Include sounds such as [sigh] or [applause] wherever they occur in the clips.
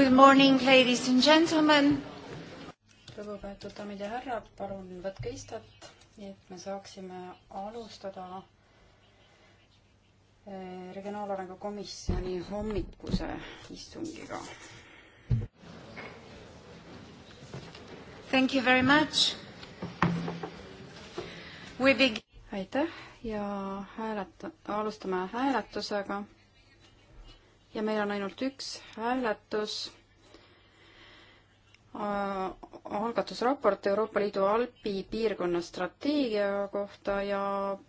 Good morning, ladies and gentlemen. lugupeetud daamid ja härrad, palun võtke istet, nii et me saaksime alustada eh, regionaalarengu komisjoni hommikuse istungiga. Thank you very much. We beg-. aitäh ja hääleta-, alustame hääletusega ja meil on ainult üks hääletus äh, algatusraport Euroopa Liidu Alpi piirkonna strateegia kohta ja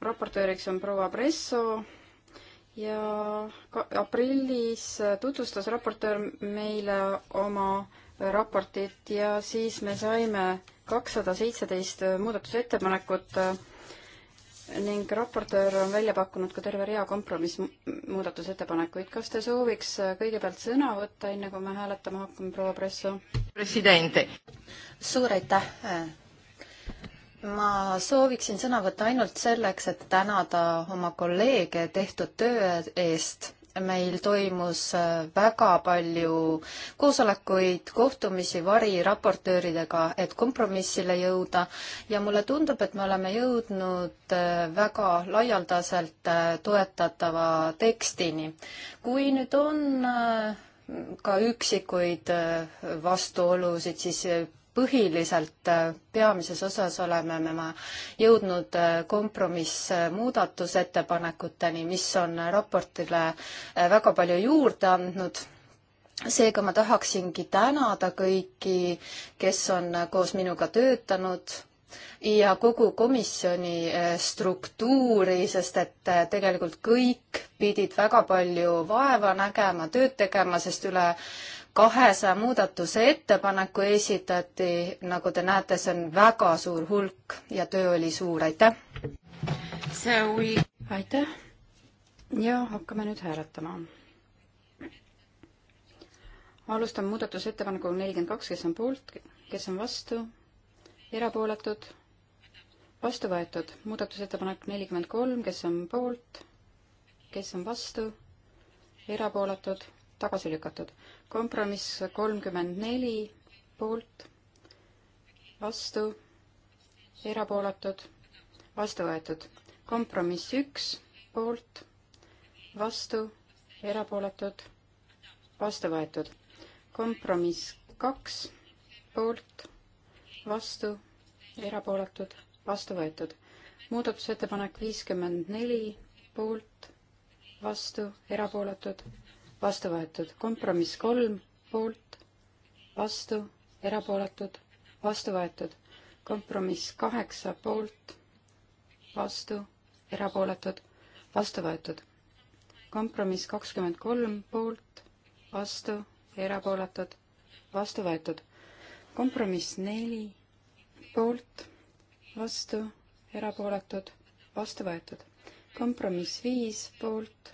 raportööriks on proua Presso ja ka aprillis tutvustas raportöör meile oma raportit ja siis me saime kakssada seitseteist muudatusettepanekut ning raportöör on välja pakkunud ka terve rea kompromissmuudatusettepanekuid. kas te sooviks äh, kõigepealt sõna võtta, enne kui me hääletama hakkame, proua Presso? president. suur aitäh! ma sooviksin sõna võtta ainult selleks, et tänada oma kolleege tehtud töö eest meil toimus äh, väga palju koosolekuid, kohtumisi variraportööridega, et kompromissile jõuda ja mulle tundub, et me oleme jõudnud äh, väga laialdaselt äh, toetatava tekstini. kui nüüd on ka üksikuid vastuolusid, siis põhiliselt äh, peamises osas oleme me jõudnud äh, kompromissmuudatusettepanekuteni, mis on raportile äh, väga palju juurde andnud seega ma tahaksingi tänada kõiki, kes on koos minuga töötanud ja kogu komisjoni struktuuri, sest et tegelikult kõik pidid väga palju vaeva nägema, tööd tegema, sest üle kahesaja muudatuse ettepaneku esitati, nagu te näete, see on väga suur hulk ja töö oli suur, aitäh! We... aitäh ja hakkame nüüd hääletama. alustan muudatusettepanekuga nelikümmend kaks, kes on poolt, kes on vastu, erapooletud, vastu võetud. muudatusettepanek nelikümmend kolm, kes on poolt, kes on vastu, erapooletud, tagasi lükatud kompromiss kolmkümmend neli poolt, vastu, erapooletud, vastu võetud. kompromiss üks poolt, vastu, erapooletud, vastu võetud. kompromiss kaks poolt, vastu, erapooletud, vastu võetud. muudatusettepanek viiskümmend neli poolt, vastu, erapooletud vastu võetud. kompromiss kolm poolt, vastu, erapooletud, vastu võetud. kompromiss kaheksa poolt, vastu, erapooletud, vastu võetud. kompromiss kakskümmend kolm poolt, vastu, erapooletud, vastu võetud. kompromiss neli poolt, vastu, erapooletud, vastu võetud. kompromiss viis poolt,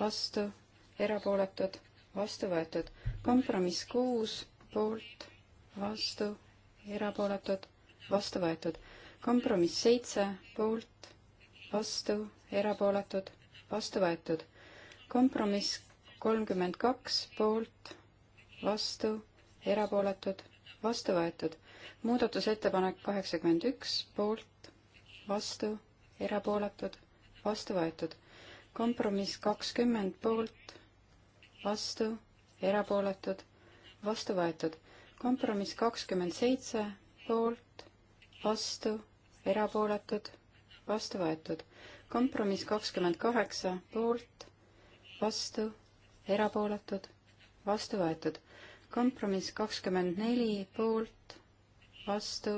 vastu erapooletud, vastu võetud. kompromiss kuus poolt, vastu, erapooletud, vastu võetud. kompromiss seitse poolt, vastu, erapooletud, vastu võetud. kompromiss kolmkümmend kaks poolt, vastu, erapooletud, vastu võetud. muudatusettepanek kaheksakümmend üks poolt, vastu, erapooletud, vastu võetud. kompromiss kakskümmend poolt, vastu, erapooletud, vastu võetud. kompromiss kakskümmend seitse, poolt, vastu, erapooletud, vastu võetud. kompromiss kakskümmend kaheksa, poolt, vastu, erapooletud, vastu võetud. kompromiss kakskümmend neli, poolt, vastu,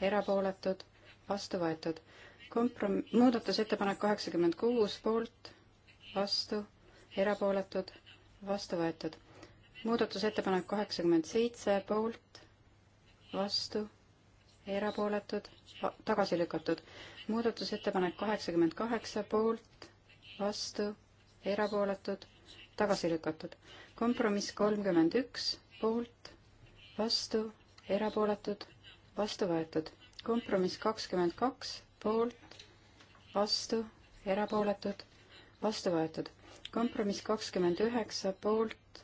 erapooletud, vastu võetud. komprom-, muudatusettepanek kaheksakümmend kuus, poolt, vastu, erapooletud vastu võetud. muudatusettepanek kaheksakümmend seitse poolt, vastu, erapooletud, tagasi lükatud. muudatusettepanek kaheksakümmend kaheksa poolt, vastu, erapooletud, tagasi lükatud. kompromiss kolmkümmend üks poolt, vastu, erapooletud, vastu võetud. kompromiss kakskümmend kaks poolt, vastu, erapooletud, vastu võetud kompromiss kakskümmend üheksa poolt,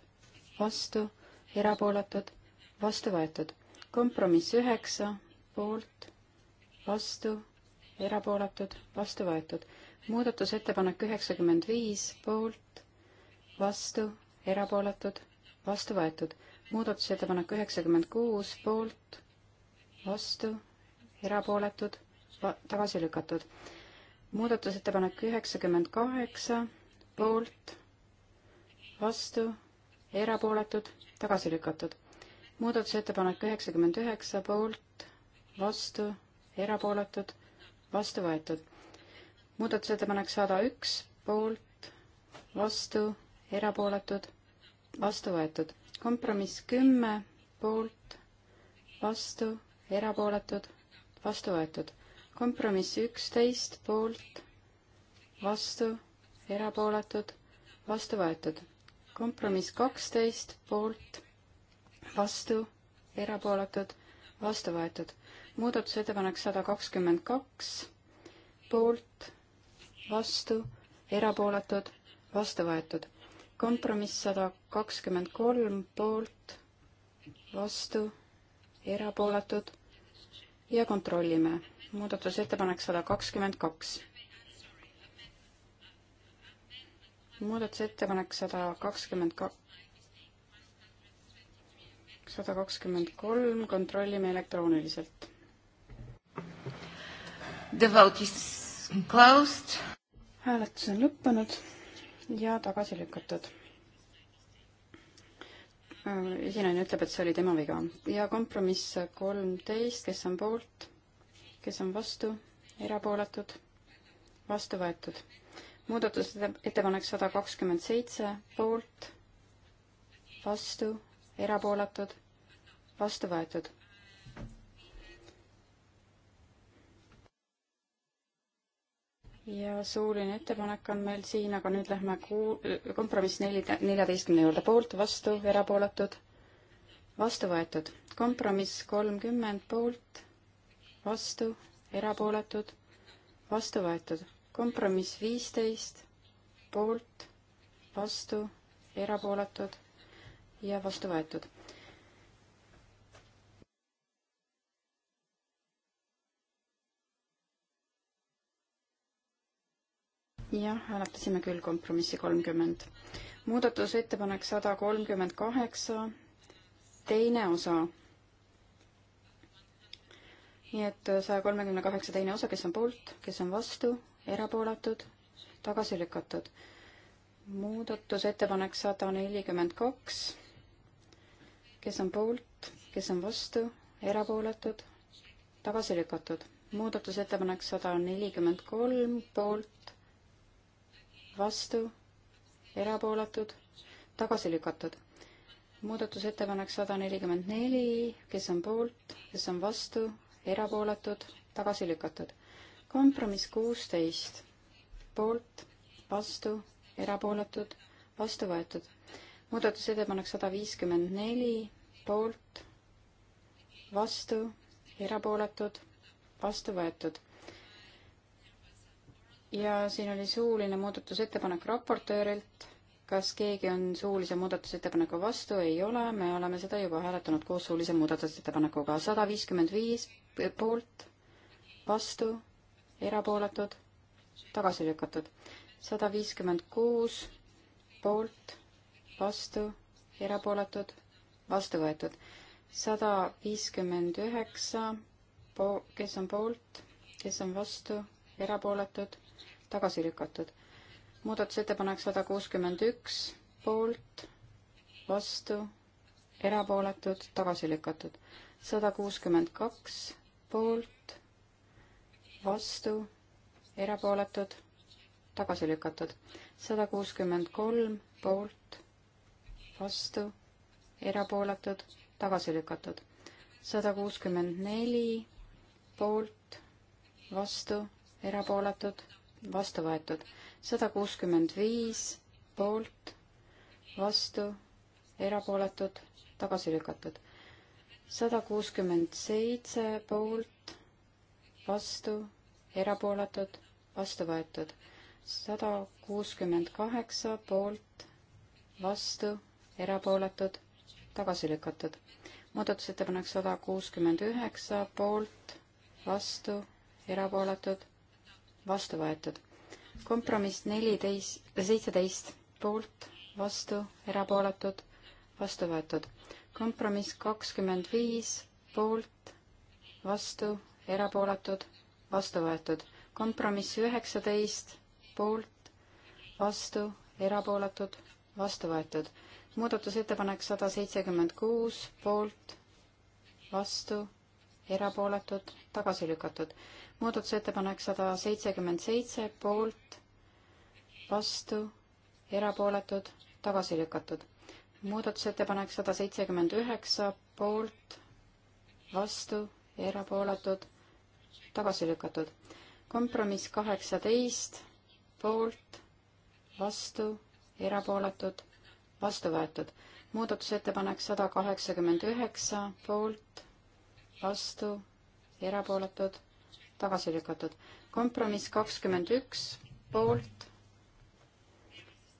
vastu, erapooletud, vastu võetud. kompromiss üheksa poolt, vastu, erapooletud, vastu võetud. muudatusettepanek üheksakümmend viis poolt, vastu, erapooletud, vastu võetud. muudatusettepanek üheksakümmend kuus poolt, vastu, erapooletud, tagasi lükatud. muudatusettepanek üheksakümmend kaheksa poolt, vastu, erapooletud, tagasi lükatud. muudatusettepanek üheksakümmend üheksa, poolt, vastu, erapooletud, vastu võetud. muudatusettepanek sada üks, poolt, vastu, erapooletud, vastu võetud. kompromiss kümme, poolt, vastu, erapooletud, vastu võetud. kompromiss üksteist, poolt, vastu erapooletud, vastu võetud. kompromiss kaksteist poolt, vastu, erapooletud, vastu võetud. muudatusettepanek sada kakskümmend kaks poolt, vastu, erapooletud, vastu võetud. kompromiss sada kakskümmend kolm poolt, vastu, erapooletud ja kontrollime. muudatusettepanek sada kakskümmend kaks muudatusettepanek sada kakskümmend ka-, sada kakskümmend kolm, kontrollime elektrooniliselt. The vote is closed. hääletus on lõppenud ja tagasi lükatud. Äh, esinaine ütleb, et see oli tema viga. ja kompromiss kolmteist, kes on poolt, kes on vastu, erapooletud, vastu võetud muudatusettepanek sada kakskümmend seitse, poolt, vastu, erapooletud, vastu võetud. ja suuline ettepanek on meil siin, aga nüüd lähme kuu-, kompromiss neli, neljateistkümne juurde, poolt, vastu, erapooletud, vastu võetud. kompromiss kolmkümmend poolt, vastu, erapooletud, vastu võetud kompromiss viisteist, poolt, vastu, erapooletud ja vastu võetud. jah, hääletasime küll kompromissi kolmkümmend. muudatusettepanek sada kolmkümmend kaheksa, teine osa. nii et saja kolmekümne kaheksa teine osa, kes on poolt, kes on vastu, erapooletud, tagasi lükatud. muudatusettepanek sada nelikümmend kaks, kes on poolt, kes on vastu, erapooletud, tagasi lükatud. muudatusettepanek sada nelikümmend kolm, poolt, vastu, erapooletud, tagasi lükatud muudatusettepanek sada nelikümmend neli, kes on poolt, kes on vastu, erapooletud, tagasi lükatud kompromiss kuusteist, poolt, vastu, erapooletud, vastu võetud. muudatusettepanek sada viiskümmend neli, poolt, vastu, erapooletud, vastu võetud. ja siin oli suuline muudatusettepanek raportöörilt kas keegi on suulise muudatusettepaneku vastu, ei ole, me oleme seda juba hääletanud koos suulise muudatusettepanekuga. sada viiskümmend viis poolt, vastu, erapooletud, tagasi lükatud. sada viiskümmend kuus poolt, vastu, erapooletud, vastu võetud. sada viiskümmend üheksa po-, kes on poolt, kes on vastu, erapooletud, tagasi lükatud. muudatusettepanek sada kuuskümmend üks poolt, vastu, erapooletud, tagasi lükatud. sada kuuskümmend kaks poolt vastu, erapooletud, tagasi lükatud. sada kuuskümmend kolm poolt, vastu, erapooletud, tagasi lükatud. sada kuuskümmend neli poolt, vastu, erapooletud, vastu võetud. sada kuuskümmend viis poolt, vastu, erapooletud, tagasi lükatud. sada kuuskümmend seitse poolt vastu, erapooletud, vastu võetud. sada kuuskümmend kaheksa poolt, vastu, erapooletud, tagasi lükatud. muudatusettepanek sada kuuskümmend üheksa poolt, vastu, erapooletud, vastu võetud. kompromiss neliteist, seitseteist poolt, vastu, erapooletud, vastu võetud kompromiss kakskümmend viis poolt, vastu, erapooletud, vastu võetud. kompromiss üheksateist, poolt, vastu, erapooletud, vastu võetud. muudatusettepanek sada seitsekümmend kuus, poolt, vastu, erapooletud, tagasi lükatud. muudatusettepanek sada seitsekümmend seitse, poolt, vastu, erapooletud, tagasi lükatud. muudatusettepanek sada seitsekümmend üheksa, poolt, vastu, erapooletud, tagasi lükatud. kompromiss kaheksateist, poolt, vastu, erapooletud, vastu võetud. muudatusettepanek sada kaheksakümmend üheksa, poolt, vastu, erapooletud, tagasi lükatud. kompromiss kakskümmend üks, poolt,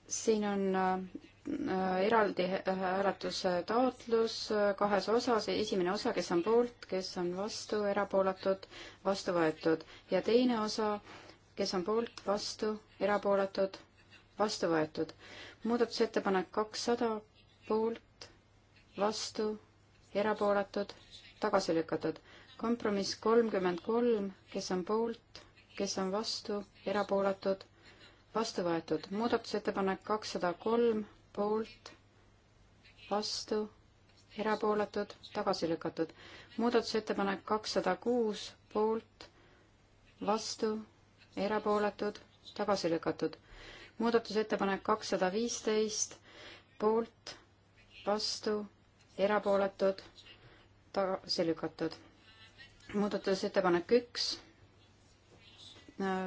siin on äh, Äh, eraldi hääletustaotlus kahes osas, esimene osa, kes on poolt, kes on vastu, erapooletud, vastu võetud ja teine osa, kes on poolt, vastu, erapooletud, vastu võetud. muudatusettepanek kakssada, poolt, vastu, erapooletud, tagasi lükatud. kompromiss kolmkümmend kolm, kes on poolt, kes on vastu, erapooletud, vastu võetud. muudatusettepanek kakssada kolm poolt, vastu, erapooletud, tagasi lükatud. muudatusettepanek kakssada kuus, poolt, vastu, erapooletud, tagasi lükatud. muudatusettepanek kakssada viisteist, poolt, vastu, erapooletud, tagasi lükatud. muudatusettepanek üks,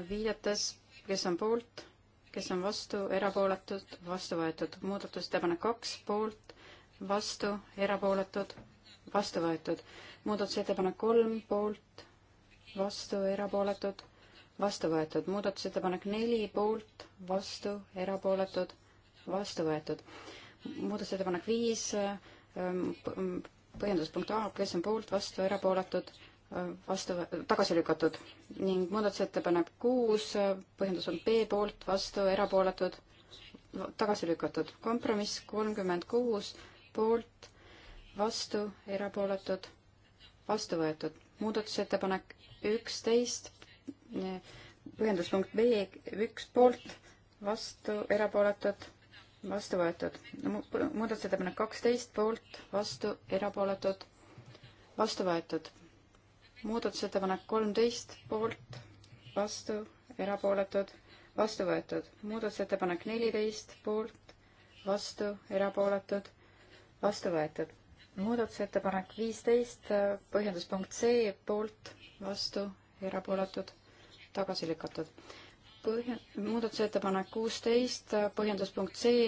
viidates, kes on poolt kes on vastu, erapooletud, vastu võetud. muudatusettepanek kaks, poolt, vastu, erapooletud, vastu võetud. muudatusettepanek kolm, poolt, vastu, erapooletud, vastu võetud. muudatusettepanek neli, poolt, vastu, erapooletud, vastu võetud. muudatusettepanek viis, ähm, põhjenduspunkt A, kes on poolt, vastu, erapooletud vastu, tagasi lükatud ning muudatusettepanek kuus, põhjendus on B poolt, vastu, erapooletud, tagasi lükatud. kompromiss kolmkümmend kuus, poolt, vastu, erapooletud, vastu võetud. muudatusettepanek üksteist, põhjenduspunkt B, üks poolt, vastu, erapooletud, vastu võetud. muudatusettepanek kaksteist, poolt, vastu, erapooletud, vastu võetud muudatusettepanek kolmteist poolt, vastu, erapooletud, vastu võetud. muudatusettepanek neliteist poolt, vastu, erapooletud, vastu võetud. muudatusettepanek viisteist, põhjenduspunkt C poolt, vastu, erapooletud, tagasi lükatud. põhja-, muudatusettepanek kuusteist, põhjenduspunkt C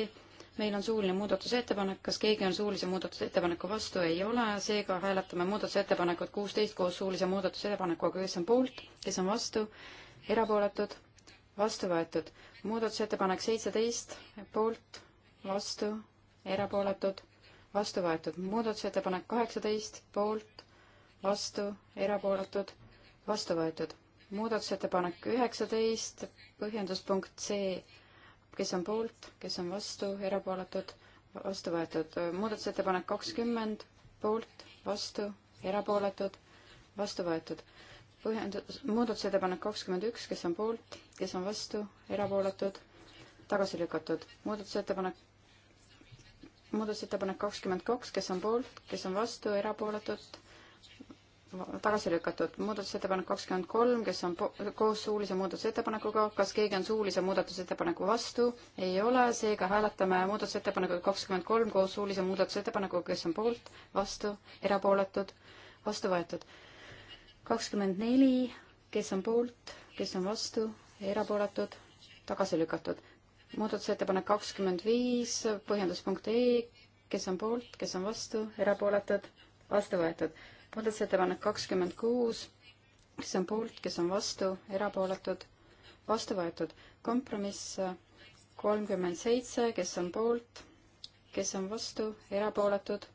meil on suuline muudatusettepanek, kas keegi on suulise muudatusettepaneku vastu, ei ole, seega hääletame muudatusettepanekut kuusteist koos suulise muudatusettepanekuga, kes on poolt, kes on vastu, erapooletud, vastu võetud. muudatusettepanek seitseteist, poolt, vastu, erapooletud, vastu võetud. muudatusettepanek kaheksateist, poolt, vastu, erapooletud, vastu võetud. muudatusettepanek üheksateist, põhjenduspunkt C kes on poolt, kes on vastu, erapooletud, vastu võetud. muudatusettepanek kakskümmend, poolt, vastu, erapooletud, vastu võetud. põhjendus, muudatusettepanek kakskümmend üks, kes on poolt, kes on vastu, erapooletud, tagasi lükatud. muudatusettepanek, muudatusettepanek kakskümmend kaks, kes on poolt, kes on vastu, erapooletud, tagasi lükatud. muudatusettepanek kakskümmend kolm, kes on koos suulise muudatusettepanekuga, kas keegi on suulise muudatusettepaneku vastu? ei ole, seega hääletame muudatusettepanekut kakskümmend kolm koos suulise muudatusettepanekuga, kes on poolt, vastu, erapooletud, vastu võetud. kakskümmend neli, kes on poolt, kes on vastu, erapooletud, tagasi lükatud. muudatusettepanek kakskümmend viis, põhjenduspunkt E, kes on poolt, kes on vastu, erapooletud, vastu võetud muudatusettepanek kakskümmend kuus, kes on poolt, kes on vastu, erapooletud, vastu võetud. kompromiss kolmkümmend seitse, kes on poolt, kes on vastu, erapooletud,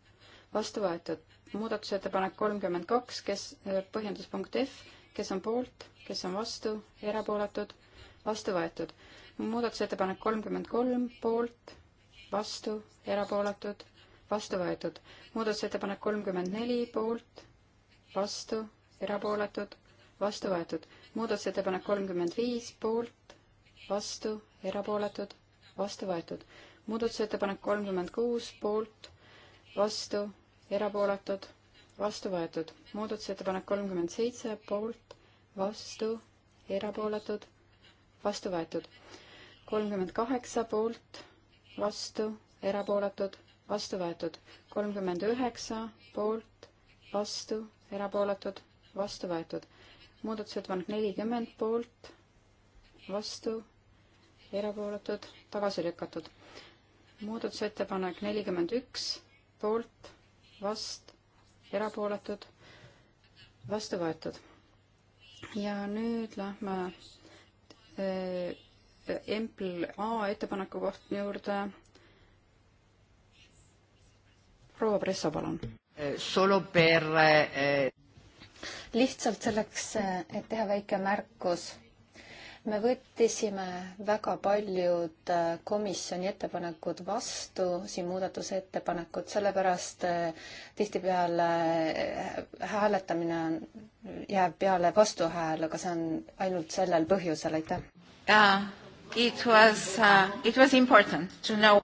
vastu võetud. muudatusettepanek kolmkümmend kaks, kes, äh, põhjenduspunkt F, kes on poolt, kes on vastu, erapooletud, vastu võetud. muudatusettepanek kolmkümmend kolm, poolt, vastu, erapooletud, vastu võetud. muudatusettepanek kolmkümmend neli, poolt, vastu, erapooletud, vastu võetud. muudatusettepanek kolmkümmend viis, poolt, vastu, erapooletud, vastu võetud. muudatusettepanek kolmkümmend kuus, poolt, vastu, erapooletud, vastu võetud. muudatusettepanek kolmkümmend seitse, poolt, vastu, erapooletud, vastu võetud. kolmkümmend kaheksa, poolt, vastu, erapooletud, vastu võetud. kolmkümmend üheksa, poolt, vastu, erapooletud, vastu võetud. muudatusettepanek nelikümmend poolt, vastu, erapooletud, tagasi lükatud. muudatusettepanek nelikümmend üks poolt, vast, erapooletud, vastu võetud. ja nüüd lähme äh, Empl A ettepaneku kohta juurde. proua Pressa, palun solo per eh, lihtsalt selleks, eh, et teha väike märkus, me võttisime väga paljud eh, komisjoni ettepanekud vastu, siin muudatusettepanekud, sellepärast tihtipeale hääletamine on, jääb peale vastuhääl, aga see on ainult sellel põhjusel, aitäh uh,. It was uh,, it was important to know.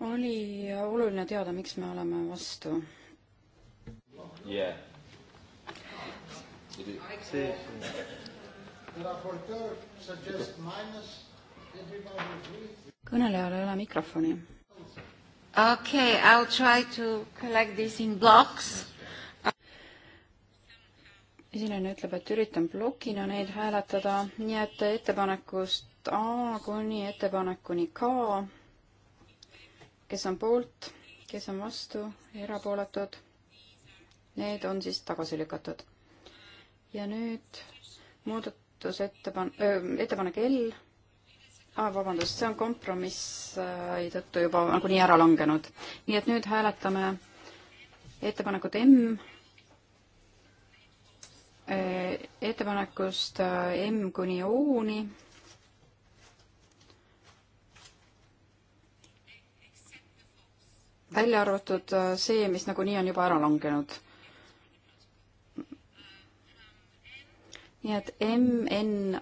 oli oluline teada, miks me oleme vastu Yeah. It is. Sí. The rapporteur suggests minus kõnelejal ei ole mikrofoni. okei okay,, I will try to collect this in blocks. esinejana ütleb, et üritan plokina neid hääletada, nii et ettepanekust A kuni ettepanekuni K. kes on poolt, kes on vastu, erapooletud need on siis tagasi lükatud. ja nüüd muudatusettepan-, ettepanek L ah,, vabandust, see on kompromissi tõttu juba nagunii ära langenud. nii et nüüd hääletame ettepanekut M, ettepanekust M kuni O-ni välja arvatud see, mis nagunii on juba ära langenud. nii et MN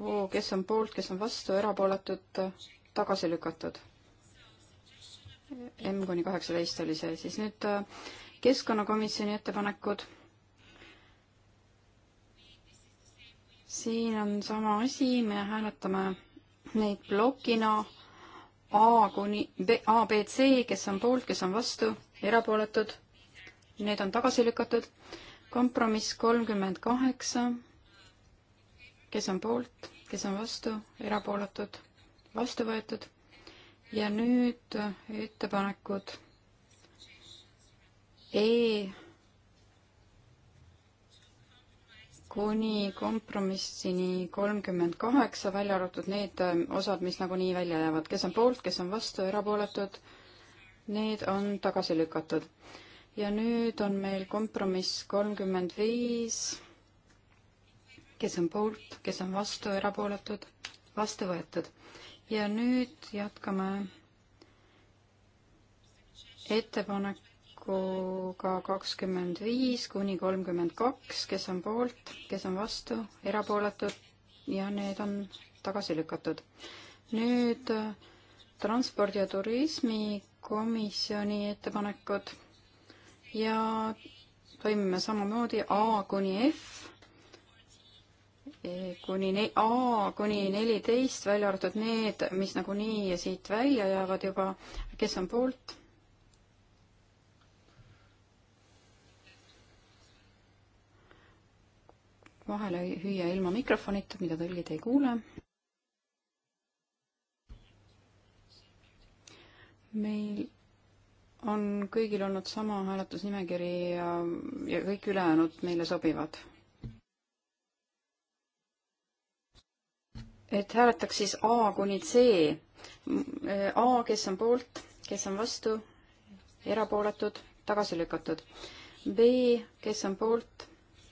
Oo, kes on poolt, kes on vastu, erapooletud, tagasi lükatud. M kuni kaheksateist oli see, siis nüüd äh, keskkonnakomisjoni ettepanekud. siin on sama asi, me hääletame neid plokina A kuni B, A, B, C, kes on poolt, kes on vastu, erapooletud, need on tagasi lükatud. kompromiss kolmkümmend kaheksa, kes on poolt, kes on vastu, erapooletud, vastu võetud. ja nüüd ettepanekud E kuni kompromissini kolmkümmend kaheksa, välja arvatud need osad, mis nagunii välja jäävad, kes on poolt, kes on vastu, erapooletud, need on tagasi lükatud ja nüüd on meil kompromiss kolmkümmend viis, kes on poolt, kes on vastu, erapooletud, vastu võetud. ja nüüd jätkame ettepanekuga kakskümmend viis kuni kolmkümmend kaks, kes on poolt, kes on vastu, erapooletud ja need on tagasi lükatud. nüüd äh, transpordi- ja turismikomisjoni ettepanekud ja toimime samamoodi A kuni F e kuni ne-, A kuni neliteist, välja arvatud need, mis nagunii siit välja jäävad juba, kes on poolt? vahele hüüa ilma mikrofonita, mida tõlgid ei kuule. meil on kõigil olnud sama hääletusnimekiri ja, ja kõik ülejäänud meile sobivad. et hääletaks siis A kuni C. A, kes on poolt, kes on vastu, erapooletud, tagasi lükatud. B, kes on poolt,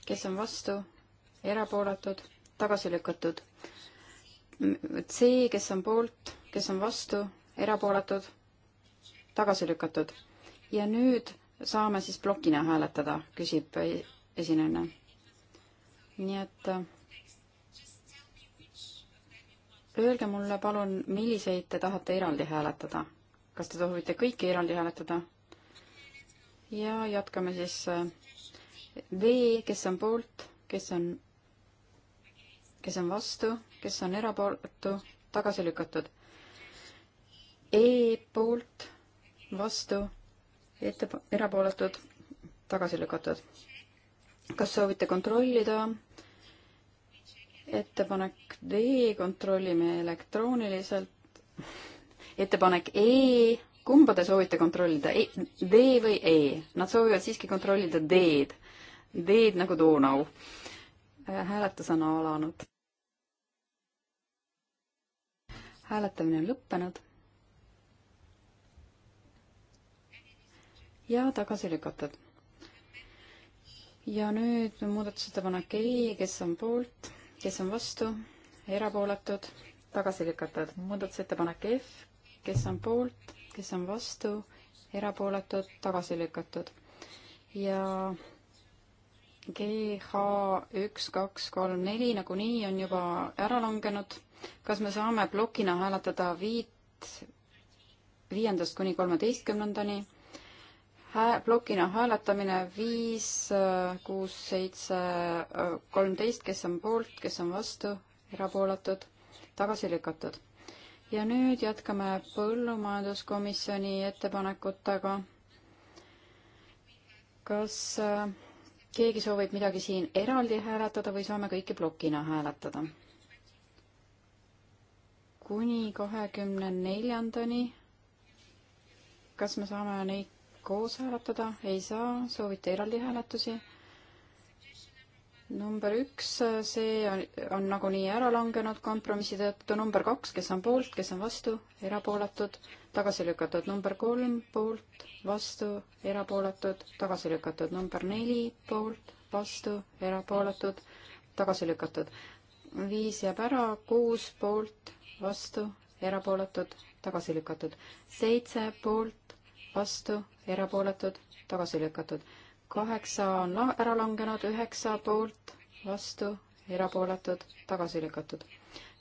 kes on vastu, erapooletud, tagasi lükatud. C, kes on poolt, kes on vastu, erapooletud tagasi lükatud. ja nüüd saame siis plokina hääletada, küsib esinejana. nii et äh, öelge mulle palun, milliseid te tahate eraldi hääletada? kas te soovite kõiki eraldi hääletada? ja jätkame siis äh, V, kes on poolt, kes on, kes on vastu, kes on erapooletu, tagasi lükatud. E poolt, vastu, ette, erapooletud, tagasi lükatud. kas soovite kontrollida? ettepanek D, kontrollime elektrooniliselt. ettepanek E, kumba te soovite kontrollida e,, D või E? Nad soovivad siiski kontrollida D-d, D-d nagu Donau. Äh, hääletus on alanud. hääletamine on lõppenud ja tagasi lükatud. ja nüüd muudatusettepanek E, kes on poolt, kes on vastu, erapooletud, tagasi lükatud. muudatusettepanek F, kes on poolt, kes on vastu, erapooletud, tagasi lükatud. ja GH üks, kaks, kolm, neli nagunii on juba ära langenud. kas me saame plokina hääletada viit, viiendast kuni kolmeteistkümnendani? hää-, plokina hääletamine viis, äh, kuus, seitse, äh, kolmteist, kes on poolt, kes on vastu, erapooletud, tagasi lükatud. ja nüüd jätkame põllumajanduskomisjoni ettepanekutega. kas äh, keegi soovib midagi siin eraldi hääletada või saame kõike plokina hääletada? kuni kahekümne neljandani. kas me saame neid koos hääletada, ei saa, soovite eraldi hääletusi. number üks, see on, on nagunii ära langenud kompromissi tõttu, number kaks, kes on poolt, kes on vastu, erapooletud, tagasi lükatud, number kolm, poolt, vastu, erapooletud, tagasi lükatud, number neli, poolt, vastu, erapooletud, tagasi lükatud. viis jääb ära, kuus poolt, vastu, erapooletud, tagasi lükatud. seitse poolt, vastu, erapooletud, tagasi lükatud. kaheksa on la-, ära langenud, üheksa poolt, vastu, erapooletud, tagasi lükatud.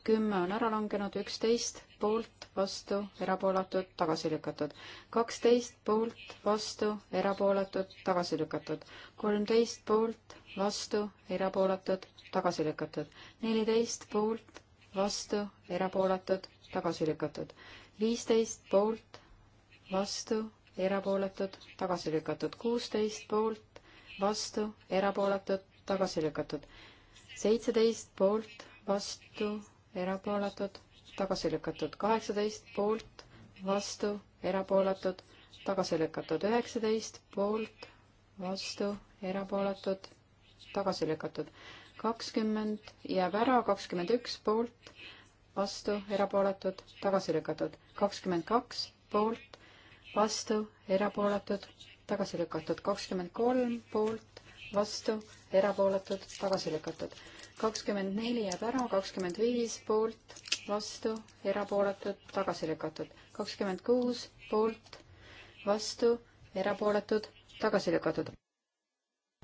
kümme on ära langenud, üksteist poolt, vastu, erapooletud, tagasi lükatud. kaksteist poolt, vastu, erapooletud, tagasi lükatud. kolmteist poolt, vastu, erapooletud, tagasi lükatud. neliteist poolt, vastu, erapooletud, tagasi lükatud. viisteist poolt, vastu, erapooletud, tagasi lükatud kuusteist poolt, vastu, erapooletud, tagasi lükatud seitseteist poolt, vastu, erapooletud, tagasi lükatud kaheksateist poolt, vastu, erapooletud, tagasi lükatud üheksateist poolt, vastu, erapooletud, tagasi lükatud kakskümmend jääb ära, kakskümmend üks poolt, vastu, erapooletud, tagasi lükatud kakskümmend kaks poolt, vastu, erapooletud, tagasi lükatud, kakskümmend kolm poolt, vastu, erapooletud, tagasi lükatud. kakskümmend neli jääb ära, kakskümmend viis poolt, vastu, erapooletud, tagasi lükatud. kakskümmend kuus poolt, vastu, erapooletud, tagasi lükatud.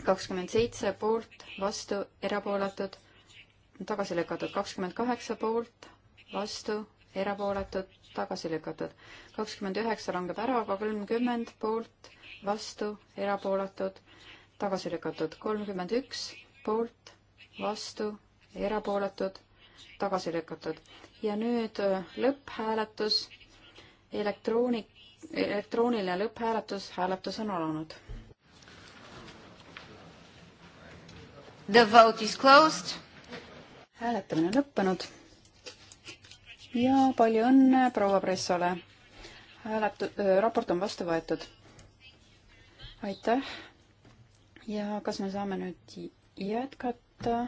kakskümmend seitse poolt, vastu, erapooletud, tagasi lükatud. kakskümmend kaheksa poolt, vastu, erapooletud, tagasi lükatud. kakskümmend üheksa langeb ära, aga kolmkümmend poolt, vastu, erapooletud, tagasi lükatud. kolmkümmend üks poolt, vastu, erapooletud, tagasi lükatud. ja nüüd äh, lõpphääletus, elektroonik, elektrooniline lõpphääletus, hääletus on alanud. The vote is closed. hääletamine on lõppenud ja palju õnne proua Pressole. hääletu- äh,, raport on vastu võetud. aitäh. ja kas me saame nüüd jätkata?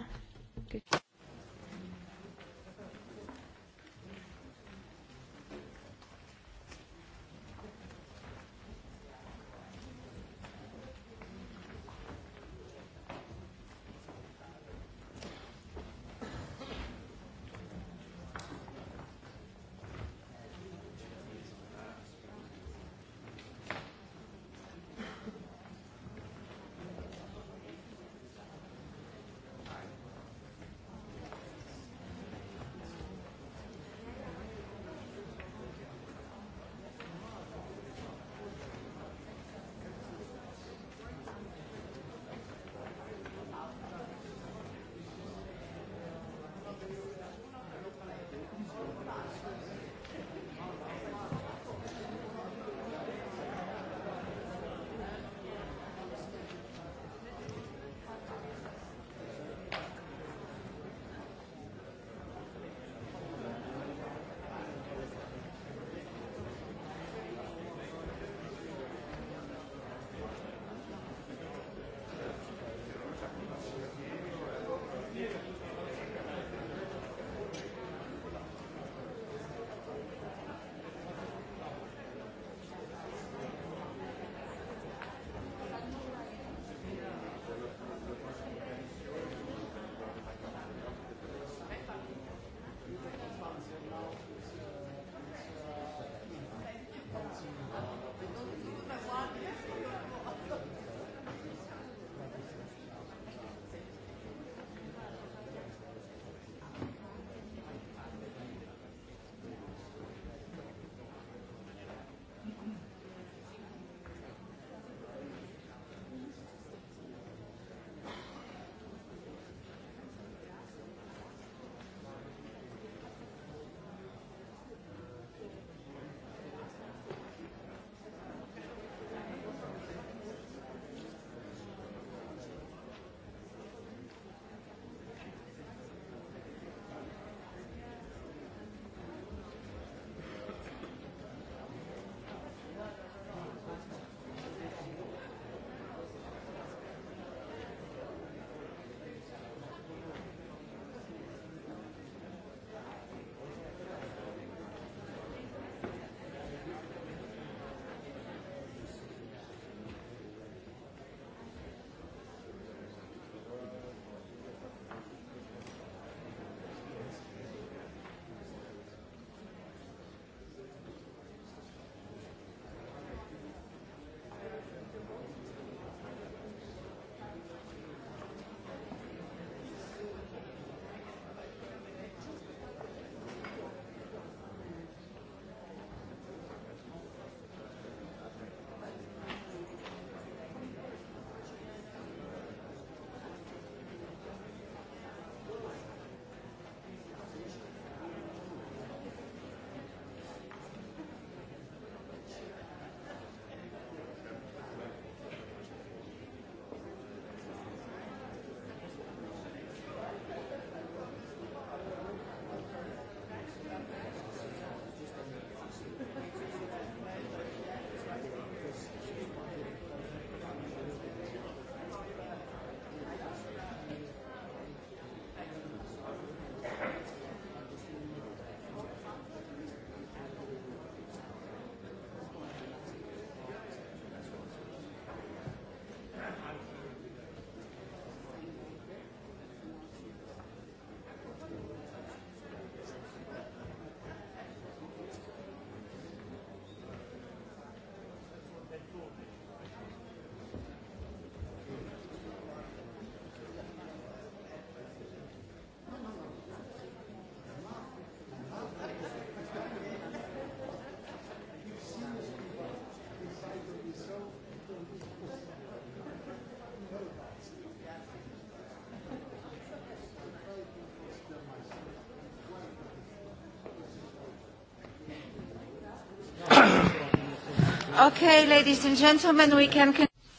okei okay,, ladies and gentlemen, we can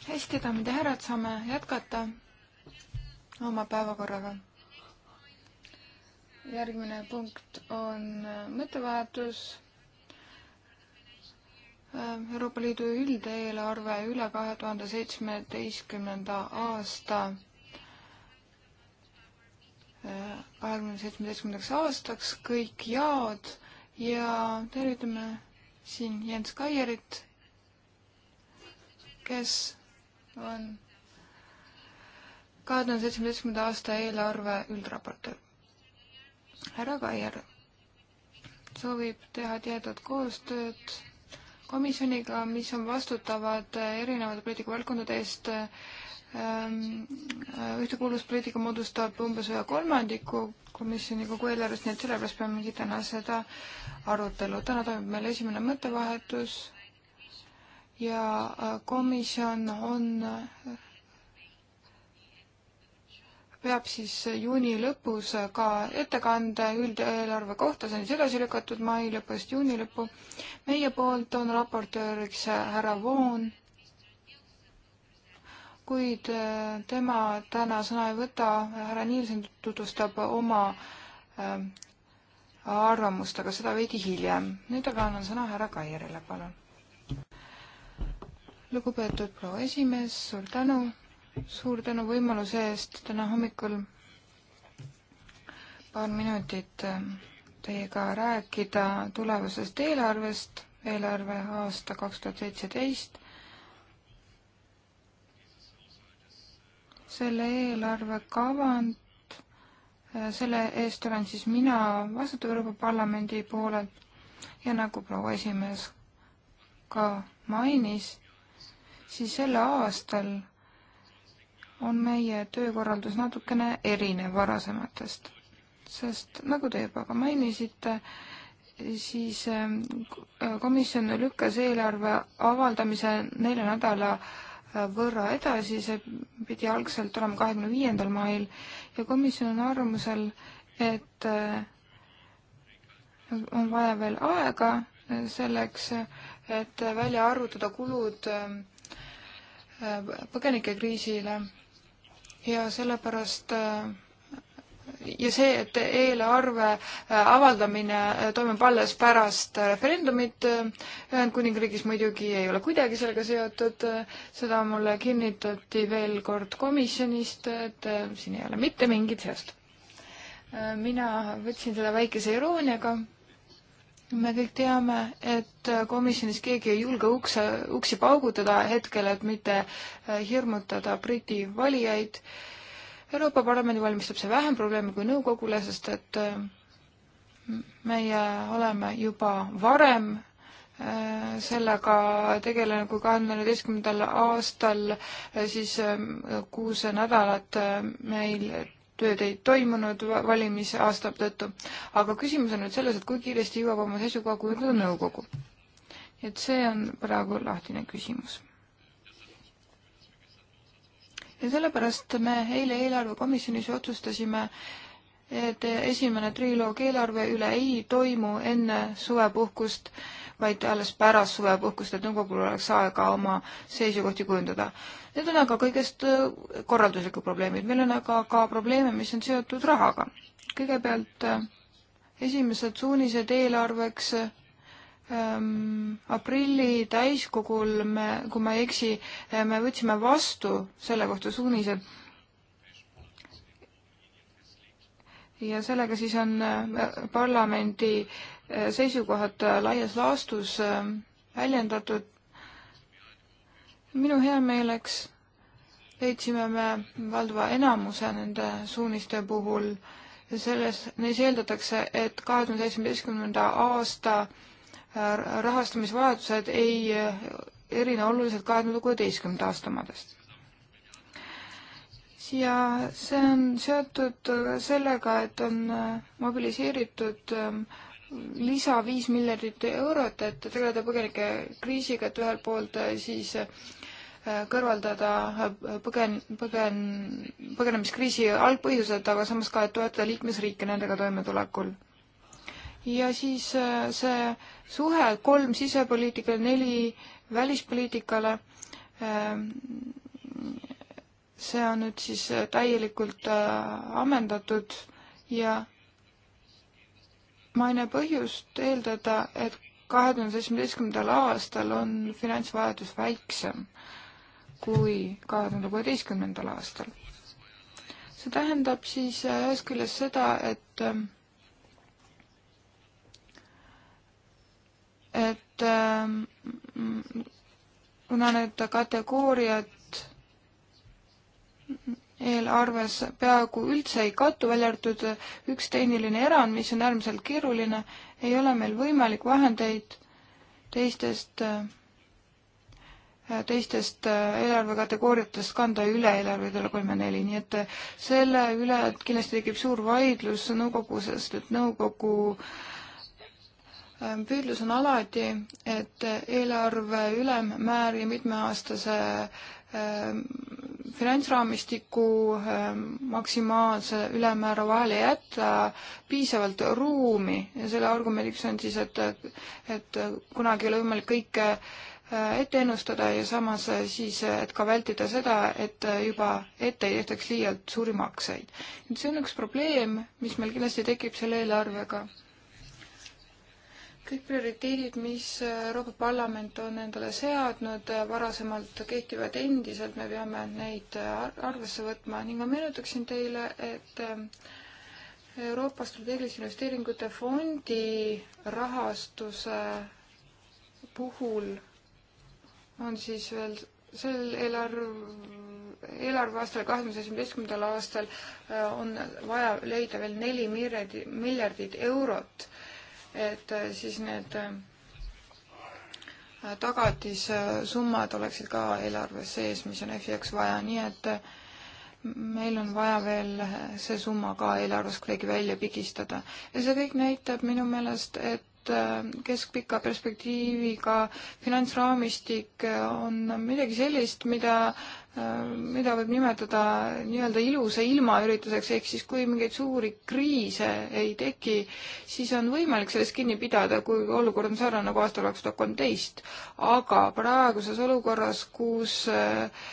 hästi, daamid ja härrad, saame jätkata oma päevakorraga. järgmine punkt on äh, mõttevahetus äh, Euroopa Liidu üldeelarve üle kahe tuhande seitsmeteistkümnenda aasta äh, kahekümne seitsmeteistkümnendaks aastaks kõik jaod ja tervitame siin Jens Kaierit, kes on kahe tuhande seitsmeteistkümnenda aasta eelarve üldraportöör. härra Kaier soovib teha tihedat koostööd komisjoniga, mis on vastutavad erinevate poliitikavaldkondade eest. Ähm, ühtekuuluvuspoliitika moodustab umbes ühe kolmandiku komisjoni kogu eelarvest, nii et sellepärast peamegi täna seda arutelu. täna toimub meil esimene mõttevahetus ja äh, komisjon on, peab siis juuni lõpus ka ettekande üldeelarve kohta, see on siis edasi lükatud mai lõpust juuni lõppu. meie poolt on raportööriks härra Voon, kuid äh, tema täna sõna ei võta, härra Nielsen tutvustab oma äh, arvamust, aga seda veidi hiljem. nüüd aga annan sõna härra Kairile, palun lugupeetud proua esimees, suur tänu, suur tänu võimaluse eest täna hommikul paar minutit ähm, teiega rääkida tulevasest eelarvest, eelarve aasta kaks tuhat seitseteist. selle eelarve kavand, äh, selle eest olen siis mina vastutav Euroopa Parlamendi poolelt ja nagu proua esimees ka mainis, siis sel aastal on meie töökorraldus natukene erinev varasematest, sest nagu te juba ka mainisite, siis ähm, komisjon lükkas eelarve avaldamise nelja nädala äh, võrra edasi, see pidi algselt olema kahekümne viiendal mail ja komisjon on arvamusel, et äh, on vaja veel aega selleks, äh, et välja arvutada kulud äh, Äh, põgenikekriisile ja sellepärast äh, ja see, et eelarve äh, avaldamine toimub alles pärast referendumit Ühendkuningriigis muidugi ei ole kuidagi sellega seotud, seda mulle kinnitati veel kord komisjonist, et siin ei ole mitte mingit seost. mina võtsin seda väikese irooniaga me kõik teame, et komisjonis keegi ei julge ukse, uksi paugutada hetkel, et mitte äh, hirmutada Briti valijaid. Euroopa Parlamendi valmistab see vähem probleeme kui nõukogule, sest et äh, meie oleme juba varem äh, sellega tegelenud, kui kahe tuhande neljateistkümnendal aastal siis kuus nädalat meil tööd ei toimunud valimisaasta tõttu. aga küsimus on nüüd selles, et kui kiiresti jõuab oma seisukoha kujundada nõukogu. et see on praegu lahtine küsimus. ja sellepärast me eile eelarvekomisjonis otsustasime, et esimene triloog eelarve üle ei toimu enne suvepuhkust vaid alles pärast suvepuhkust, et nõukogul oleks aega oma seisukohti kujundada. Need on aga kõigest äh, korralduslikud probleemid, meil on aga ka probleeme, mis on seotud rahaga. kõigepealt äh, esimesed suunised eelarveks äh, ähm, aprilli täiskogul me, kui ma ei eksi, me võtsime vastu selle kohta suunised ja sellega siis on parlamendi äh, seisukohad laias laastus äh, väljendatud. minu heameeleks leidsime me valdava enamuse nende suuniste puhul ja selles, neis eeldatakse, et kahe tuhande seitsmeteistkümnenda aasta äh, rahastamisvajadused ei äh, erine oluliselt kahe tuhande kuueteistkümnenda aasta omadest. ja see on seotud sellega, et on mobiliseeritud äh, lisa viis miljardit eurot, et tegeleda põgenike kriisiga, et ühelt poolt äh, siis äh, kõrvaldada äh, põgen-, põgen-, põgenemiskriisi algpõhjused, aga samas ka, et toetada liikmesriike nendega toimetulekul. ja siis see suhe kolm sisepoliitikale, neli välispoliitikale, see on nüüd siis täielikult ammendatud ja ma ei näe põhjust eeldada, et kahe tuhande seitsmeteistkümnendal aastal on finantsvajadus väiksem kui kahe tuhande kuueteistkümnendal aastal. see tähendab siis äh, ühest küljest seda, et äh, et äh, kuna need kategooriad eelarves peaaegu üldse ei kattu, välja arvatud üks tehniline erand, mis on äärmiselt keeruline, ei ole meil võimalik vahendeid teistest, teistest eelarvekategooriatest kanda üle eelarvedele kolm ja neli, nii et selle üle kindlasti tekib suur vaidlus nõukogus, sest et nõukogu ähm, püüdlus on alati, et eelarve ülemmäär ja mitmeaastase ähm, finantsraamistiku ähm, maksimaalse ülemäära vahele jätta piisavalt ruumi ja selle argumendiks on siis, et, et kunagi ei ole võimalik kõike äh, ette ennustada ja samas äh, siis, äh, et ka vältida seda, et juba ette ei tehtaks liialt suuri makseid. nüüd see on üks probleem, mis meil kindlasti tekib selle eelarvega kõik prioriteedid, mis Euroopa Parlament on endale seadnud, äh, varasemalt kehtivad endiselt, me peame neid äh, arvesse võtma ning ma meenutaksin teile, et ähm, Euroopa strateegilise investeeringute fondi rahastuse puhul on siis veel sel eelarv, eelarveaastal, kahe tuhande seitsmeteistkümnendal aastal äh, on vaja leida veel neli miljardit, miljardit eurot et äh, siis need äh, tagatissummad oleksid ka eelarves sees, mis on EFI jaoks vaja, nii et äh, meil on vaja veel see summa ka eelarvest kuidagi välja pigistada. ja see kõik näitab minu meelest, et keskpika perspektiiviga finantsraamistik on midagi sellist, mida äh, Äh, mida võib nimetada nii-öelda ilusa ilma ürituseks, ehk siis kui mingeid suuri kriise ei teki, siis on võimalik sellest kinni pidada, kui olukord on sarnane nagu aastal kaks tuhat kolmteist. aga praeguses olukorras, kus äh,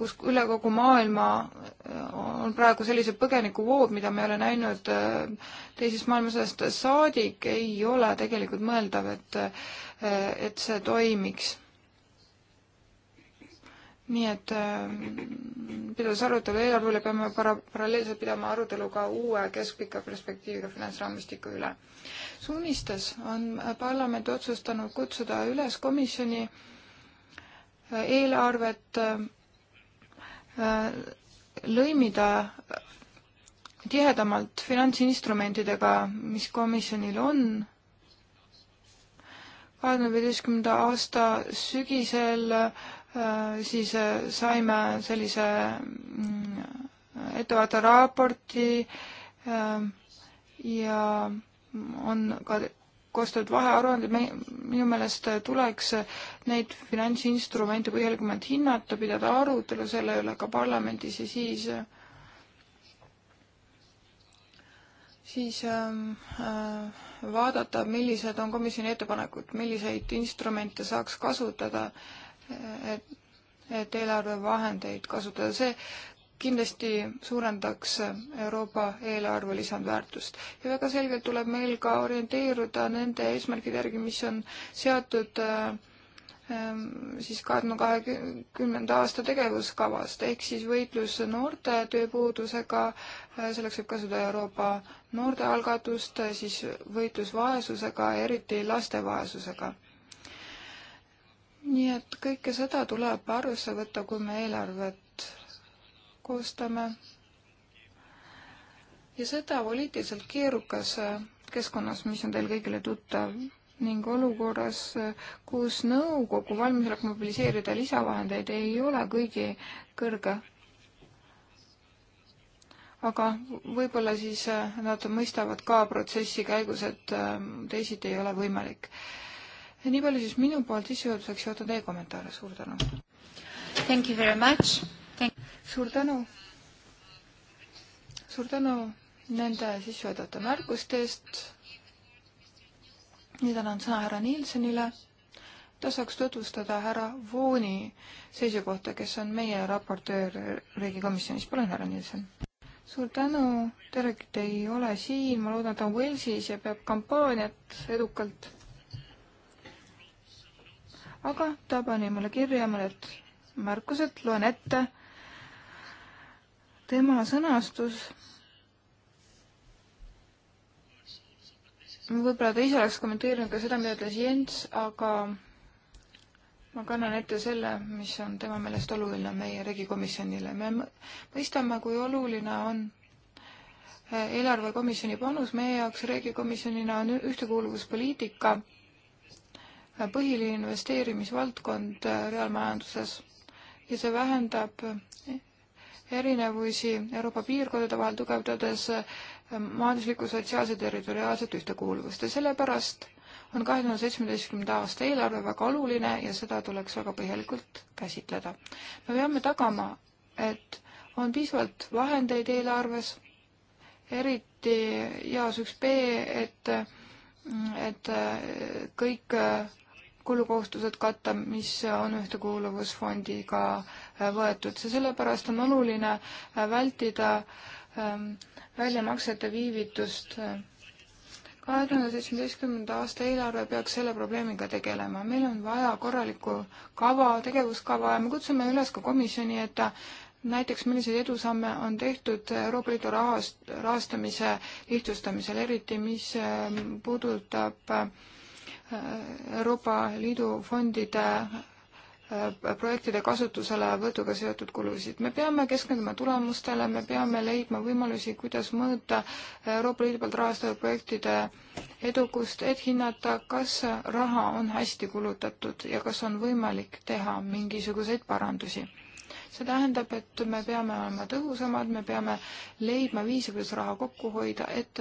kus üle kogu maailma äh, on praegu sellised põgenikuvood, mida me ei ole näinud teisest maailmasõjast saadik, ei ole tegelikult mõeldav, et, et see toimiks nii et äh, pidades arutelu eelarve üle, peame para-, paralleelselt pidama arutelu ka uue keskpika perspektiiviga finantsraamistiku üle. suunistes on parlament otsustanud kutsuda üles komisjoni äh, eelarvet äh, lõimida tihedamalt finantsinstrumentidega, mis komisjonil on kahe tuhande viieteistkümnenda aasta sügisel äh, Äh, siis äh, saime sellise mm, ettevaate raporti äh, ja on ka koostatud vahearuanded, minu meelest tuleks neid finantsinstrumente põhjalikumalt hinnata, pidada arutelu selle üle ka parlamendis ja siis siis ähm, äh, vaadata, millised on komisjoni ettepanekud, milliseid instrumente saaks kasutada äh, et, et eelarvevahendeid kasutada, see kindlasti suurendaks Euroopa eelarve lisandväärtust. ja väga selgelt tuleb meil ka orienteeruda nende eesmärgide järgi, mis on seatud äh, siis kahe tuhande kahekümnenda aasta tegevuskavast, ehk siis võitlus noorte tööpuudusega, äh, selleks võib kasutada Euroopa noortealgatust, äh, siis võitlus vaesusega, eriti laste vaesusega nii et kõike seda tuleb arvesse võtta, kui me eelarvet koostame. ja seda poliitiliselt keerukas keskkonnas, mis on teil kõigile tuttav ning olukorras, kus nõukogu valmisolek mobiliseerida lisavahendeid ei ole kõigi kõrge. aga võib-olla siis nad mõistavad ka protsessi käigus, et teisiti ei ole võimalik äh, nii palju siis minu poolt sissejuhatuseks ja ootan teie kommentaare, suur tänu. Thank you very much. suur tänu. suur tänu nende sissejuhatavate märkuste eest. nüüd annan sõna härra Nielsenile. ta saaks tutvustada härra Vooni seisukohta, kes on meie raportöör riigikomisjonis. palun, härra Nielsen. suur tänu, Derek ei ole siin, ma loodan, et ta on Walesis ja peab kampaaniat edukalt aga ta pani mulle kirja mõned märkused, loen ette. tema sõnastus. võib-olla ta ise oleks kommenteerinud ka seda, mida ütles Jens, aga ma kannan ette selle, mis on tema meelest oluline meie regikomisjonile. me mõistame, kui oluline on eelarvekomisjoni panus meie jaoks regikomisjonina on ühtekuuluvuspoliitika põhiline investeerimisvaldkond äh, reaalmajanduses ja see vähendab erinevusi Euroopa piirkondade vahel, tugevdades äh, majanduslikku, sotsiaalset, territoriaalset ühtekuuluvust ja sellepärast on kahe tuhande seitsmeteistkümnenda aasta eelarve väga oluline ja seda tuleks väga põhjalikult käsitleda. me peame tagama, et on piisavalt vahendeid eelarves, eriti jaos üks B, et, et äh, kõik kulukohustused katta, mis on ühtekuuluvusfondiga äh, võetud. see sellepärast on oluline äh, vältida ähm, väljamaksete viivitust. kahe tuhande seitsmeteistkümnenda aasta eelarve peaks selle probleemiga tegelema. meil on vaja korralikku kava, tegevuskava ja me kutsume üles ka komisjoni, et ta näiteks milliseid edusamme on tehtud Euroopa Liidu rahast, rahastamise lihtsustamisel, eriti mis ähm, puudutab äh, Euroopa Liidu fondide äh, projektide kasutuselevõtuga seotud kulusid. me peame keskenduma tulemustele, me peame leidma võimalusi, kuidas mõõta Euroopa Liidu poolt rahastatud projektide edukust, et hinnata, kas raha on hästi kulutatud ja kas on võimalik teha mingisuguseid parandusi. see tähendab, et me peame olema tõhusamad, me peame leidma viisi, kuidas raha kokku hoida, et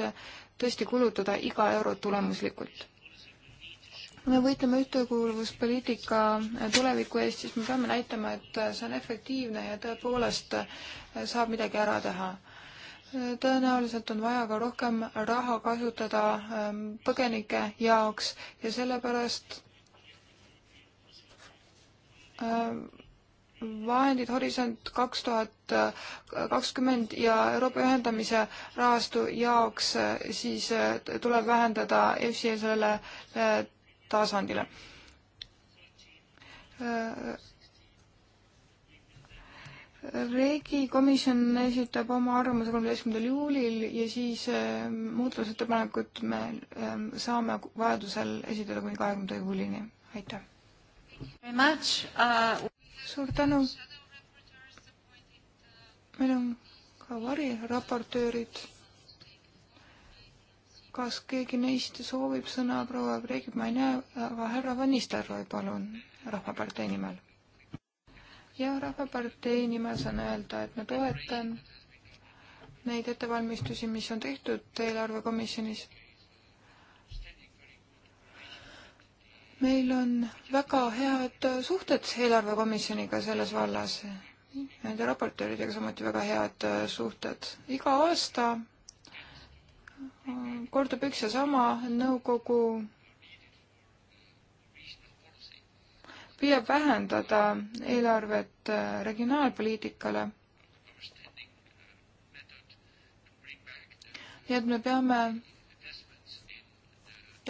tõesti kulutada iga eurot tulemuslikult me võitleme ühtekuuluvuspoliitika tuleviku eest, siis me peame näitama, et see on efektiivne ja tõepoolest saab midagi ära teha. tõenäoliselt on vaja ka rohkem raha kasutada ähm, põgenike jaoks ja sellepärast ähm, vahendid Horisont kaks tuhat äh, kakskümmend ja Euroopa ühendamise rahastu jaoks äh, siis äh, tuleb vähendada EFSI-le tasandile. riigikomisjon esitab oma arvamuse kolmeteistkümnendal juulil ja siis eh, muudatusettepanekut me eh, saame vajadusel esitada kuni kahekümnenda juulini. aitäh! Uh, suur tänu! meil on ka variraportöörid kas keegi neist soovib sõna, proua Breegib, ma ei näe, aga härra Van Nistelrooy, palun, Rahvapartei nimel. ja Rahvapartei nimel saan öelda, et ma toetan neid ettevalmistusi, mis on tehtud eelarvekomisjonis. meil on väga head suhted eelarvekomisjoniga selles vallas. Nende raportööridega samuti väga head suhted. iga aasta kordub üks ja sama, nõukogu püüab vähendada eelarvet äh, regionaalpoliitikale. nii et me peame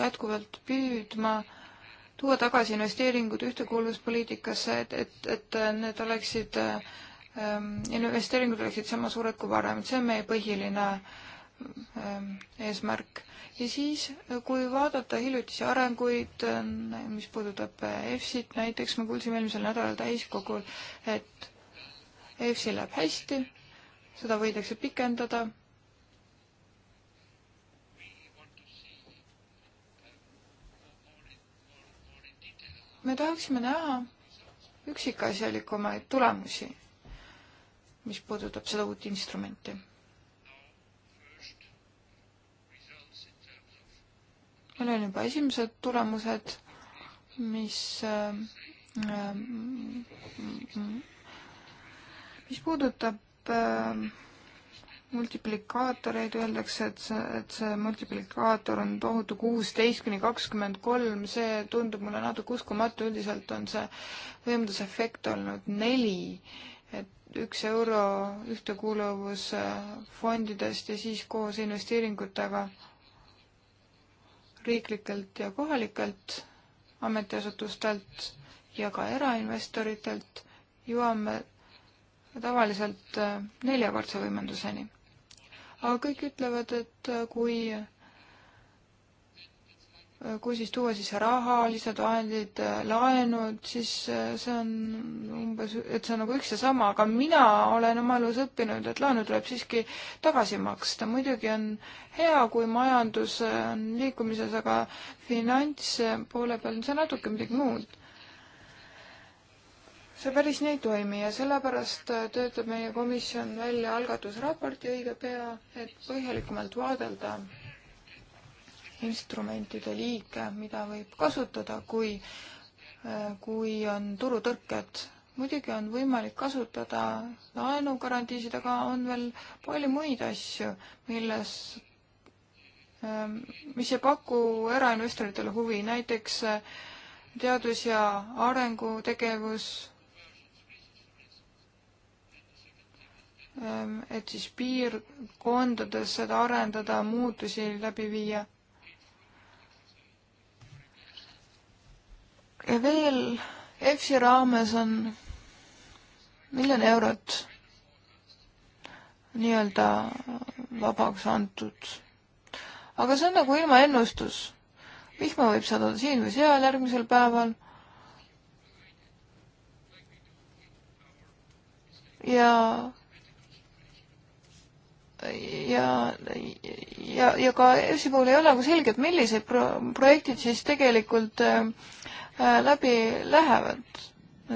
jätkuvalt püüdma tuua tagasi investeeringud ühtekuuluvuspoliitikasse, et, et, et äh, need oleksid äh, ähm,, investeeringud oleksid sama suured kui varem, et see on meie põhiline äh, Ähm, eesmärk. ja siis, äh, kui vaadata hiljutisi arenguid, äh, mis puudutab äh, EFSit näiteks, me kuulsime eelmisel nädalal täiskogul, et EFSi läheb hästi, seda võidakse pikendada. me tahaksime näha üksikasjalikumaid tulemusi, mis puudutab seda uut instrumenti meil on juba esimesed tulemused, mis äh, äh, mis puudutab äh, multiplikaatoreid, öeldakse, et see, et see multiplikaator on tohutu kuusteist kuni kakskümmend kolm, see tundub mulle natuke uskumatu, üldiselt on see võimendusefekt olnud neli, et üks euro ühtekuuluvusfondidest ja siis koos investeeringutega riiklikelt ja kohalikelt ametiasutustelt ja ka erainvestoritelt jõuame tavaliselt neljakordse võimenduseni. aga kõik ütlevad, et kui kui siis tuua siis raha, lisavahendid, äh, laenud, siis äh, see on umbes, et see on nagu üks ja sama, aga mina olen oma elus õppinud, et laenu tuleb siiski tagasi maksta. muidugi on hea, kui majandus äh, on liikumises, aga finantspoole peal on see natuke midagi muud. see päris nii ei toimi ja sellepärast töötab meie komisjon välja algatusraporti õige pea, et põhjalikumalt vaadelda instrumentide liike, mida võib kasutada, kui, kui on turutõrked. muidugi on võimalik kasutada laenugarantiisid, aga on veel palju muid asju, milles ähm, mis ei paku erainvestoritele huvi, näiteks äh, teadus- ja arengutegevus, ähm, et siis piirkondades seda arendada, muutusi läbi viia ja veel EFSi raames on miljon eurot nii-öelda vabaks antud. aga see on nagu ilmaennustus. vihma võib sadada siin või seal järgmisel päeval. ja ja, ja, ja ka EFSi puhul ei ole nagu selge, et millised pro-, projektid siis tegelikult äh, Äh, läbi lähevad.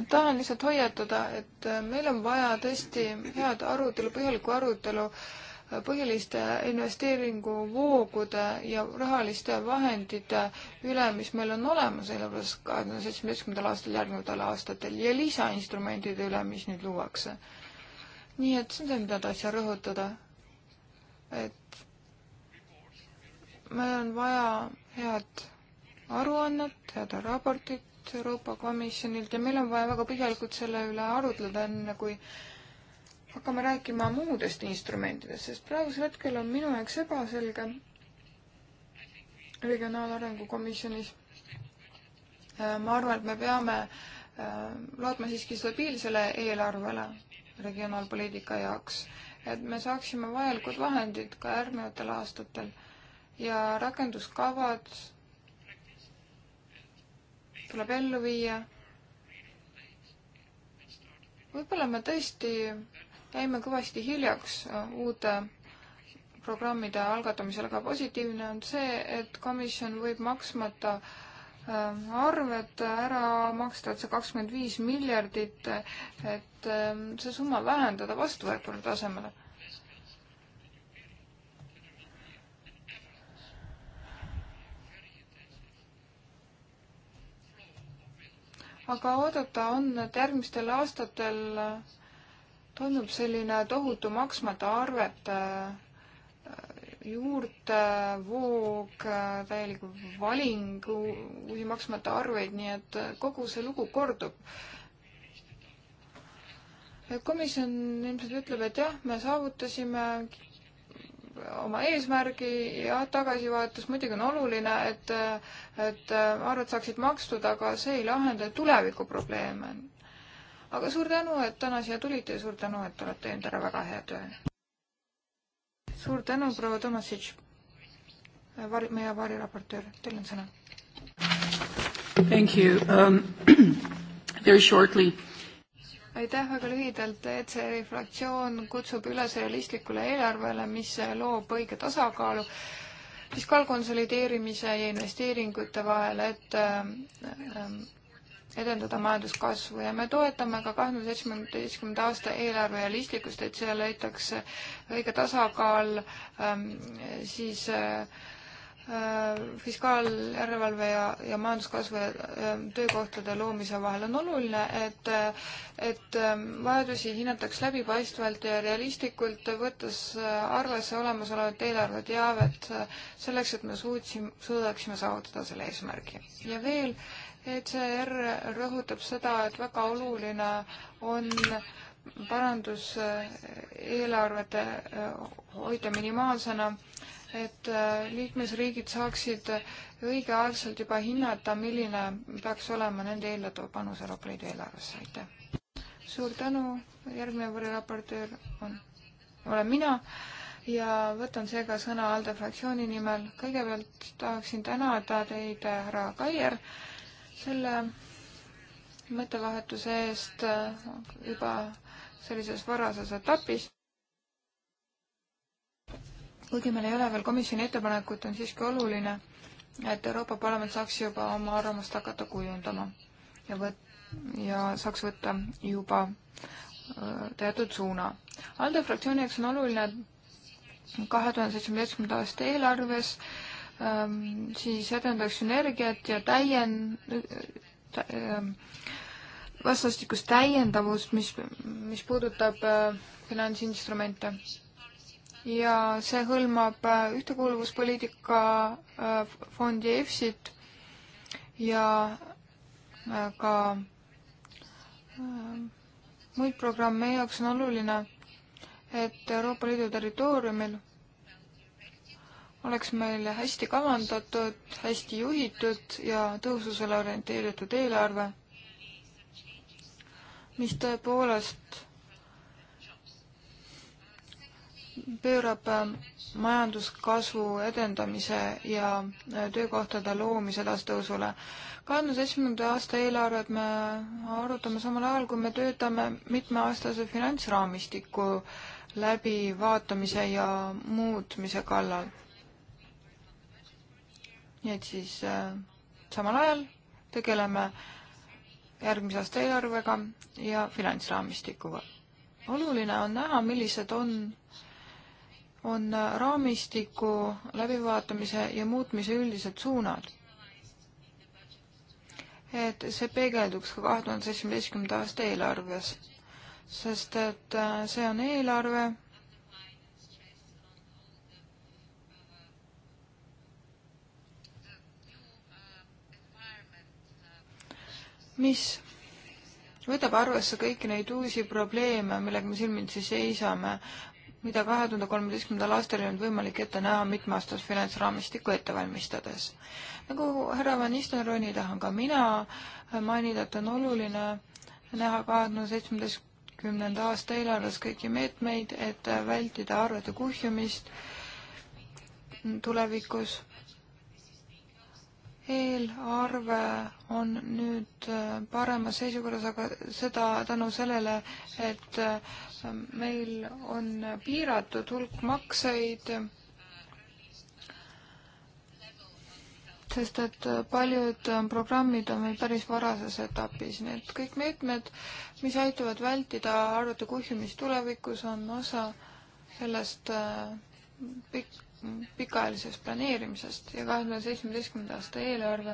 tahan lihtsalt hoiatada, et äh, meil on vaja tõesti head arutelu, põhjalikku arutelu äh, põhiliste investeeringuvoogude ja rahaliste vahendite üle, mis meil on olemas eelarves kahe tuhande seitsmeteistkümnendal aastal, järgnevatel aastatel ja lisainstrumentide üle, mis nüüd luuakse. nii et see on see, mida tahtsin rõhutada. et meil on vaja head aruannet, head raportit Euroopa Komisjonilt ja meil on vaja väga põhjalikult selle üle arutleda, enne kui hakkame rääkima muudest instrumentidest, sest praegusel hetkel on minu jaoks ebaselge regionaalarengu komisjonis. Äh, ma arvan, et me peame äh, lootma siiski stabiilsele eelarvele regionaalpoliitika jaoks, et me saaksime vajalikud vahendid ka järgnevatel aastatel ja rakenduskavad tuleb ellu viia. võib-olla me tõesti jäime kõvasti hiljaks äh, uute programmide algatamisel, aga positiivne on see, et komisjon võib maksmata äh, arved ära maksta, et see kakskümmend viis miljardit, äh, et see summa vähendada vastuvõetule tasemele aga oodata on, et järgmistel aastatel toimub selline tohutu maksmata arvete äh, juurdevoog, äh, täielik valing uusi maksmata arveid, nii et äh, kogu see lugu kordub. komisjon ilmselt ütleb, et jah, me saavutasime oma eesmärgi ja tagasivahetus muidugi on oluline, et, et arved saaksid makstud, aga see ei lahenda tulevikuprobleeme. aga suur tänu, et täna siia tulite ja suur tänu, et olete teinud ära väga hea töö. suur tänu, proua Tomasitš, vari, meie variraportöör, teil on sõna. Thank you um,. [clears throat] Very shortly aitäh, väga lühidalt, ECR-i fraktsioon kutsub üles realistlikule eelarvele, mis loob õige tasakaalu fiskaalkonsolideerimise ja investeeringute vahel, et ähm, edendada majanduskasvu ja me toetame ka kahe tuhande seitsmeteistkümnenda aasta eelarve realistlikkust, et seal leitakse õige tasakaal ähm, siis äh, Äh, fiskaaljärelevalve ja, ja majanduskasvu ja töökohtade loomise vahel on oluline, et, et ähm, vajadusi hinnataks läbipaistvalt ja realistlikult, võttes äh, arvesse olemasolevat eelarveteavet äh, selleks, et me suutsime, suudaksime saavutada selle eesmärgi. ja veel, ECR rõhutab seda, et väga oluline on parandus eelarvete hoida minimaalsena et äh, liikmesriigid saaksid õigeaegselt juba hinnata, milline peaks olema nende eeldatav panus Euroopa Liidu eelarvesse, aitäh. suur tänu, järgmine variraportöör on, olen mina ja võtan seega sõna ALDE fraktsiooni nimel. kõigepealt tahaksin tänada teid, härra Kaier, selle mõttevahetuse eest äh, juba sellises varases etapis kuigi meil ei ole veel komisjoni ettepanekut, on siiski oluline, et Euroopa Parlament saaks juba oma arvamust hakata kujundama ja võt-, ja saaks võtta juba äh, teatud suuna. ALDE fraktsiooni jaoks on oluline kahe tuhande seitsmeteistkümnenda aasta eelarves ähm, siis edendaks sünergiat ja täien- tä,, ähm, vastastikust täiendavust, mis, mis puudutab äh, finantsinstrumente ja see hõlmab äh, ühtekuuluvuspoliitika äh, fondi EFSit ja äh, ka muid programme. meie jaoks on oluline, et Euroopa Liidu territooriumil oleks meil hästi kavandatud, hästi juhitud ja tõhususele orienteeritud eelarve, mis tõepoolest pöörab äh, majanduskasvu edendamise ja äh, töökohtade loomise edastõusule. kahe tuhande seitsmekümnenda aasta eelarvet me arutame samal ajal, kui me töötame mitmeaastase finantsraamistiku läbivaatamise ja muutmise kallal. nii et siis äh, samal ajal tegeleme järgmise aasta eelarvega ja finantsraamistikuga. oluline on näha, millised on äh, on raamistiku läbivaatamise ja muutmise üldised suunad. et see peegelduks ka kahe tuhande seitsmeteistkümnenda aasta eelarves, sest et äh, see on eelarve, mis võtab arvesse kõiki neid uusi probleeme, millega me silmitsi seisame, mida kahe tuhande kolmeteistkümnendal aastal ei olnud võimalik ette näha mitmeaastast finantsraamistikku ette valmistades. nagu härra Van Nistelrooni tahan ka mina mainida, et on oluline näha kahe tuhande seitsmeteistkümnenda aasta eelarves kõiki meetmeid, et vältida arvete kuhjumist tulevikus eelarve on nüüd äh, paremas seisukorras, aga seda tänu sellele, et äh, meil on piiratud hulk makseid, sest et paljud äh, programmid on meil päris varases etapis, nii et kõik meetmed, mis aitavad vältida arvete kuhjumist tulevikus, on osa sellest pikk pikaajalisest planeerimisest ja kahe tuhande seitsmeteistkümnenda aasta eelarve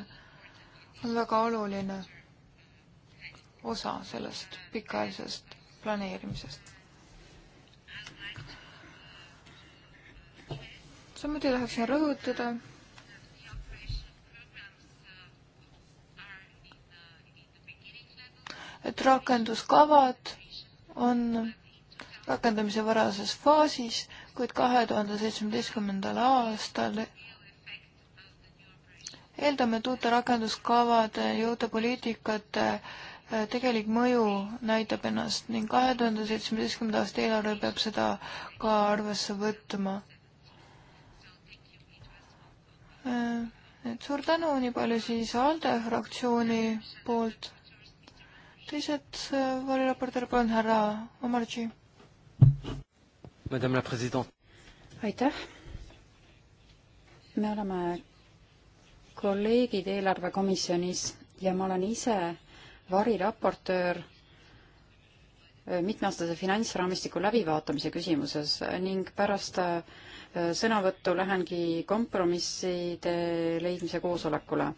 on väga oluline osa sellest pikaajalisest planeerimisest. samuti tahaksin rõhutada, et rakenduskavad on rakendamise varases faasis kuid kahe tuhande seitsmeteistkümnendal aastal eeldame, et uute rakenduskavade ja uute poliitikate äh, tegelik mõju näitab ennast ning kahe tuhande seitsmeteistkümnenda aasta eelarve peab seda ka arvesse võtma. Äh, et suur tänu, nii palju siis ALDE fraktsiooni poolt. teised äh, variraportöörid, palun härra Omarji aitäh. me oleme kolleegid eelarvekomisjonis ja ma olen ise variraportöör mitmeaastase finantsraamistiku läbivaatamise küsimuses ning pärast äh, sõnavõttu lähengi kompromisside leidmise koosolekule.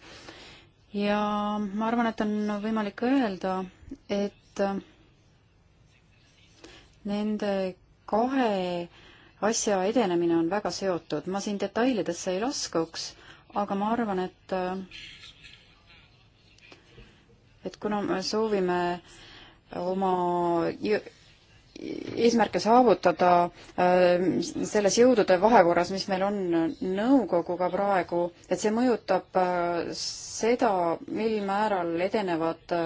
ja ma arvan, et on võimalik öelda, et äh, nende kahe asja edenemine on väga seotud. ma siin detailidesse ei laskuks, aga ma arvan, et äh, et kuna me soovime oma eesmärke saavutada äh, selles jõudude vahekorras, mis meil on nõukoguga praegu, et see mõjutab äh, seda, mil määral edenevad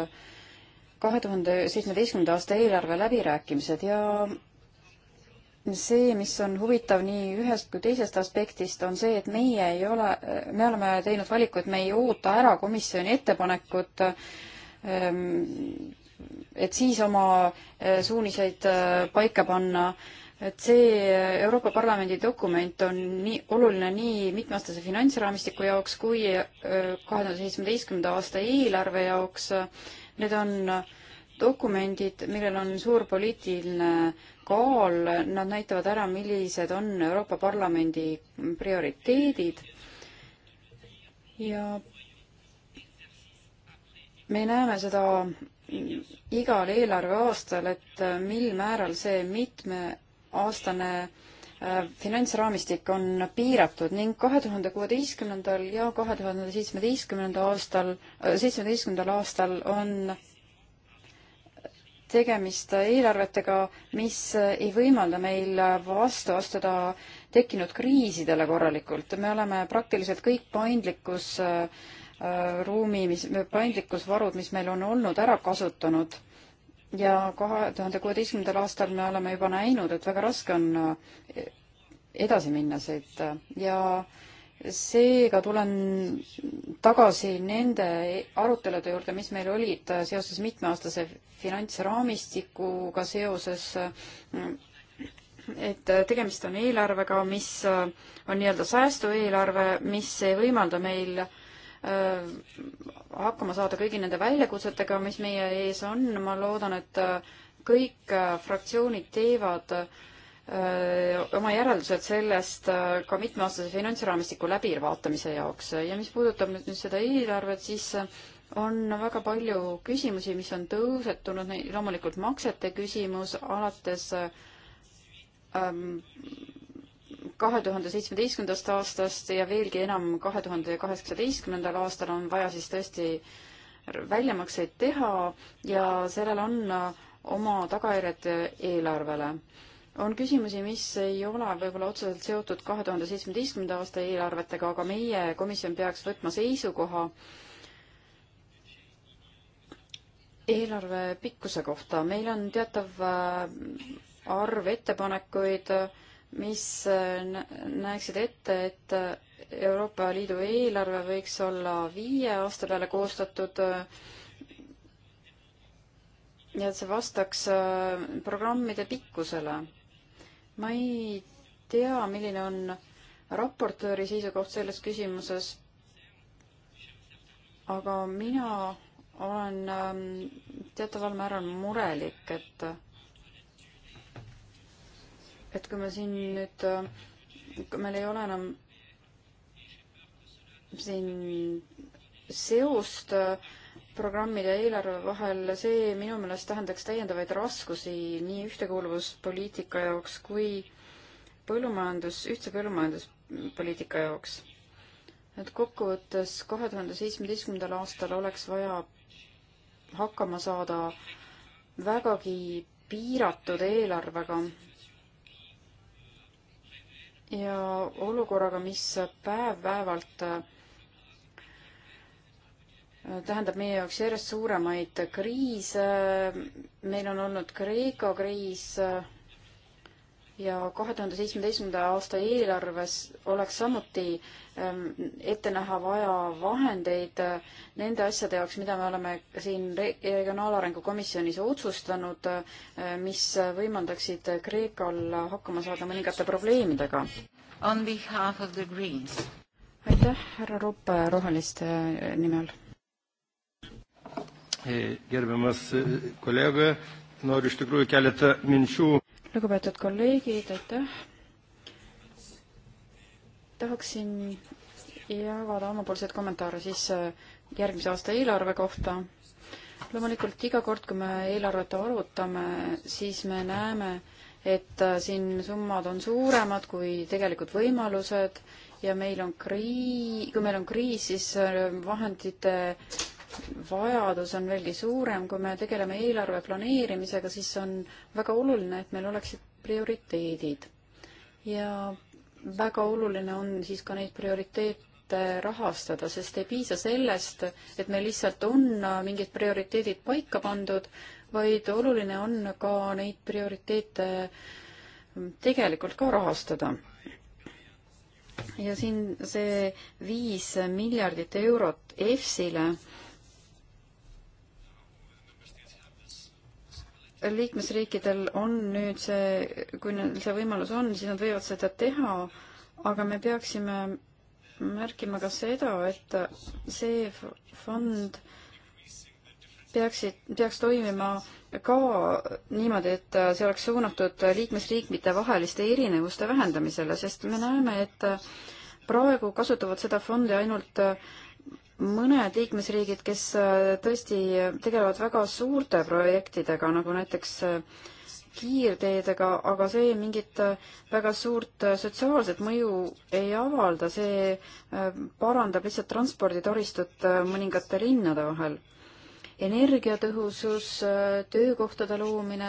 kahe tuhande seitsmeteistkümnenda aasta eelarve läbirääkimised ja see, mis on huvitav nii ühest kui teisest aspektist, on see, et meie ei ole, me oleme teinud valiku, et me ei oota ära komisjoni ettepanekut, ehm, et siis oma eh, suuniseid eh, paika panna et see eh, Euroopa Parlamendi dokument on nii oluline nii mitmeaastase finantsraamistiku jaoks kui kahe tuhande seitsmeteistkümnenda aasta eelarve jaoks. Need on äh, dokumendid, millel on suur poliitiline kaal, nad näitavad ära, millised on Euroopa Parlamendi prioriteedid ja me näeme seda igal eelarveaastal, et mil määral see mitmeaastane äh, finantsraamistik on piiratud ning kahe tuhande kuueteistkümnendal ja kahe tuhande seitsmeteistkümnenda aastal, äh, seitsmeteistkümnendal aastal on tegemist eelarvetega, mis ei võimalda meil vastu astuda tekkinud kriisidele korralikult. me oleme praktiliselt kõik paindlikkus äh, ruumi, mis, paindlikkusvarud, mis meil on olnud, ära kasutanud. ja kahe tuhande kuueteistkümnendal aastal me oleme juba näinud, et väga raske on äh, edasi minna siit ja äh, seega tulen tagasi nende arutelude juurde, mis meil olid seoses mitmeaastase finantsraamistikuga seoses, et tegemist on eelarvega, mis on nii-öelda säästueelarve, mis ei võimalda meil äh, hakkama saada kõigi nende väljakutsetega, mis meie ees on, ma loodan, et kõik fraktsioonid teevad äh, oma järeldused sellest äh, ka mitmeaastase finantsraamistiku läbivaatamise jaoks ja mis puudutab nüüd seda eelarvet, siis äh, on väga palju küsimusi, mis on tõusetunud, loomulikult maksete küsimus alates äh, ähm, kahe tuhande seitsmeteistkümnendast aastast ja veelgi enam kahe tuhande kaheksateistkümnendal aastal on vaja siis tõesti väljamakseid teha ja sellel on oma tagajärjed eelarvele on küsimusi, mis ei ole võib-olla otseselt seotud kahe tuhande seitsmeteistkümnenda aasta eelarvetega, aga meie komisjon peaks võtma seisukoha eelarve pikkuse kohta. meil on teatav äh, arv ettepanekuid, mis äh, näeksid ette, et äh, Euroopa Liidu eelarve võiks olla viie aasta peale koostatud ja et see vastaks programmide pikkusele ma ei tea, milline on raportööri seisukoht selles küsimuses, aga mina olen ähm, teataval määral murelik, et et kui me siin nüüd, äh, kui meil ei ole enam siin seost äh, programmide eelarve vahel, see minu meelest tähendaks täiendavaid raskusi nii ühtekuuluvuspoliitika jaoks kui põllumajandus, ühtse põllumajanduspoliitika jaoks. et kokkuvõttes kahe tuhande seitsmeteistkümnendal aastal oleks vaja hakkama saada vägagi piiratud eelarvega ja olukorraga, mis päev-päevalt tähendab meie jaoks järjest suuremaid kriise. meil on olnud Kreeka kriis ja kahe tuhande seitsmeteistkümnenda aasta eelarves oleks samuti ähm, ette näha vaja vahendeid äh, nende asjade jaoks, mida me oleme siin Regionaalarengu Komisjonis otsustanud, äh, mis võimaldaksid Kreekal hakkama saada mõningate probleemidega. On behalf of the Greens. aitäh, härra Rupp Roheliste äh, nimel E, gerbiamas e, kolega, noriu iš tikrųjų keletą minčių. lugupeetud kolleegid, aitäh. tahaksin jagada omapoolseid kommentaare siis e, järgmise aasta eelarve kohta. loomulikult iga kord, kui me eelarvet arutame, siis me näeme, et siin summad on suuremad kui tegelikult võimalused ja meil on krii-, kui meil on kriis, siis vahendite vajadus on veelgi suurem, kui me tegeleme eelarve planeerimisega, siis on väga oluline, et meil oleksid prioriteedid. ja väga oluline on siis ka neid prioriteete rahastada, sest ei piisa sellest, et meil lihtsalt on mingid prioriteedid paika pandud, vaid oluline on ka neid prioriteete tegelikult ka rahastada ja siin see viis miljardit eurot EFSile liikmesriikidel on nüüd see, kui neil see võimalus on, siis nad võivad seda teha, aga me peaksime märkima ka seda, et see fond peaksid, peaks toimima ka niimoodi, et see oleks suunatud liikmesriikide vaheliste erinevuste vähendamisele, sest me näeme, et praegu kasutavad seda fondi ainult mõned liikmesriigid, kes äh, tõesti tegelevad väga suurte projektidega, nagu näiteks äh, kiirteedega, aga see mingit äh, väga suurt sotsiaalset mõju ei avalda, see parandab lihtsalt transporditaristut mõningate linnade vahel. energiatõhusus, töökohtade loomine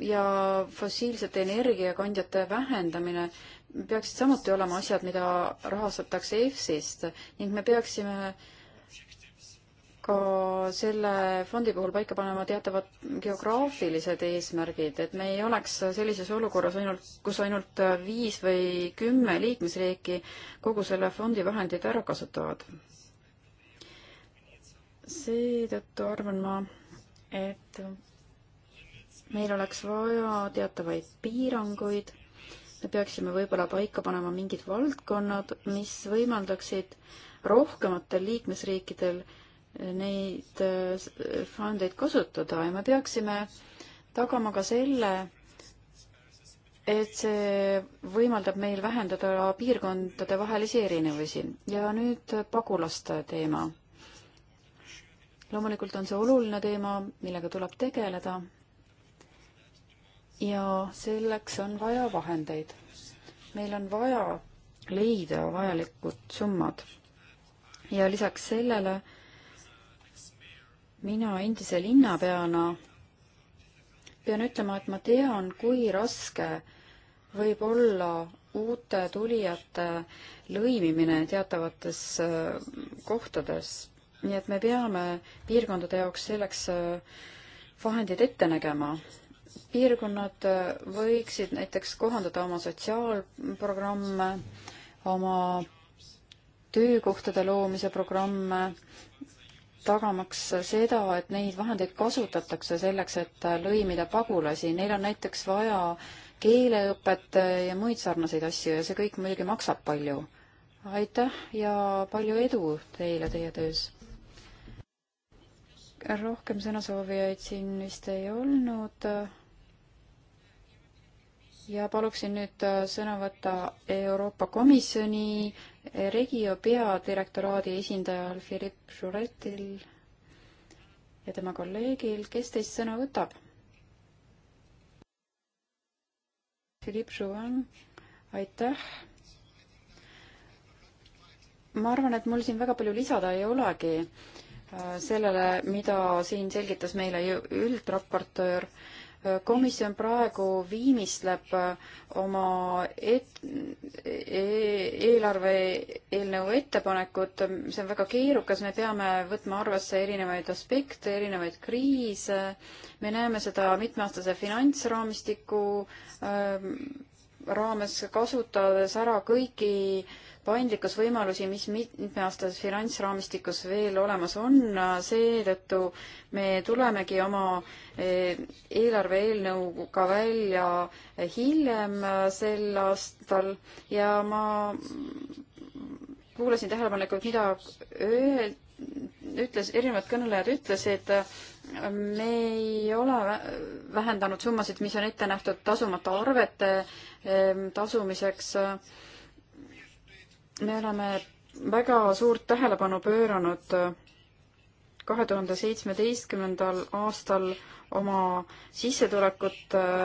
ja fossiilsete energiakandjate vähendamine peaksid samuti olema asjad, mida rahastatakse EFSist ning me peaksime ka selle fondi puhul paika panema teatavad geograafilised eesmärgid, et me ei oleks sellises olukorras ainult, kus ainult viis või kümme liikmesriiki kogu selle fondi vahendeid ära kasutavad. seetõttu arvan ma, et meil oleks vaja teatavaid piiranguid me peaksime võib-olla paika panema mingid valdkonnad, mis võimaldaksid rohkematel liikmesriikidel neid fondeid äh, kasutada ja me peaksime tagama ka selle, et see võimaldab meil vähendada piirkondade vahelisi erinevusi. ja nüüd pagulaste teema. loomulikult on see oluline teema, millega tuleb tegeleda ja selleks on vaja vahendeid. meil on vaja leida vajalikud summad. ja lisaks sellele mina endise linnapeana pean ütlema, et ma tean, kui raske võib olla uute tulijate lõimimine teatavates äh, kohtades. nii et me peame piirkondade jaoks selleks äh, vahendid ette nägema piirkonnad äh, võiksid näiteks kohandada oma sotsiaalprogramme, oma töökohtade loomise programme, tagamaks seda, et neid vahendeid kasutatakse selleks, et lõimida pagulasi. Neil on näiteks vaja keeleõpet ja muid sarnaseid asju ja see kõik muidugi maksab palju. aitäh ja palju edu teile teie töös! rohkem sõnasoovijaid siin vist ei olnud ja paluksin nüüd äh, sõna võtta Euroopa Komisjoni Regio peadirektoraadi esindajal Philippe Jouretil ja tema kolleegil, kes teist sõna võtab? Philippe Jouan, aitäh! ma arvan, et mul siin väga palju lisada ei olegi äh, sellele, mida siin selgitas meile üldraportöör äh, komisjon praegu viimistleb äh, oma et, e eelarve eelnõu ettepanekut, see on väga keerukas, me peame võtma arvesse erinevaid aspekte, erinevaid kriise, me näeme seda mitmeaastase finantsraamistiku äh, raames, kasutades ära kõiki äh, paindlikkus võimalusi, mis mitmeaastases finantsraamistikus veel olemas on, seetõttu me tulemegi oma eh, eelarve eelnõuga välja hiljem sel aastal ja ma kuulasin tähelepanelikult, mida öel-, ütles, erinevad kõnelejad ütlesid, me ei ole vähendanud summasid, mis on ette nähtud tasumata arvete eh, tasumiseks me oleme väga suurt tähelepanu pööranud äh, kahe tuhande seitsmeteistkümnendal aastal oma sissetulekut äh,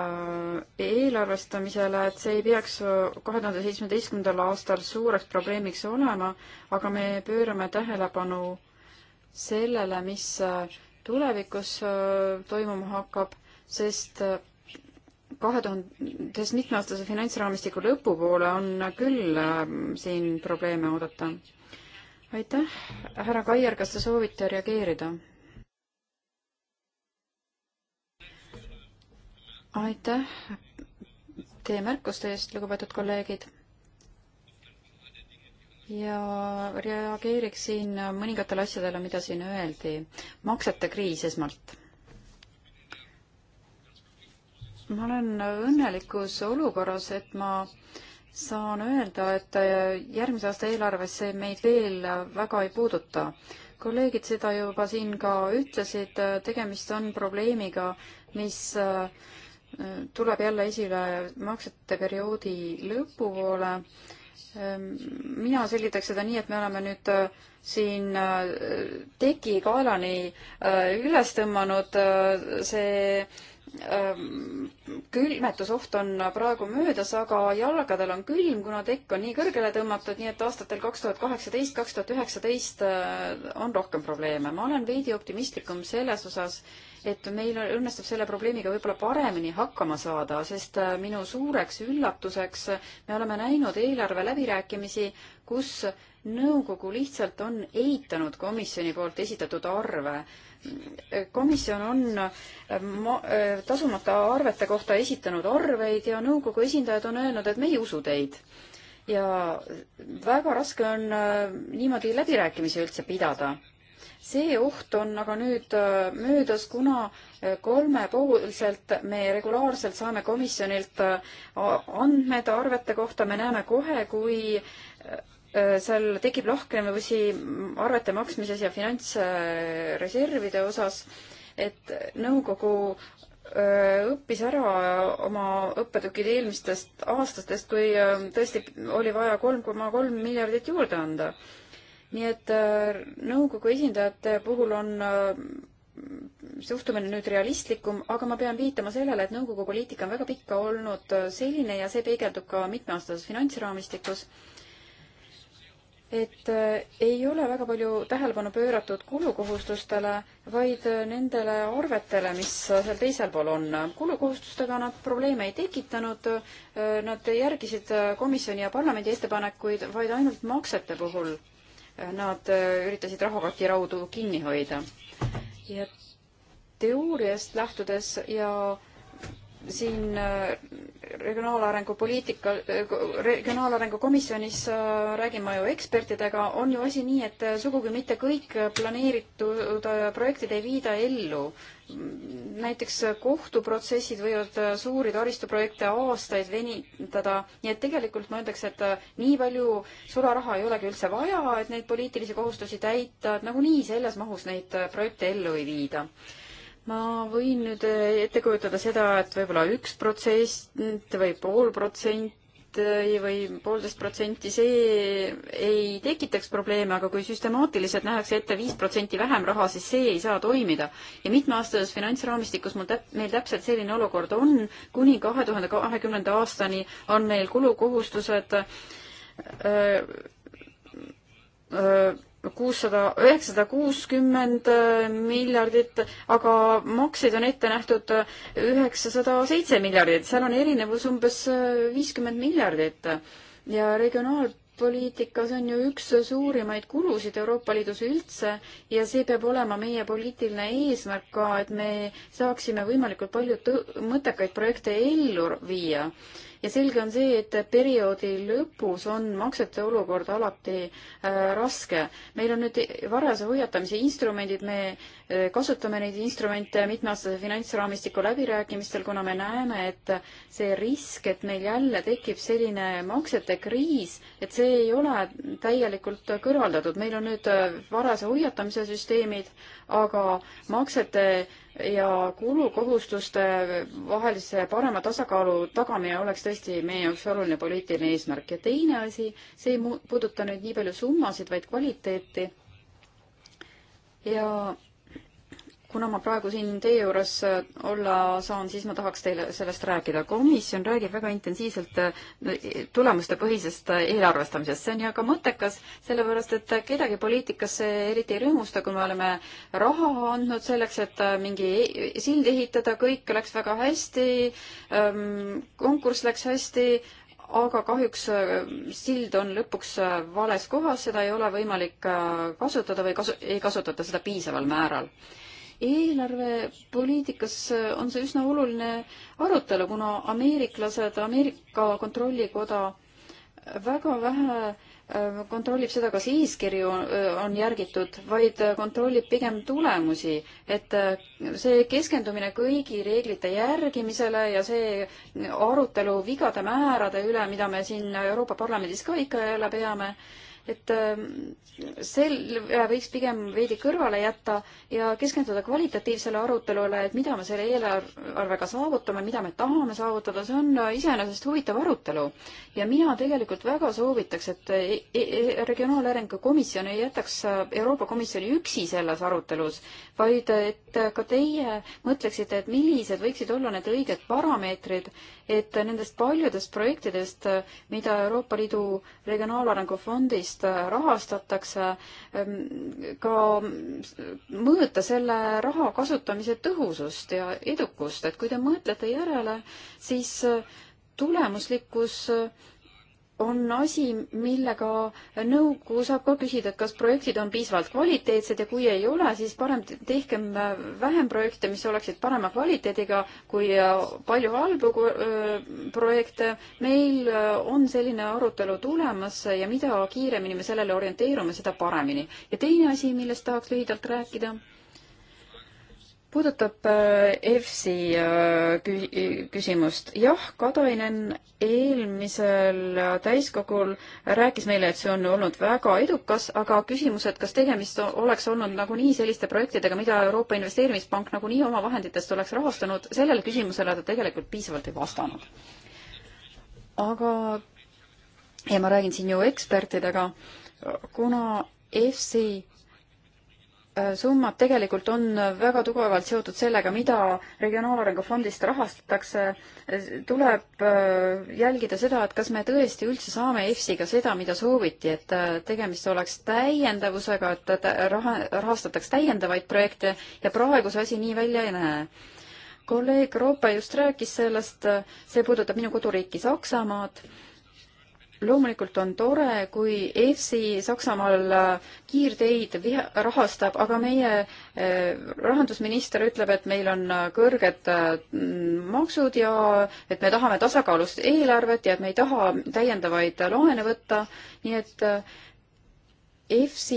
äh, eelarvestamisele, et see ei peaks kahe tuhande seitsmeteistkümnendal aastal suureks probleemiks olema, aga me pöörame tähelepanu sellele, mis tulevikus toimuma hakkab, sest kahe tuhandes mitmeaastase finantsraamistiku lõpupoole on küll äh, siin probleeme oodata. aitäh, härra Kaier, kas te soovite reageerida? aitäh teie märkuste eest, lugupeetud kolleegid. ja reageeriksin mõningatele asjadele, mida siin öeldi. maksete kriis esmalt ma olen õnnelikus olukorras, et ma saan öelda, et järgmise aasta eelarves see meid veel väga ei puuduta. kolleegid seda juba siin ka ütlesid, tegemist on probleemiga, mis äh, tuleb jälle esile maksete perioodi lõpupoole. Ähm, mina selgitaks seda nii, et me oleme nüüd äh, siin äh, teki kaelani üles tõmmanud see külmetusoht on praegu möödas, aga jalgadel on külm, kuna tekk on nii kõrgele tõmmatud, nii et aastatel kaks tuhat kaheksateist, kaks tuhat üheksateist on rohkem probleeme. ma olen veidi optimistlikum selles osas, et meil õnnestub selle probleemiga võib-olla paremini hakkama saada, sest minu suureks üllatuseks me oleme näinud eelarve läbirääkimisi, kus nõukogu lihtsalt on eitanud komisjoni poolt esitatud arve. komisjon on äh, ma-, äh, tasumata arvete kohta esitanud arveid ja nõukogu esindajad on öelnud, et me ei usu teid ja väga raske on äh, niimoodi läbirääkimisi üldse pidada. see oht on aga nüüd möödas, kuna kolmepoolselt me regulaarselt saame komisjonilt andmed arvete kohta, me näeme kohe, kui Äh, seal tekib lahknevusi arvete maksmises ja finantsreservide osas, et nõukogu äh, õppis ära oma õppetükid eelmistest aastatest, kui äh, tõesti oli vaja kolm koma kolm miljardit juurde anda. nii et nõukogu esindajate puhul on suhtumine nüüd realistlikum, aga ma pean viitama sellele, et nõukogu poliitika on väga pikka olnud selline ja see peegeldub ka mitmeaastases finantsraamistikus et äh, ei ole väga palju tähelepanu pööratud kulukohustustele, vaid äh, nendele arvetele, mis äh, seal teisel pool on. kulukohustustega nad probleeme ei tekitanud, nad järgisid komisjoni ja parlamendi ettepanekuid, vaid ainult maksete puhul nad üritasid rahakoti raudu kinni hoida. ja teooriast lähtudes ja äh, siin äh, regionaalarengu poliitika, äh, regionaalarengu komisjonis äh, räägime ju ekspertidega, on ju asi nii, et sugugi mitte kõik planeeritud projektid ei viida ellu. näiteks kohtuprotsessid võivad suuri taristuprojekte aastaid venitada, nii et tegelikult ma ütleks, et nii palju sularaha ei olegi üldse vaja, et neid poliitilisi kohustusi täita, et nagunii selles mahus neid projekte ellu ei viida ma võin nüüd eh, ette kujutada seda, et võib-olla üks protsent või pool protsenti või poolteist protsenti, see ei tekitaks probleeme, aga kui süstemaatiliselt nähakse ette viis protsenti vähem raha, siis see ei saa toimida. ja mitmeaastases finantsraamistikus mul täp-, meil täpselt selline olukord on, kuni kahe tuhande kahekümnenda aastani on meil kulukohustused öö, äh, öö, äh, kuussada, üheksasada kuuskümmend äh, miljardit, aga makseid on ette nähtud äh, üheksasada seitse miljardit, seal on erinevus umbes äh, viiskümmend miljardit ja regionaalpoliitikas on ju üks suurimaid kulusid Euroopa Liidus üldse ja see peab olema meie poliitiline eesmärk ka, et me saaksime võimalikult palju mõttekaid projekte ellu viia ja selge on see, et perioodi lõpus on maksete olukord alati äh, raske. meil on nüüd varase hoiatamise instrumendid, me kasutame neid instrumente mitmeaastase finantsraamistiku läbirääkimistel, kuna me näeme, et see risk, et meil jälle tekib selline maksete kriis, et see ei ole täielikult kõrvaldatud. meil on nüüd varase hoiatamise süsteemid, aga maksete ja kulukohustuste vahelise parema tasakaalu tagamine oleks tõesti meie jaoks oluline poliitiline eesmärk. ja teine asi, see ei puuduta nüüd nii palju summasid, vaid kvaliteeti. ja kuna ma praegu siin teie juures äh, olla saan, siis ma tahaks teile sellest rääkida. komisjon räägib väga intensiivselt äh, tulemustepõhisest äh, eelarvestamisest. see on ju aga mõttekas, sellepärast et kedagi poliitikasse eriti ei rõõmusta, kui me oleme raha andnud selleks, et mingi e, sild ehitada, kõik läks väga hästi, ähm, konkurss läks hästi, aga kahjuks sild on lõpuks vales kohas, seda ei ole võimalik kasutada või kasu, ei kasutata seda piisaval määral eelarvepoliitikas äh, on see üsna oluline arutelu, kuna ameeriklased, Ameerika kontrollikoda väga vähe äh, kontrollib seda, kas eeskirju äh, on järgitud, vaid kontrollib pigem tulemusi. et see keskendumine kõigi reeglite järgimisele ja see arutelu vigade määrade üle, mida me siin Euroopa Parlamendis ka ikka ja jälle peame, et ähm, selle võiks pigem veidi kõrvale jätta ja keskenduda kvalitatiivsele arutelule, et mida me selle eelarvega saavutame, mida me tahame saavutada, see on äh, iseenesest huvitav arutelu. ja mina tegelikult väga soovitaks, et e, e, e, Regionaalarengu Komisjon ei jätaks äh, Euroopa Komisjoni üksi selles arutelus, vaid äh, et ka teie mõtleksite, et millised võiksid olla need õiged parameetrid, et nendest paljudest projektidest, mida Euroopa Liidu Regionaalarengu Fondist tegevust rahastatakse, ehm, ka mõõta selle raha kasutamise tõhusust ja edukust, et kui te mõtlete järele, siis tulemuslikkus äh, on asi, millega nõukogu saab ka küsida, et kas projektid on piisavalt kvaliteetsed ja kui ei ole, siis parem tehkem äh, vähem projekte, mis oleksid parema kvaliteediga kui äh, palju halbu äh, projekte. meil on selline arutelu tulemas ja mida kiiremini me sellele orienteerume, seda paremini. ja teine asi, millest tahaks lühidalt rääkida puudutab äh, EFSi äh, küsimust, jah, Katainen eelmisel äh, täiskogul rääkis meile, et see on olnud väga edukas, aga küsimus, et kas tegemist oleks olnud nagunii selliste projektidega, mida Euroopa Investeerimispank nagunii oma vahenditest oleks rahastanud, sellele küsimusele ta tegelikult piisavalt ei vastanud. aga, ja ma räägin siin ju ekspertidega, kuna EFSi Äh, summad tegelikult on väga tugevalt seotud sellega, mida Regionaalarengu fondist rahastatakse. Äh, tuleb äh, jälgida seda, et kas me tõesti üldse saame EFSiga seda, mida sooviti, et tegemist oleks täiendavusega, et raha, rahastataks täiendavaid projekte ja praegu see asi nii välja ei näe. kolleeg Roope just rääkis sellest, see puudutab minu koduriiki Saksamaad loomulikult on tore, kui EFSI Saksamaal äh, kiirteid rahastab, aga meie äh, rahandusminister ütleb, et meil on äh, kõrged maksud ja et me tahame tasakaalust eelarvet ja et me ei taha täiendavaid laene võtta, nii et EFSI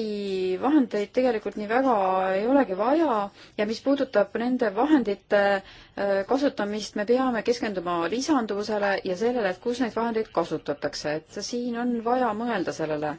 vahendeid tegelikult nii väga ei olegi vaja ja mis puudutab nende vahendite äh, kasutamist, me peame keskenduma lisanduvusele ja sellele, et kus neid vahendeid kasutatakse, et siin on vaja mõelda sellele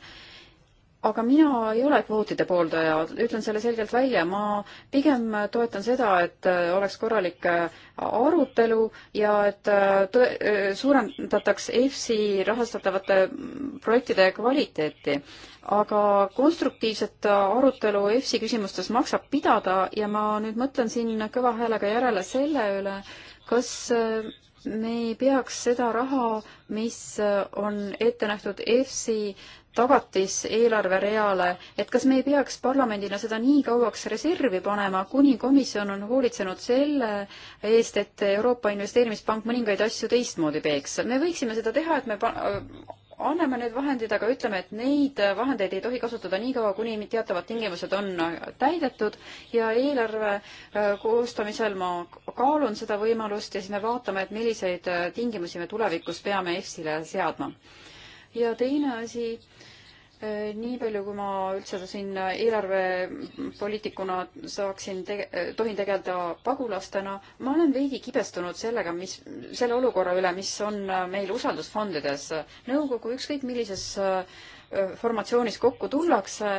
aga mina ei ole kvootide pooldaja, ütlen selle selgelt välja, ma pigem toetan seda, et äh, oleks korralik äh, arutelu ja et äh, suurendataks EFSI rahastatavate mm, projektide kvaliteeti. aga konstruktiivset arutelu EFSI küsimustes maksab pidada ja ma nüüd mõtlen siin kõva häälega järele selle üle, kas me ei peaks seda raha, mis on ette nähtud EFSI tagatis eelarvereale, et kas me ei peaks parlamendina seda nii kauaks reservi panema, kuni komisjon on hoolitsenud selle eest, et Euroopa Investeerimispank mõningaid asju teistmoodi teeks. me võiksime seda teha, et me äh, anname need vahendid, aga ütleme, et neid vahendeid ei tohi kasutada nii kaua, kuni teatavad tingimused on äh, täidetud ja eelarve äh, koostamisel ma kaalun seda võimalust ja siis me vaatame, et milliseid tingimusi me tulevikus peame EFSile seadma. ja teine asi Äh, nii palju, kui ma üldse siin eelarvepoliitikuna saaksin tege,, äh, tohin tegeleda pagulastena, ma olen veidi kibestunud sellega, mis, selle olukorra üle, mis on äh, meil usaldusfondides. nõukogu ükskõik millises äh, formatsioonis kokku tullakse,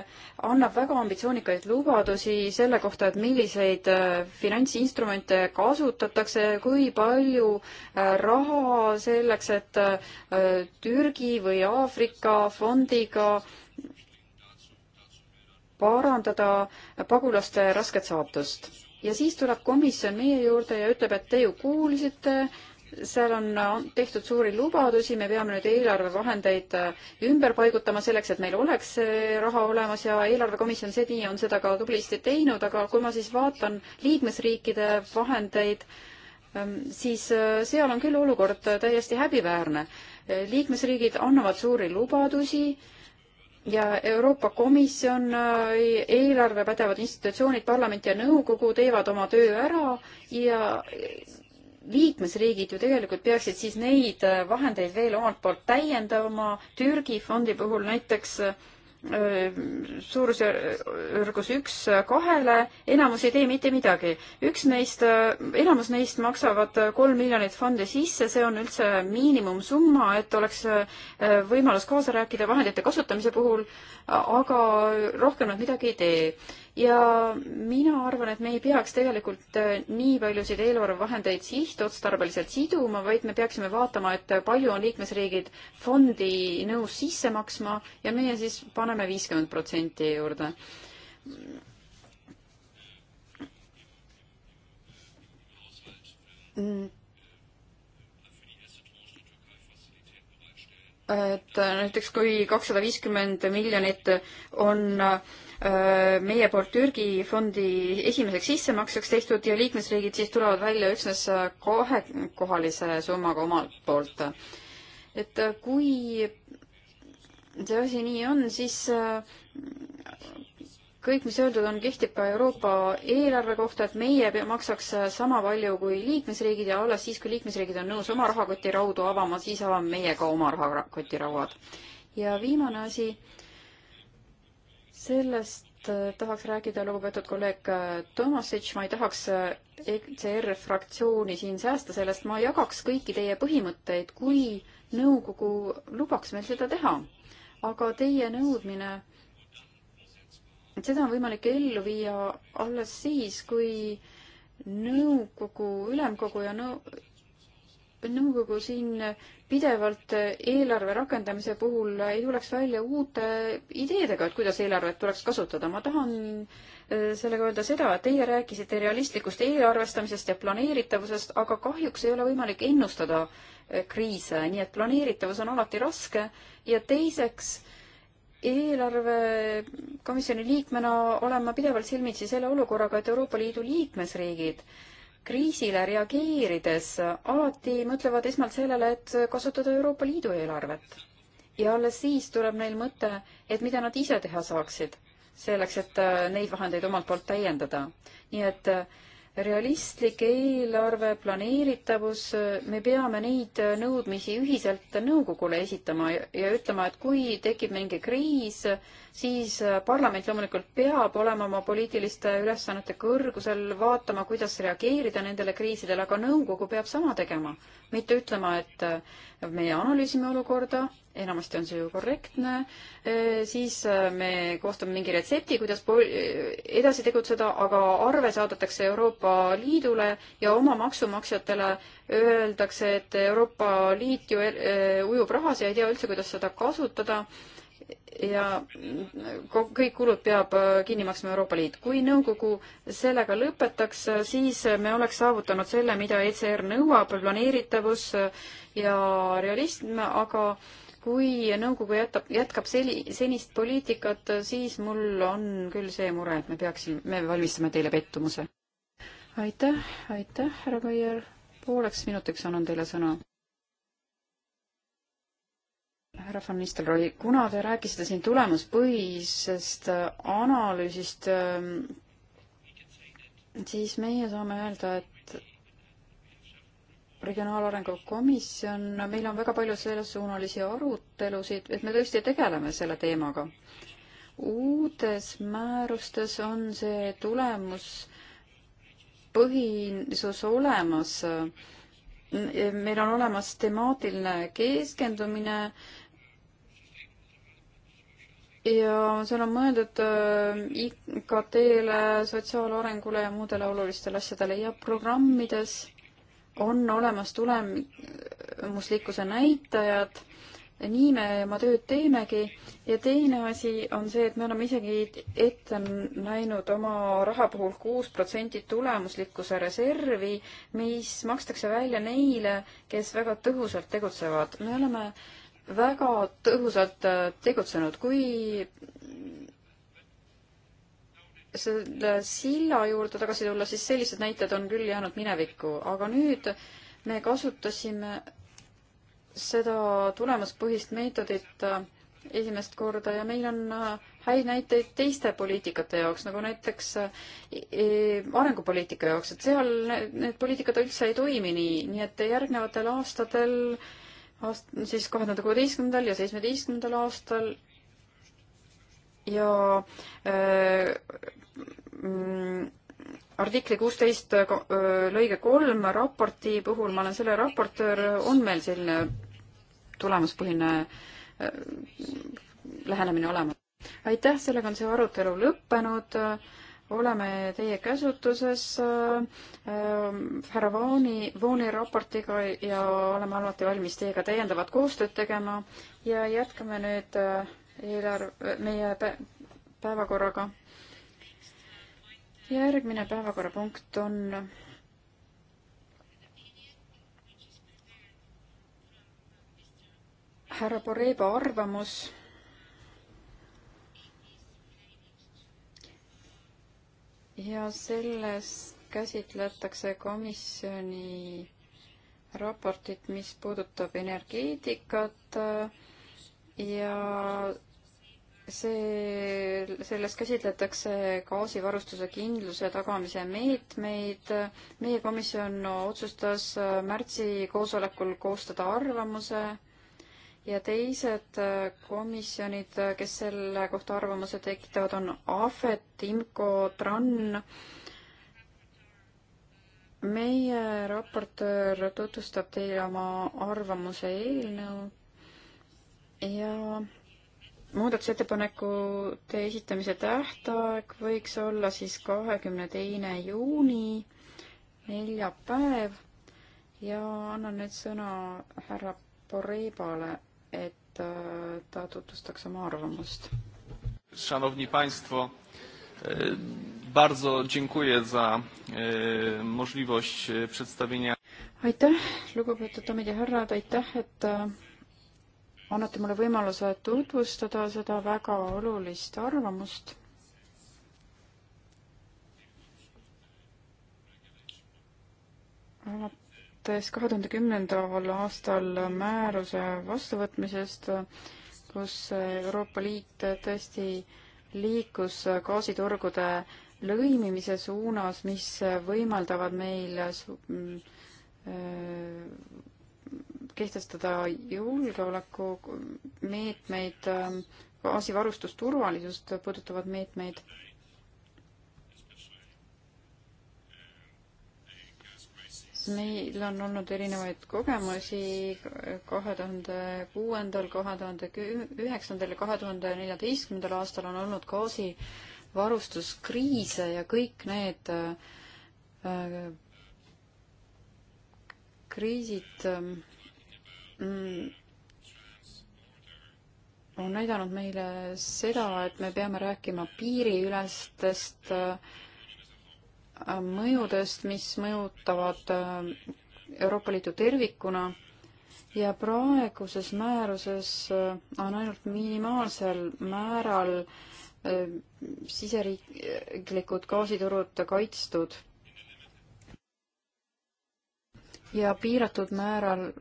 annab väga ambitsioonikaid lubadusi selle kohta, et milliseid finantsinstrumente kasutatakse, kui palju raha selleks, et Türgi või Aafrika fondiga parandada pagulaste rasket saatust. ja siis tuleb komisjon meie juurde ja ütleb, et te ju kuulsite, seal on äh, tehtud suuri lubadusi, me peame nüüd eelarvevahendeid äh, ümber paigutama selleks, et meil oleks see raha olemas ja eelarvekomisjon seni on seda ka tublisti teinud, aga kui ma siis vaatan liikmesriikide vahendeid, ähm, siis äh, seal on küll olukord täiesti häbiväärne. liikmesriigid annavad suuri lubadusi ja Euroopa Komisjon, eelarvepädevad institutsioonid, parlament ja nõukogu teevad oma töö ära ja liikmesriigid ju tegelikult peaksid siis neid äh, vahendeid veel omalt poolt täiendama. Türgi fondi puhul näiteks äh, suurusjärgus üks kahele, enamus ei tee mitte midagi. üks neist, äh, enamus neist maksavad kolm miljonit fonde sisse, see on üldse miinimumsumma, et oleks võimalus kaasa rääkida vahendite kasutamise puhul, aga rohkem nad midagi ei tee ja mina arvan, et me ei peaks tegelikult äh, nii paljusid eelarvevahendeid sihtotstarbeliselt siduma, vaid me peaksime vaatama, et palju on liikmesriigid fondi nõus sisse maksma ja meie siis paneme viiskümmend protsenti juurde. et äh, näiteks kui kakssada viiskümmend miljonit on äh, meie poolt Türgi fondi esimeseks sissemakseks tehtud ja liikmesriigid siis tulevad välja üksnes kahekohalise summaga omalt poolt. et äh, kui see asi nii on, siis äh, kõik, mis öeldud on, kehtib ka Euroopa eelarve kohta, et meie maksaks äh, sama palju kui liikmesriigid ja alles siis, kui liikmesriigid on nõus oma rahakotiraudu avama, siis avame meie ka oma rahakotirauad. ja viimane asi sellest äh, tahaks rääkida lugupeetud kolleeg äh, Tomasic, ma ei tahaks äh, ECR fraktsiooni siin säästa sellest, ma jagaks kõiki teie põhimõtteid, kui nõukogu lubaks meil seda teha. aga teie nõudmine, et seda on võimalik ellu viia alles siis, kui nõukogu, ülemkogu ja nõu-, nõukogu siin pidevalt eelarve rakendamise puhul ei tuleks välja uute ideedega, et kuidas eelarvet tuleks kasutada. ma tahan äh, sellega öelda seda, et teie rääkisite realistlikust eelarvestamisest ja planeeritavusest, aga kahjuks ei ole võimalik ennustada äh, kriise, nii et planeeritavus on alati raske ja teiseks, eelarvekomisjoni liikmena olen ma pidevalt silmitsi selle olukorraga, et Euroopa Liidu liikmesriigid äh, kriisile reageerides alati mõtlevad esmalt sellele, et kasutada Euroopa Liidu eelarvet. ja alles siis tuleb neil mõte, et mida nad ise teha saaksid, selleks et äh, neid vahendeid omalt poolt täiendada. nii et äh, realistlik eelarve planeeritavus, äh, me peame neid nõudmisi ühiselt nõukogule esitama ja ütlema, et kui tekib mingi kriis, siis äh, parlament loomulikult peab olema oma poliitiliste ülesannete kõrgusel, vaatama, kuidas reageerida nendele kriisidele, aga nõukogu peab sama tegema. mitte ütlema, et äh, meie analüüsime olukorda, enamasti on see ju korrektne, äh, siis me koostame mingi retsepti, kuidas edasi tegutseda, aga arve saadetakse Euroopa Liidule ja oma maksumaksjatele öeldakse, et Euroopa Liit ju ujub rahas ja ei tea üldse, kuidas seda kasutada ja kõik kulud peab äh, kinni maksma Euroopa Liit. kui nõukogu sellega lõpetaks, äh, siis me oleks saavutanud selle, mida ECR nõuab, planeeritavus äh, ja realism, aga kui nõukogu jätab, jätkab seli, senist poliitikat, siis mul on küll see mure, et me peaksime, me valmistame teile pettumuse. aitäh, aitäh, härra Kaier, pooleks minutiks annan teile sõna härra von Nistelrooy, kuna te rääkisite siin tulemuspõhisest äh, analüüsist, ähm, siis meie saame öelda, et regionaalarengu komisjon, meil on väga palju sellesuunalisi arutelusid, et me tõesti tegeleme selle teemaga. uutes määrustes on see tulemuspõhisus olemas meil on olemas temaatiline keskendumine, ja seal on mõeldud äh, IKT-le, sotsiaalarengule ja muudele olulistele asjadele ja programmides on olemas tulemuslikkuse näitajad nii me oma tööd teemegi ja teine asi on see, et me oleme isegi ette näinud oma raha puhul kuus protsenti tulemuslikkuse reservi, mis makstakse välja neile, kes väga tõhusalt tegutsevad. me oleme äh, väga tõhusalt äh, tegutsenud, kui selle silla juurde tagasi tulla, siis sellised näited on küll jäänud minevikku, aga nüüd me kasutasime seda tulemuspõhist meetodit äh, esimest korda ja meil on äh, häid näiteid teiste poliitikate jaoks, nagu näiteks e, arengupoliitika jaoks, et seal need poliitikad üldse ei toimi nii, nii et järgnevatel aastatel äh, aast-, siis kahe tuhande kuueteistkümnendal ja seitsmeteistkümnendal aastal ja äh, mm, artikli kuusteist äh, äh, lõige kolm raporti puhul, ma olen selle raportöör, on meil selline tulemuspõhine äh, lähenemine olemas. aitäh, sellega on see arutelu lõppenud äh, oleme teie käsutuses äh, härra Vooni, Vooni raportiga ja oleme alati valmis teiega täiendavat koostööd tegema ja jätkame nüüd äh, eelarve, meie päevakorraga. järgmine päevakorrapunkt on härra Poreba arvamus ja selles käsitletakse komisjoni raportit, mis puudutab energeetikat äh, ja see, selles käsitletakse gaasivarustuse kindluse tagamise meetmeid. meie komisjon otsustas äh, märtsi koosolekul koostada arvamuse ja teised äh, komisjonid, äh, kes selle kohta arvamuse tekitavad, on Ahvet, IMCO, TRAN. meie raportöör tutvustab teile oma arvamuse eelnõu ja muudatusettepanekute esitamise tähtaeg võiks olla siis kahekümne teine juuni, neljapäev ja annan nüüd sõna härra Porebale et äh, ta tutvustaks oma arvamust. Szanowni Państwo, e, bardzo dziękuję za e, możliwość e, przedstawienia. aitäh, lugupeetud daamid ja härrad, aitäh, et äh, annate mulle võimaluse tutvustada seda väga olulist arvamust äh, alates kahe tuhande kümnendal aastal määruse vastuvõtmisest, kus Euroopa Liit tõesti liikus gaasiturgude lõimimise suunas, mis võimaldavad meil mm, kehtestada julgeolekumeetmeid, gaasivarustusturvalisust puudutavad meetmeid meet.. meil on olnud erinevaid kogemusi kahe tuhande kuuendal, kahe tuhande üheksandal ja kahe tuhande neljateistkümnendal aastal on olnud gaasivarustuskriise ja kõik need äh, kriisid äh, mm, on näidanud meile seda, et me peame rääkima piiriülestest äh, mõjudest, mis mõjutavad äh, Euroopa Liitu tervikuna ja praeguses määruses äh, on ainult minimaalsel määral äh, siseriiklikud gaasiturud kaitstud ja piiratud määral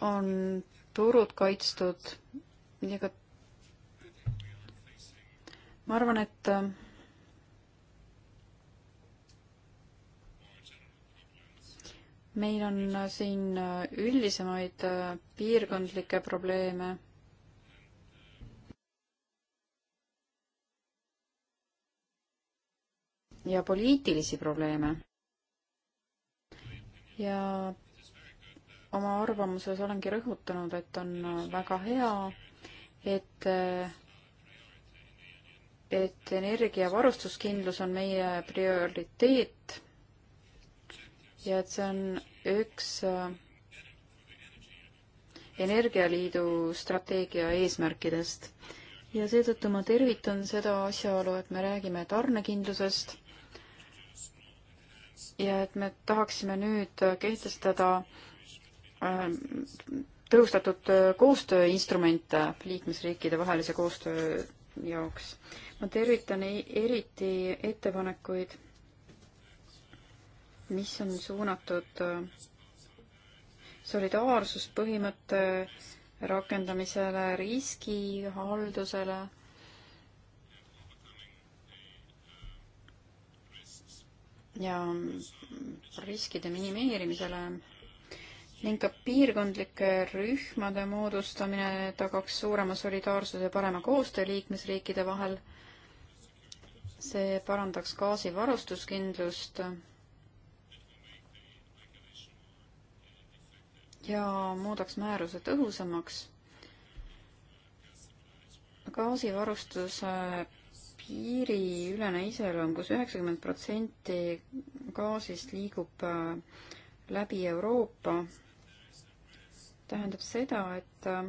on turud kaitstud ja ka ma arvan, et meil on äh, siin äh, üldisemaid äh, piirkondlikke probleeme. ja poliitilisi probleeme. ja oma arvamuses olengi rõhutanud, et on väga hea, et et energiavarustuskindlus on meie prioriteet ja et see on üks äh, energialiidu strateegia eesmärkidest ja seetõttu ma tervitan seda asjaolu, et me räägime tarnekindlusest ja et me tahaksime nüüd kehtestada äh, tõhustatud äh, koostööinstrumente liikmesriikide vahelise koostöö jaoks. ma tervitan e-, eriti ettepanekuid mis on suunatud äh, solidaarsuspõhimõtte rakendamisele, riskihaldusele ja riskide minimeerimisele ning ka piirkondlike rühmade moodustamine tagaks suurema solidaarsuse ja parema koostöö liikmesriikide vahel. see parandaks gaasivarustuskindlust ja muudaks määruse tõhusamaks. gaasivarustuse piiriülene iseloom, kus üheksakümmend protsenti gaasist liigub äh, läbi Euroopa, tähendab seda, et äh,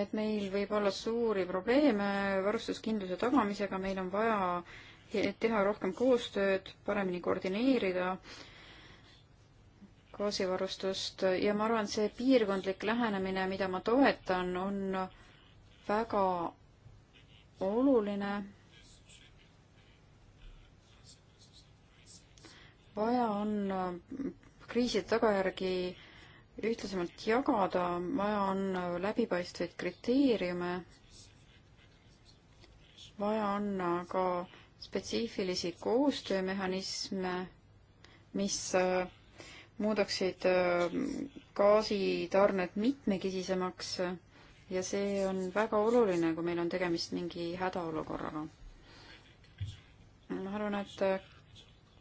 et meil võib olla suuri probleeme varustuskindluse tagamisega, meil on vaja teha rohkem koostööd, paremini koordineerida gaasivarustust ja ma arvan, see piirkondlik lähenemine, mida ma toetan, on väga oluline. vaja on kriiside tagajärgi ühtlasemalt jagada, vaja on läbipaistvaid kriteeriume, vaja on ka spetsiifilisi koostöömehhanisme, mis äh, muudaksid äh, gaasitarned mitmekesisemaks ja see on väga oluline, kui meil on tegemist mingi hädaolukorraga. ma arvan, et äh,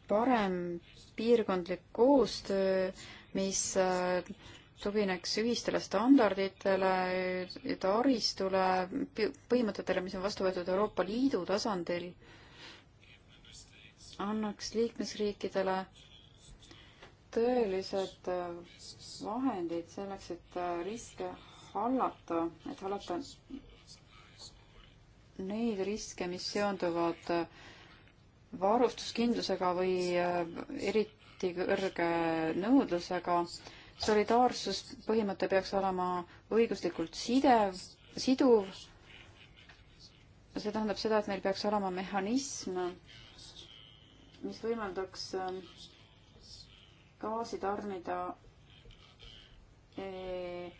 parem piirkondlik koostöö mis äh, tugineks ühistele standarditele, taristule, põhimõtetele, mis on vastu võetud Euroopa Liidu tasandil, annaks liikmesriikidele tõelised äh, vahendid selleks, et äh, riske hallata, et hallata neid riske, mis seonduvad varustuskindlusega või eri, eriti kõrge nõudlusega. solidaarsuspõhimõte peaks olema õiguslikult sidev, siduv. see tähendab seda, et meil peaks olema mehhanism, mis võimaldaks äh, gaasi tarnida äh,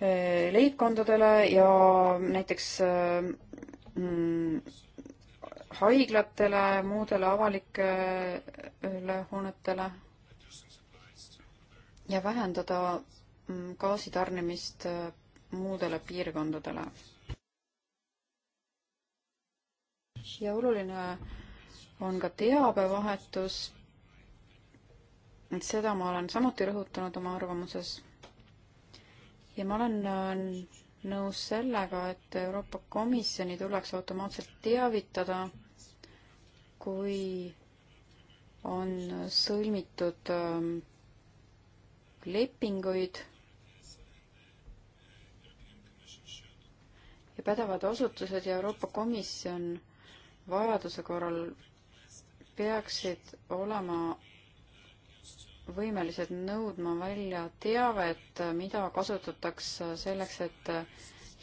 äh, leibkondadele ja näiteks mm, haiglatele, muudele avalikele hoonetele ja vähendada mm, gaasi tarnimist mm, muudele piirkondadele. ja oluline on ka teabevahetus. seda ma olen samuti rõhutanud oma arvamuses. ja ma olen äh, nõus sellega, et Euroopa Komisjoni tuleks automaatselt teavitada, kui on sõlmitud ähm, lepinguid ja pädevad asutused ja Euroopa Komisjon vajaduse korral peaksid olema võimelised nõudma välja teavet, mida kasutatakse selleks, et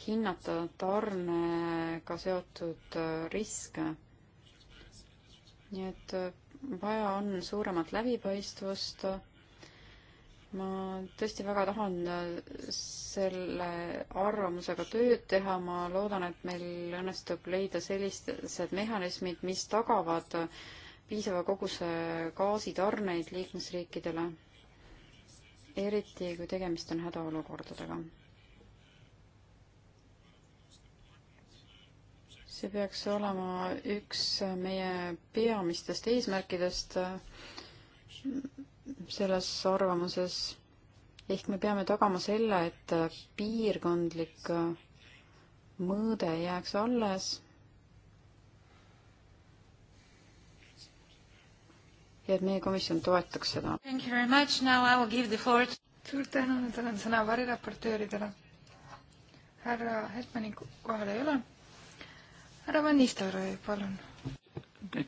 hinnata tarnega seotud riske. nii et vaja on suuremat läbipaistvust. ma tõesti väga tahan selle arvamusega tööd teha, ma loodan, et meil õnnestub leida sellised mehhanismid, mis tagavad äh, piisava koguse gaasitarneid liikmesriikidele, eriti kui tegemist on hädaolukordadega. see peaks olema üks meie peamistest eesmärkidest selles arvamuses, ehk me peame tagama selle, et piirkondlik mõõde jääks alles ja et meie komisjon toetaks seda. suur tänu, nüüd annan sõna variraportööridele. härra Hetmani kohal ei ole. härra Van Nistelrooy, palun.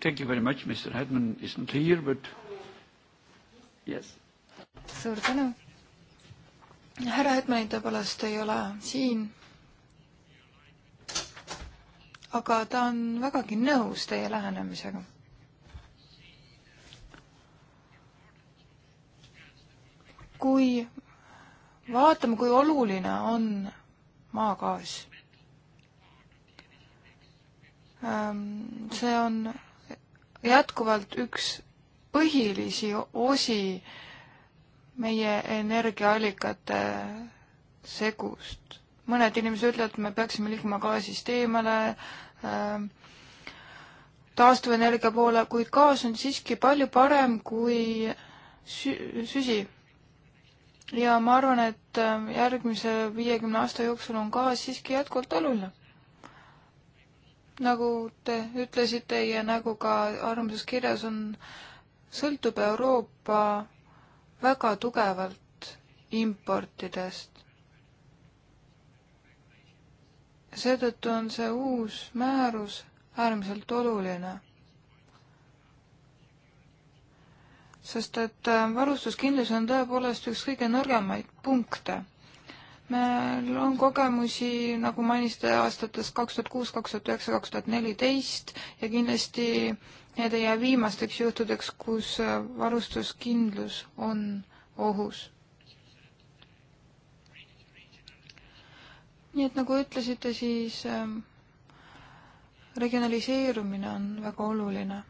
Thank you very much, Mr Hetman is not here, but yes. suur tänu. härra Hetmani tõepoolest ei ole siin aga ta on vägagi nõus teie lähenemisega kui vaatame, kui oluline on maagaas. Ähm, see on jätkuvalt üks põhilisi osi meie energiaallikate segust. mõned inimesed ütlevad, et me peaksime liikuma gaasist eemale äh,, taastuvenergia poole, kuid gaas on siiski palju parem kui sü-, süsi ja ma arvan, et ähm, järgmise viiekümne aasta jooksul on gaas siiski jätkuvalt oluline. nagu te ütlesite ja nagu ka arvamuses kirjas on, sõltub Euroopa väga tugevalt importidest. seetõttu on see uus määrus äärmiselt oluline sest et äh, varustuskindlus on tõepoolest üks kõige nõrgemaid punkte. meil on kogemusi, nagu mainisite, aastates kaks tuhat kuus, kaks tuhat üheksa, kaks tuhat neliteist ja kindlasti need ei jää viimasteks juhtudeks, kus äh, varustuskindlus on ohus. nii et nagu ütlesite, siis ähm, regionaliseerumine on väga oluline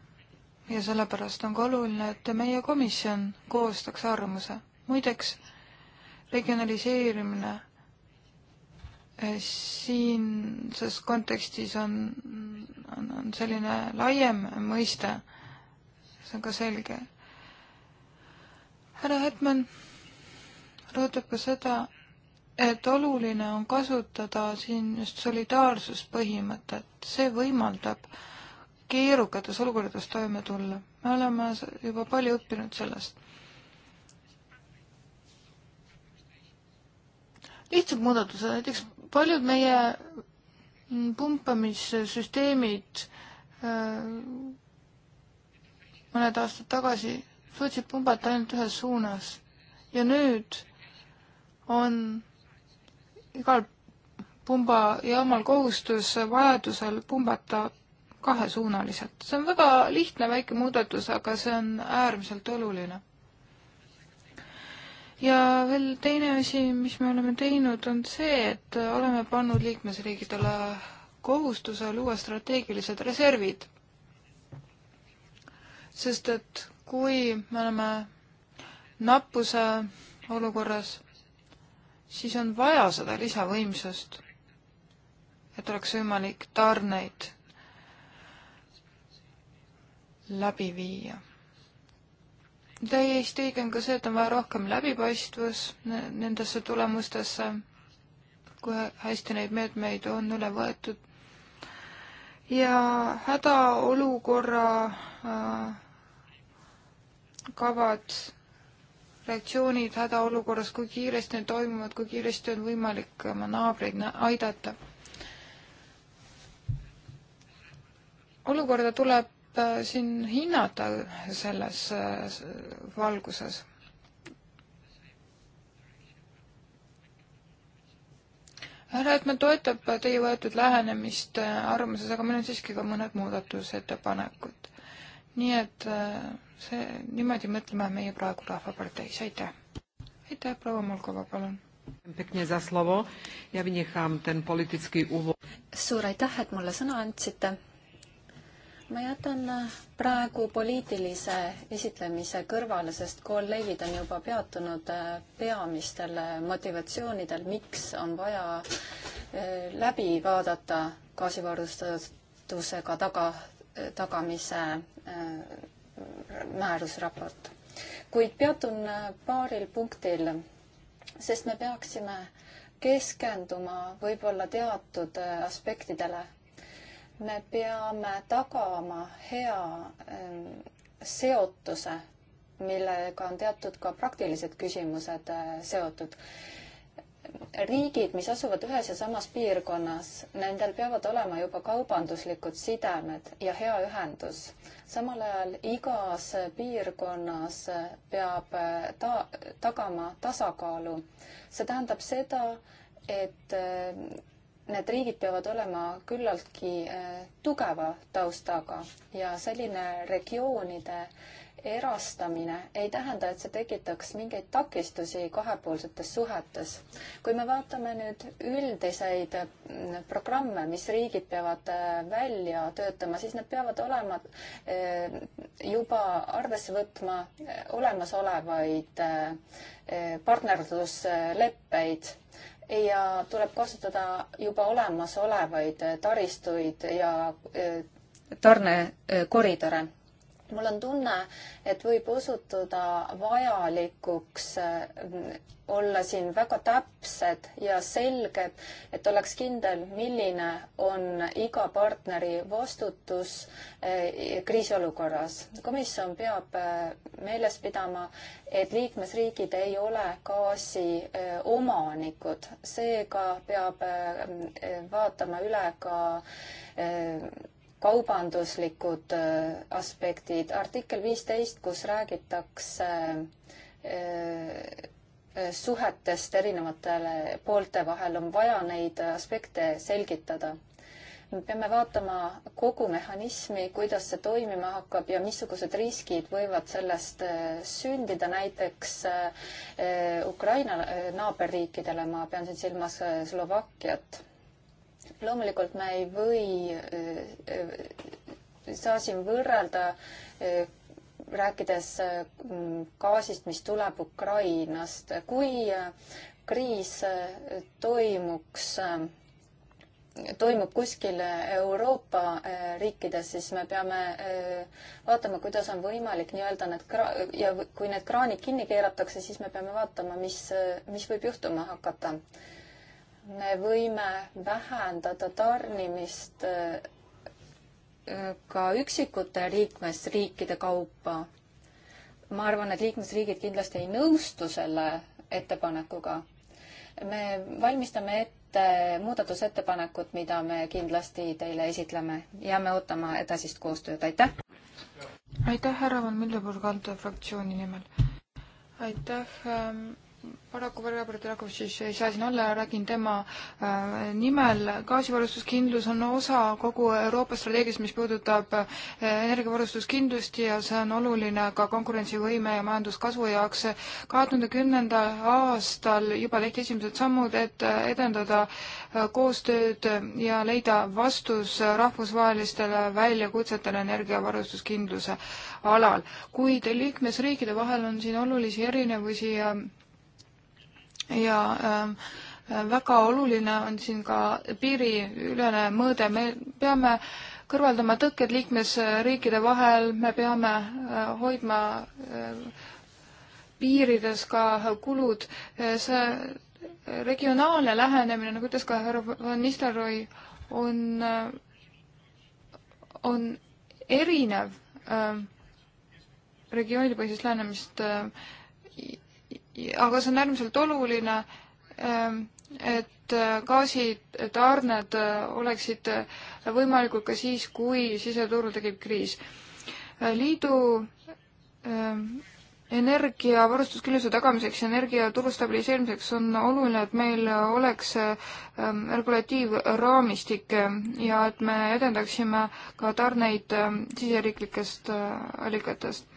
ja sellepärast on ka oluline, et meie komisjon koostaks arvamuse. muideks, regionaliseerimine eh, siinses kontekstis on, on, on selline laiem mõiste, see on ka selge. härra Hetman rõhutab ka seda, et oluline on kasutada siin just solidaarsuspõhimõtet, see võimaldab äh, keerukates olukordades toime tulla. me oleme juba palju õppinud sellest. lihtsad muudatused, näiteks paljud meie pumpamissüsteemid äh, mõned aastad tagasi suutsid pumbata ainult ühes suunas ja nüüd on igal pumbajaamal kohustus vajadusel pumbata kahesuunaliselt. see on väga lihtne väike muudatus, aga see on äärmiselt oluline. ja veel teine asi, mis me oleme teinud, on see, et oleme pannud liikmesriigidele kohustuse luua strateegilised reservid. sest et kui me oleme nappuse olukorras, siis on vaja seda lisavõimsust, et oleks võimalik tarneid läbi viia. täiesti õige on ka see, et on vaja rohkem läbipaistvus nendesse tulemustesse, kui hästi neid meetmeid on üle võetud. ja hädaolukorra äh, kavad, reaktsioonid hädaolukorras, kui kiiresti need toimuvad, kui kiiresti on võimalik oma naabreid aidata. olukorda tuleb Äh, siin hinnata selles äh, valguses? härra Edman toetab teie võetud lähenemist äh, arvamuses, aga meil on siiski ka mõned muudatusettepanekud. nii et see, niimoodi mõtleme meie praegu Rahvaparteis, aitäh. aitäh, proua Molkova, palun. suur aitäh, et mulle sõna andsite ma jätan äh, praegu poliitilise esitlemise kõrvale, sest kolleegid on juba peatunud äh, peamistel äh, motivatsioonidel, miks on vaja läbi vaadata gaasivarustatusega taga, tagamise määrusraport. kuid peatun paaril punktil, sest me peaksime keskenduma võib-olla teatud aspektidele me peame tagama hea ähm, seotuse, millega on teatud ka praktilised küsimused äh, seotud. riigid, mis asuvad ühes ja samas piirkonnas, nendel peavad olema juba kaubanduslikud sidemed ja hea ühendus. samal ajal igas piirkonnas peab äh, ta-, tagama tasakaalu. see tähendab seda, et äh, need riigid peavad olema küllaltki äh, tugeva taustaga ja selline regioonide erastamine ei tähenda, et see tekitaks mingeid takistusi kahepoolsetes suhetes. kui me vaatame nüüd üldiseid mm, programme, mis riigid peavad äh, välja töötama, siis nad peavad olema äh, juba arvesse võtma olemasolevaid partnerlusleppeid ja tuleb kasutada juba olemasolevaid taristuid ja eh, tarnekoridore mul on tunne, et võib osutuda vajalikuks äh, olla siin väga täpsed ja selged, et oleks kindel, milline on iga partneri vastutus äh, kriisiolukorras. komisjon peab äh, meeles pidama, et liikmesriigid ei ole gaasi omanikud, seega peab vaatama üle ka kaubanduslikud äh, aspektid. artikkel viisteist, kus räägitakse äh, äh, suhetest erinevatele poolte vahel, on vaja neid aspekte selgitada. me peame vaatama kogu mehhanismi, kuidas see toimima hakkab ja missugused riskid võivad sellest sündida, näiteks Ukraina naaberriikidele, ma pean siin silmas Slovakkiat loomulikult me ei või äh, äh, saa siin võrrelda, äh, rääkides gaasist, mis tuleb Ukrainast. kui kriis toimuks, toimub kuskil Euroopa riikides, siis me peame vaatama, kuidas on võimalik nii-öelda need kra- ja kui need kraanid kinni keeratakse, siis me peame vaatama, mis, mis võib juhtuma hakata me võime vähendada tarnimist äh, ka üksikute liikmesriikide kaupa. ma arvan, et liikmesriigid kindlasti ei nõustu selle ettepanekuga. me valmistame ette muudatusettepanekut, mida me kindlasti teile esitleme. jääme ootama edasist koostööd, aitäh! aitäh, härra Van Mildeburg, Aldo fraktsiooni nimel! aitäh ähm paraku varjapäevade Rakovšis ei saa siin olla ja räägin tema äh, nimel. gaasivarustuskindlus on osa kogu Euroopa strateegiast, mis puudutab äh, energiavarustuskindlust ja see on oluline ka konkurentsivõime ja majanduskasvu jaoks. kahe tuhande kümnendal aastal juba tehti esimesed sammud, et äh, edendada äh, koostööd ja leida vastus rahvusvahelistele väljakutsetele energiavarustuskindluse alal, kuid liikmesriikide vahel on siin olulisi erinevusi ja äh, ja äh, väga oluline on siin ka piiriülene mõõde, me peame kõrvaldama tõkked liikmesriikide vahel, me peame äh, hoidma äh, piirides ka kulud, äh, see regionaalne lähenemine, nagu ütles ka härra Van Nistelrooy, on, on erinev regioonipõhisest lähenemist aga see on äärmiselt oluline, ähm, et äh, gaasitarned äh, oleksid äh, võimalikud ka siis, kui siseturul tekib kriis. liidu ähm, energiavarustuskindluse tagamiseks ja energiaturu stabiliseerimiseks on oluline, et meil oleks ähm, regulatiivraamistik ja et me edendaksime ka tarneid siseriiklikest allikatest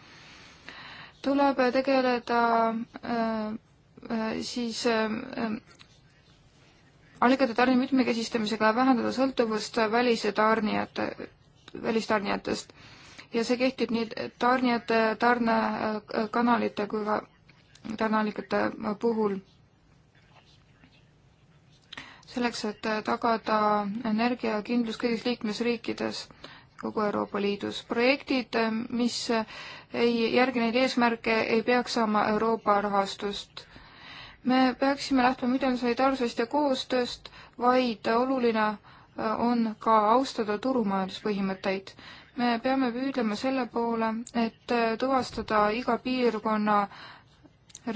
tuleb tegeleda äh, äh, siis äh, allikate tarni mitmekesistamisega ja vähendada sõltuvust välistarnijate, välistarnijatest. ja see kehtib nii tarnijate tarnekanalite kui ka tarneallikate puhul. selleks, et tagada energiakindlus kõigis liikmesriikides äh, kogu Euroopa Liidus. projektid, eh, mis eh, ei järgi neid eesmärke, ei peaks saama Euroopa rahastust. me peaksime lähtuma mitte ainult solidaarsusest ja koostööst, vaid oluline eh, on ka austada turumajanduspõhimõtteid. me peame püüdlema selle poole, et tuvastada iga piirkonna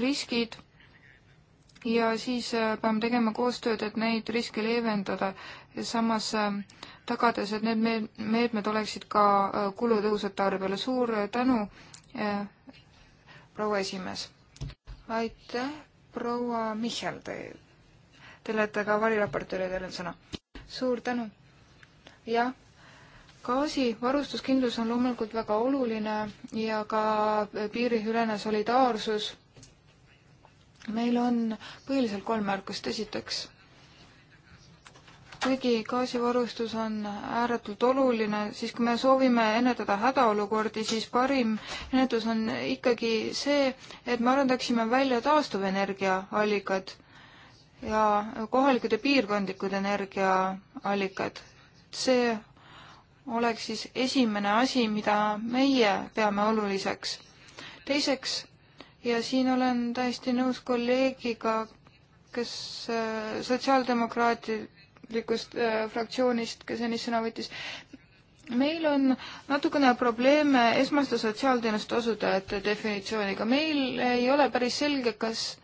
riskid ja siis peame tegema koostööd, et neid riske leevendada ja samas tagades, et need meetmed oleksid ka äh, kulutõhusad tarbijale. suur äh, tänu, äh, proua esimees. aitäh, proua Michal, te, te olete ka variraportööri, teil on sõna. suur tänu. jah, gaasivarustuskindlus on loomulikult väga oluline ja ka piiriülene solidaarsus. meil on põhiliselt kolm märkust. esiteks kuigi gaasivarustus on ääretult oluline, siis kui me soovime ennetada hädaolukordi, siis parim ennetus on ikkagi see, et me arendaksime välja taastuvenergiaallikad ja kohalikud ja piirkondlikud energiaallikad. see oleks siis esimene asi, mida meie peame oluliseks. teiseks, ja siin olen täiesti nõus kolleegiga, kes äh, sotsiaaldemokraatid demokraatlikust äh, fraktsioonist, kes ennist sõna võttis. meil on natukene probleeme esmaste sotsiaalteenuste osutajate definitsiooniga. meil ei ole päris selge, kas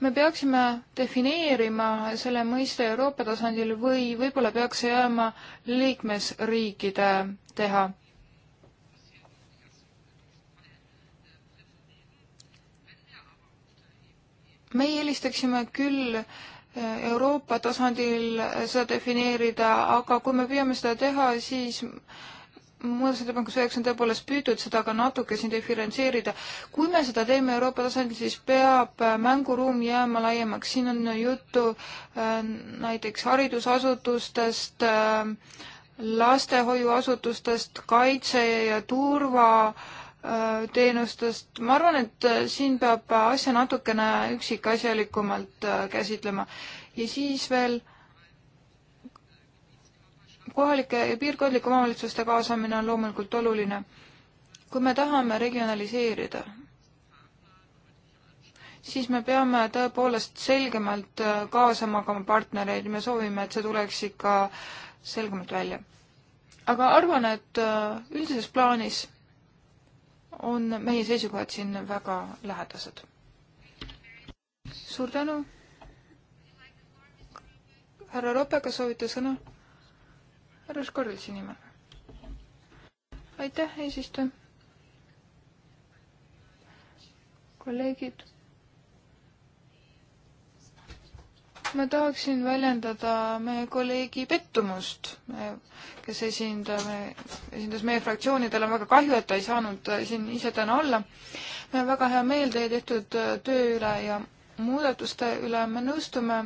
me peaksime defineerima selle mõiste Euroopa tasandil või võib-olla peaks see jääma liikmesriikide teha? meie eelistaksime küll Euroopa tasandil seda defineerida, aga kui me püüame seda teha, siis muudatusettepanekus üheksa on tõepoolest püütud seda ka natuke siin diferentseerida. kui me seda teeme Euroopa tasandil, siis peab mänguruum jääma laiemaks, siin on juttu äh, näiteks haridusasutustest, äh, lastehoiuasutustest, kaitse ja turva äh, Äh, teenustest, ma arvan, et äh, siin peab äh, asja natukene üksikasjalikumalt käsitlema. ja siis veel kohalike ja piirkondlike omavalitsuste kaasamine on loomulikult oluline. kui me tahame regionaliseerida, siis me peame tõepoolest selgemalt kaasama ka oma partnereid, me soovime, et see tuleks ikka selgemalt välja. aga arvan, et üldises plaanis on meie seisukohad siin väga lähedased. suur tänu. härra Rope, kas soovite sõna? härra Škorlitsi nimel. aitäh, eesistuja. kolleegid ma tahaksin väljendada meie kolleegi pettumust, kes esindab, esindas meie fraktsiooni, tal on väga kahju, et ta ei saanud äh, siin ise täna olla. meil on väga hea meel teie tehtud äh, töö üle ja muudatuste üle, me nõustume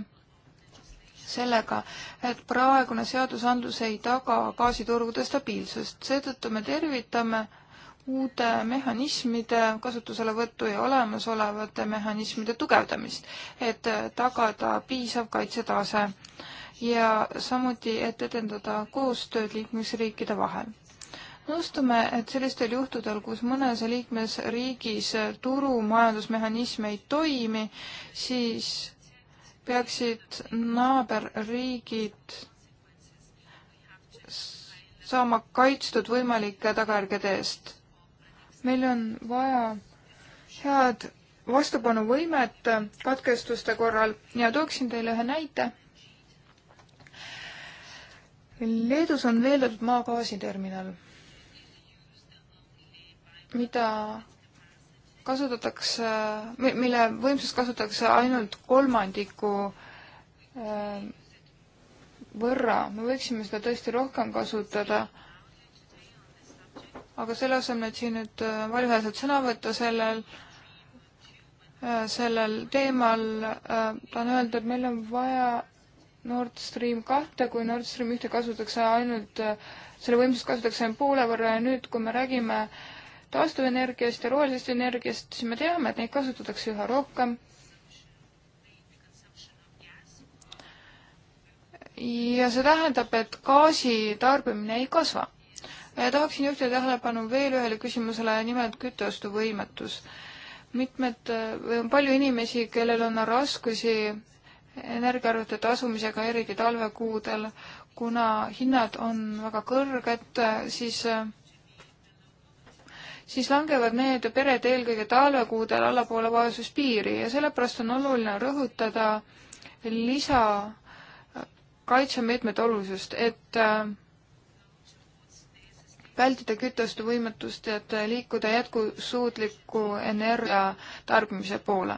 sellega, et praegune seadusandlus ei taga gaasiturgude stabiilsust, seetõttu me tervitame uute mehhanismide kasutuselevõttu ja olemasolevate mehhanismide tugevdamist, et tagada piisav kaitsetase ja samuti, et edendada koostööd liikmesriikide vahel. nõustume, et sellistel juhtudel, kus mõnes liikmesriigis turumajandusmehhanism ei toimi, siis peaksid naaberriigid saama kaitstud võimalike tagajärgede eest meil on vaja head vastupanuvõimet katkestuste korral ja tooksin teile ühe näite. Leedus on veeldatud maagaasiterminal, mida kasutatakse, mille võimsust kasutatakse ainult kolmandiku äh, võrra, me võiksime seda tõesti rohkem kasutada aga selle asemel, et siin nüüd äh, valjuhäälselt sõna võtta sellel, äh, sellel teemal, äh, tahan öelda, et meil on vaja Nord Stream kahte, kui Nord Stream ühte kasutatakse ainult, selle võimsust kasutatakse ainult poole võrra ja nüüd, kui me räägime taastuvenergiast ja rohelisest energiast, siis me teame, et neid kasutatakse üha rohkem. ja see tähendab, et gaasi tarbimine ei kasva tahaksin juhtida tähelepanu veel ühele küsimusele, nimelt kütteostuvõimetus. mitmed või on palju inimesi, kellel on raskusi energiaarvete tasumisega, eriti talvekuudel, kuna hinnad on väga kõrged, siis siis langevad need pered eelkõige talvekuudel allapoole vaesuspiiri ja sellepärast on oluline rõhutada lisakaitsemeetmete olulisust, et äh, vältida kütuste võimetust, et liikuda jätkusuutliku energia tarbimise poole.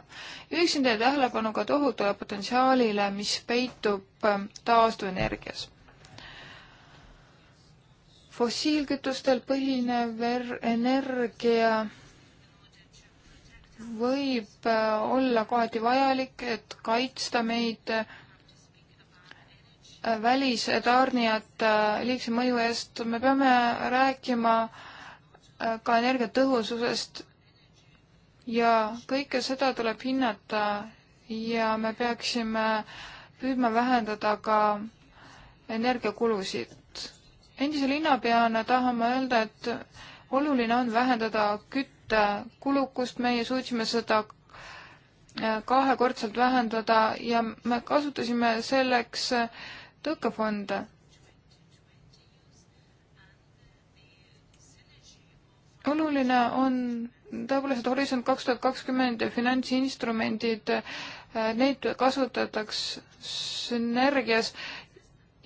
juhiksin teie tähelepanu ka tohutule potentsiaalile, mis peitub ähm, taastuvenergias. fossiilkütustel põhinev energia võib äh, olla kohati vajalik, et kaitsta meid välistarnijate äh, liigse mõju eest, me peame rääkima äh, ka energiatõhususest ja kõike seda tuleb hinnata ja me peaksime püüdma vähendada ka energiakulusid. endise linnapeana tahan ma öelda, et oluline on vähendada küttekulukust, meie suutsime seda äh, kahekordselt vähendada ja me kasutasime selleks äh, tõukefonde oluline on tõepoolest Horisont kaks tuhat kakskümmend ja finantsinstrumendid, neid kasutatakse sünergias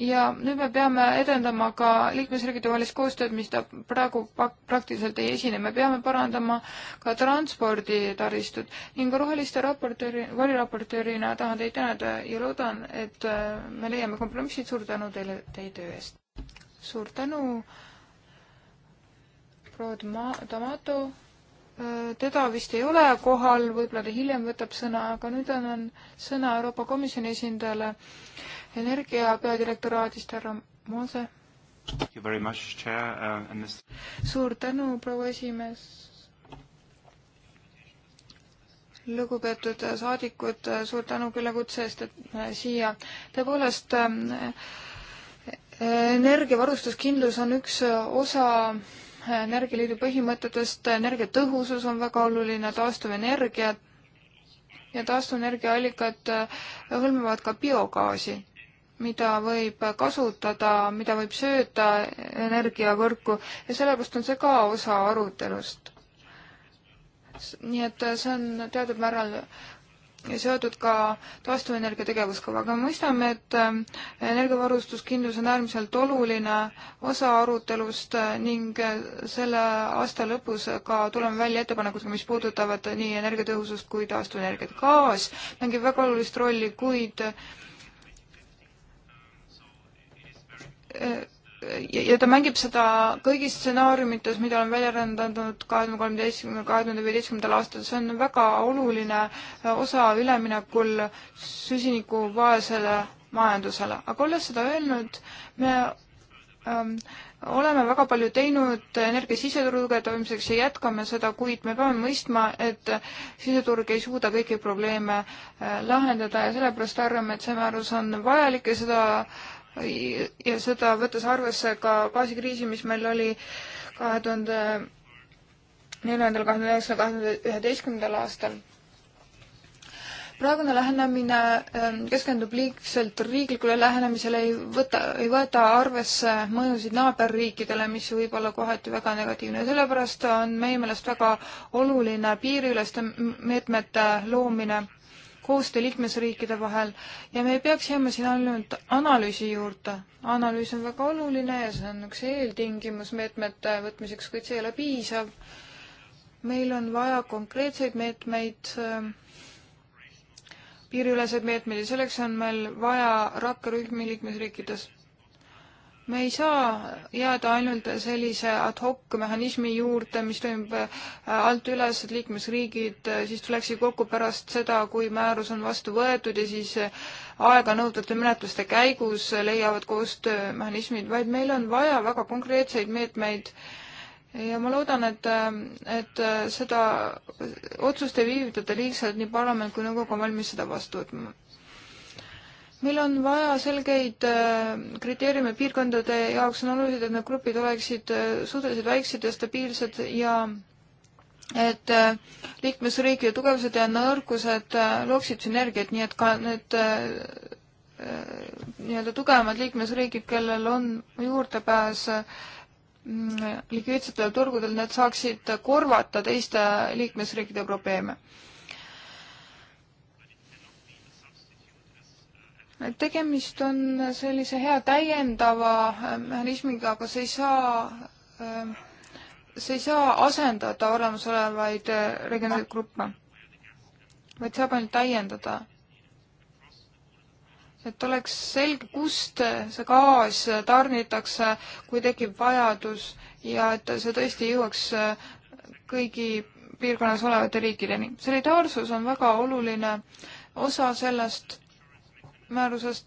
ja nüüd me peame edendama ka liikmesriigide vahelist koostööd, mis ta praegu praktiliselt ei esine. me peame parandama ka transporditaristut ning roheliste raportööri, valiraportöörina tahan teid tänada ja loodan, et äh, me leiame kompromissid. suur tänu teile teie töö eest. suur tänu, proua Tomato. Äh, teda vist ei ole kohal, võib-olla ta hiljem võtab sõna, aga nüüd annan sõna Euroopa Komisjoni esindajale Energia peadirektoraadist härra Moose. Uh, suur tänu, proua esimees. lugupeetud saadikud, suur tänu küllakutse eest, et äh, siia tõepoolest ähm, energiavarustuskindlus on üks osa energialiidu põhimõtetest, energiatõhusus on väga oluline, taastuvenergia ja taastuvenergiaallikad äh, hõlmavad ka biogaasi mida võib kasutada, mida võib sööta energiavõrku ja sellepärast on see ka osa arutelust. nii et see on teatud määral seotud ka taastuvenergia tegevuskavaga. me mõistame, et ähm, energiavarustuskindlus on äärmiselt oluline osa arutelust ning äh, selle aasta lõpus ka tuleme välja ettepanekutega, mis puudutavad nii energiatõhusust kui taastuvenergiat. gaas mängib väga olulist rolli, kuid ja, ja ta mängib seda kõigis stsenaariumites, mida olen välja arendanud kahe tuhande kolmeteistkümnendal, kahe tuhande viieteistkümnendal aastal, see on väga oluline osa üleminekul süsinikuvaesele majandusele, aga olles seda öelnud, me ähm, oleme väga palju teinud energia siseturu tugevdamiseks ja jätkame seda, kuid me peame mõistma, et siseturg ei suuda kõiki probleeme äh, lahendada ja sellepärast arvame, et see määrus on vajalik ja seda äh, ja seda võttes arvesse ka gaasikriisi, mis meil oli kahe tuhande neljandal, kahekümne üheksandal, kahekümne üheteistkümnendal aastal. praegune lähenemine ähm, keskendub liigselt riiklikule lähenemisele, ei võta, ei võeta arvesse mõjusid naaberriikidele, mis võib olla kohati väga negatiivne. sellepärast on meie meelest väga oluline piiriüleste meetmete loomine koostöö liikmesriikide vahel ja me ei peaks jääma siin ainult analüüsi juurde. analüüs on väga oluline ja see on üks eeltingimus meetmete võtmiseks, kuid see ei ole piisav. meil on vaja konkreetseid meetmeid, ähm, piiriüleseid meetmeid ja selleks on meil vaja rakkerühmi liikmesriikides me ei saa jääda ainult sellise ad hoc mehhanismi juurde, mis toimub äh, alt üles, et liikmesriigid äh, siis tuleksid kokku pärast seda, kui määrus on vastu võetud ja siis äh, aeganõudvate menetluste käigus leiavad koostöömehhanismid, vaid meil on vaja väga konkreetseid meetmeid ja ma loodan, et, et seda otsust ei viivitata liigselt, nii parlament kui nõukogu on valmis seda vastu võtma meil on vaja selgeid äh, kriteeriume piirkondade jaoks, on olulised, et need grupid oleksid äh, suhteliselt väiksed ja stabiilsed ja et äh, liikmesriikide tugevused ja nõrkused looksid sünergiat, nii et ka need nii-öelda tugevamad liikmesriigid, kellel on juurdepääs likviidsetel turgudel, need saaksid korvata teiste liikmesriikide probleeme tegemist on sellise hea täiendava äh, mehhanismiga, aga see ei saa, ähm, see ei saa asendada olemasolevaid äh, regionaalseid gruppe, vaid saab ainult täiendada et oleks selge, kust see gaas tarnitakse, kui tekib vajadus ja et see tõesti jõuaks äh, kõigi piirkonnas olevate riikideni. solidaarsus on väga oluline osa sellest määrusest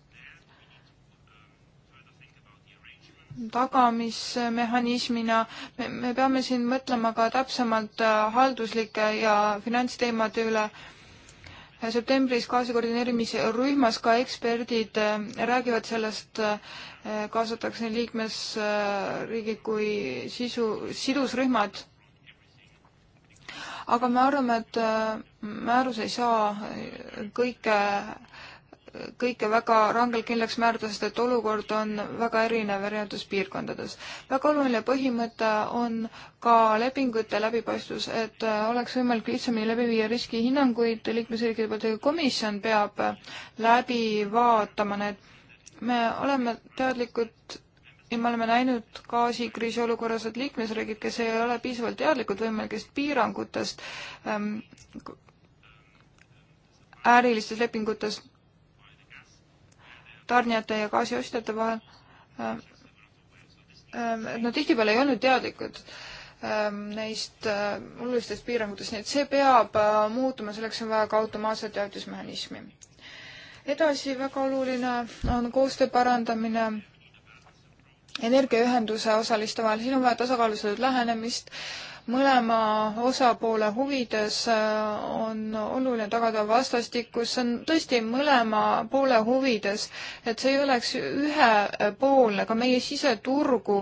tagamismehhanismina, me, me peame siin mõtlema ka täpsemalt äh, halduslike ja finantsteemade üle. septembris gaasikoordineerimisrühmas ka eksperdid äh, räägivad sellest, äh, kaasatakse liikmesriigid kui sisu, sidusrühmad. aga me arvame, et määrus ei saa kõike kõike väga rangelt kindlaks määrata, sest et olukord on väga erinev erinevates piirkondades. väga oluline põhimõte on ka lepingute läbipaistvus, et äh, oleks võimalik lihtsamini läbi viia riskihinnanguid liikmesriikide poolt ja komisjon peab äh, läbi vaatama need. me oleme teadlikud ja me oleme näinud gaasikriisi olukorras, et liikmesriigid, kes ei ole piisavalt teadlikud võimalikest piirangutest ähm,, ärilistes lepingutes tarnijate ja gaasiostjate vahel. Ähm, ähm, et nad tihtipeale ei olnud teadlikud ähm, neist äh, olulistest piirangutest, nii et see peab äh, muutuma, selleks on vaja ka automaatset teadusmehhanismi. edasi väga oluline on koostöö parandamine energiaühenduse osaliste vahel, siin on vaja tasakaalustatud lähenemist äh, mõlema osapoole huvides äh, on oluline tagada vastastikus, see on tõesti mõlema poole huvides, et see ei oleks ühepoolne, ka meie siseturgu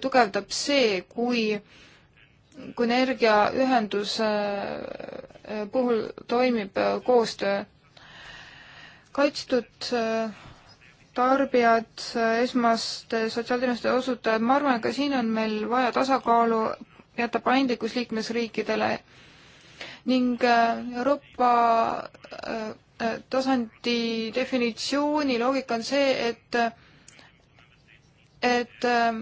tugevdab see, kui kui energiaühenduse äh, puhul toimib äh, koostöö. kaitstud tarbijad, esmaste sotsiaalteenuste osutajad, ma arvan, et ka siin on meil vaja tasakaalu jätta paindlikkus liikmesriikidele ning äh, Euroopa äh, tasandi definitsiooni loogika on see, et et äh,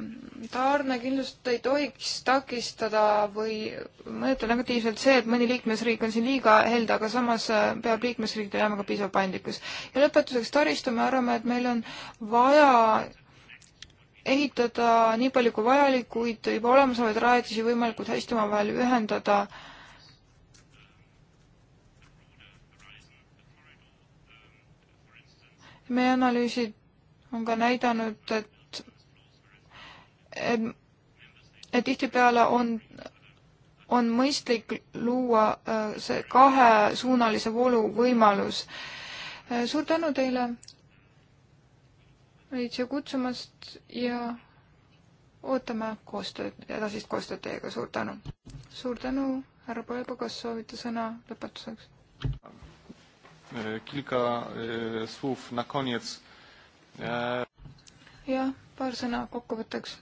tarnekindlust ei tohiks takistada või mõjutada negatiivselt see, et mõni liikmesriik on siin liiga helde, aga samas peab liikmesriikidel jääma ka piisav paindlikkus. ja lõpetuseks taristu, me arvame, et meil on vaja ehitada nii palju kui vajalik, kuid juba olemasolevaid rajatisi võimalikult hästi omavahel ühendada. meie analüüsid on ka näidanud, et, et, et tihtipeale on, on mõistlik luua äh, see kahesuunalise voolu võimalus. Äh, suur tänu teile meid siia kutsumast ja ootame koostööd, edasist koostööd teiega, suur tänu! suur tänu, härra Poebo, kas soovite sõna lõpetuseks? Kilka e, słów na koniec. E, jah, paar sõna kokkuvõtteks.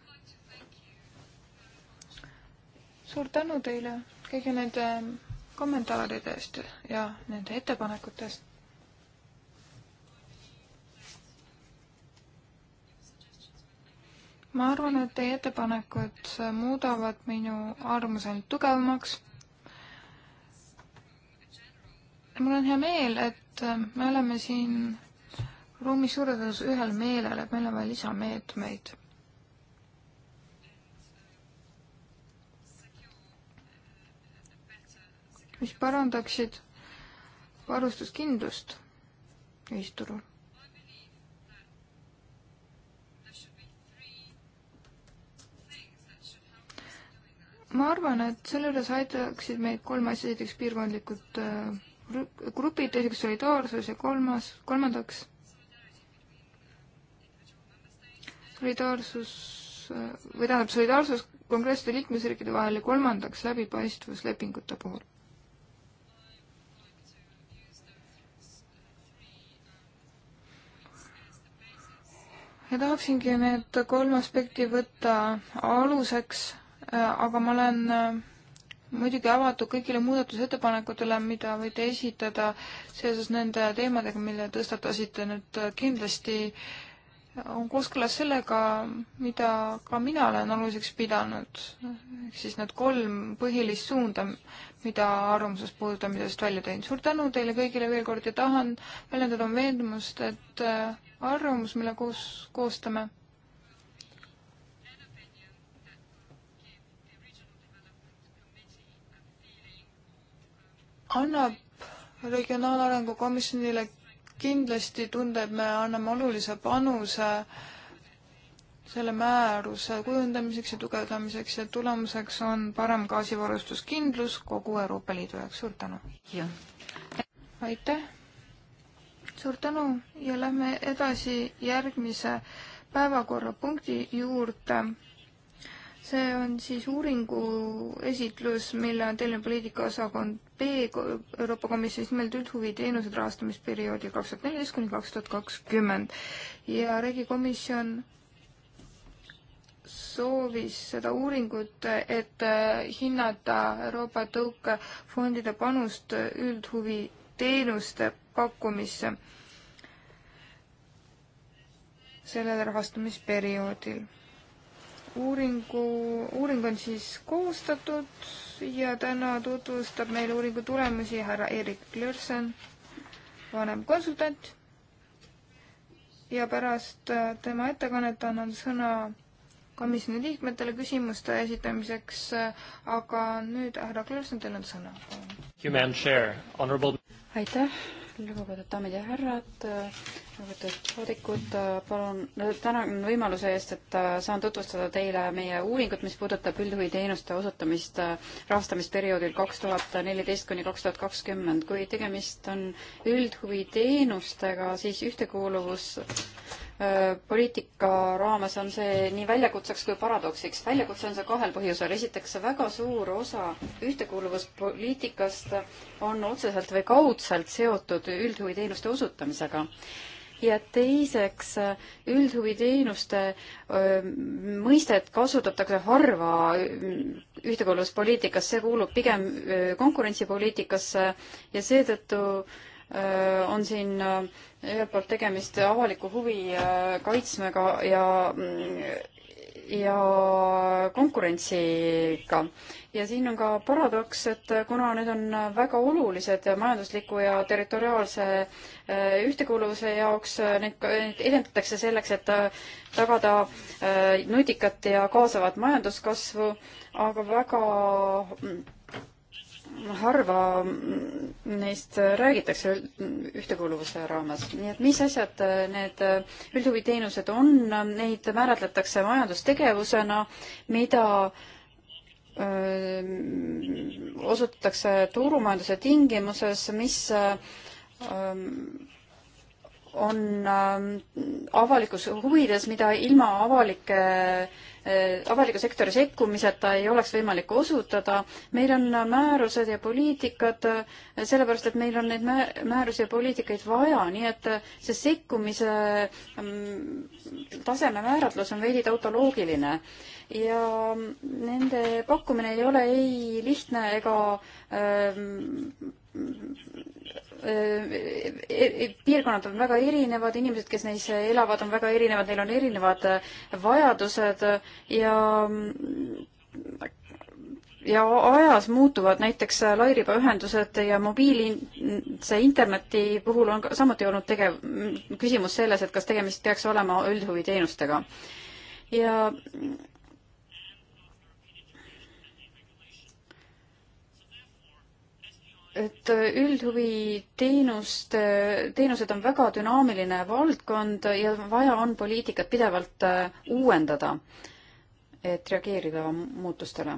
suur tänu teile kõigi nende kommentaaride eest ja nende ettepanekute eest ma arvan, et teie ettepanekud muudavad minu arvamuse ainult tugevamaks. mul on hea meel, et me oleme siin ruumis suures osas ühel meelel, et meil on vaja lisameetmeid. mis parandaksid varustuskindlust ühisturul. ma arvan, et selle juures aitaksid meid kolm asja, esiteks piirkondlikud äh, grupid, teiseks solidaarsus ja kolmas, kolmandaks solidaarsus äh, või tähendab solidaarsus konkreetsete liikmesriikide vahel ja kolmandaks läbipaistvus lepingute puhul. ja tahaksingi need kolm aspekti võtta aluseks Äh, aga ma olen äh, muidugi avatud kõigile muudatusettepanekutele, mida võite esitada seoses nende teemadega, mille tõstatasite nüüd äh, kindlasti on kooskõlas sellega, mida ka mina olen oluliseks pidanud, ehk siis need kolm põhilist suunda, mida arvamuses puudutamisest välja tõin. suur tänu teile kõigile veel kord ja tahan väljendada oma veendumust, et arvamus, mille koos, koostame annab Regionaalarengu Komisjonile kindlasti tunda, et me anname olulise panuse selle määruse kujundamiseks ja tugevdamiseks ja tulemuseks on parem gaasivarustuskindlus kogu Euroopa Liidu jaoks. suur tänu! aitäh! suur tänu ja lähme edasi järgmise päevakorrapunkti juurde see on siis uuringu esitlus, mille on tellinud poliitikaosakond B Euroopa Komisjonis nimelt üldhuviteenused rahastamisperioodil kaks tuhat neliteist kuni kaks tuhat kakskümmend ja Riigikomisjon soovis seda uuringut, et äh, hinnata Euroopa tõukefondide panust üldhuviteenuste pakkumisse sellel rahastamisperioodil uuringu, uuring on siis koostatud ja täna tutvustab meile uuringu tulemusi härra Erik Lürsen, vanem konsultant. ja pärast äh, tema ettekannet annan sõna komisjoni liikmetele küsimuste esitamiseks, äh, aga nüüd härra Klõõrsen, teil on sõna. aitäh, lugupeetud daamid ja härrad, lugupeetud saadikud, palun, tänan võimaluse eest, et äh, saan tutvustada teile meie uuringut, mis puudutab üldhuviteenuste osutamist äh, rahastamisperioodil kaks tuhat neliteist kuni kaks tuhat kakskümmend. kui tegemist on üldhuviteenustega, siis ühtekuuluvus Äh, poliitika raames on see nii väljakutseks kui paradoksiks. väljakutse on see kahel põhjusel. esiteks, väga suur osa ühtekuuluvuspoliitikast on otseselt või kaudselt seotud üldhuviteenuste osutamisega. ja teiseks, üldhuviteenuste äh, mõistet kasutatakse harva ühtekuuluvuspoliitikas, see kuulub pigem äh, konkurentsipoliitikasse ja seetõttu Äh, on siin äh, ühelt poolt tegemist avaliku huvi äh, kaitsmega ja mm, ja konkurentsiga. ja siin on ka paradoks, et kuna need on väga olulised majandusliku ja territoriaalse ühtekuuluvuse jaoks, neid edendatakse selleks, et tagada nutikat ja kaasavat majanduskasvu, aga väga mm, harva neist räägitakse ühtekuuluvuse raames. nii et mis asjad need üldhuviteenused on, neid määratletakse majandustegevusena, mida öö, ähm, osutatakse turumajanduse tingimuses, mis öö, ähm, on ähm, avalikus huvides, mida ilma avalike öö, Äh, avaliku sektori sekkumiseta ei oleks võimalik osutada. meil on määrused ja poliitikad, äh, sellepärast et meil on neid määrusi ja poliitikaid vaja, nii et äh, see sekkumise mm, taseme määratlus on veidi tautoloogiline ja mm, nende pakkumine ei ole ei lihtne ega ähm, E, e, piirkonnad on väga erinevad, inimesed, kes neis elavad, on väga erinevad, neil on erinevad vajadused ja ja ajas muutuvad näiteks lairibaühendused ja mobiilse interneti puhul on ka, samuti olnud tegev, küsimus selles, et kas tegemist peaks olema üldhuviteenustega. ja et üldhuviteenuste, teenused on väga dünaamiline valdkond ja vaja on poliitikat pidevalt äh, uuendada, et reageerida muutustele.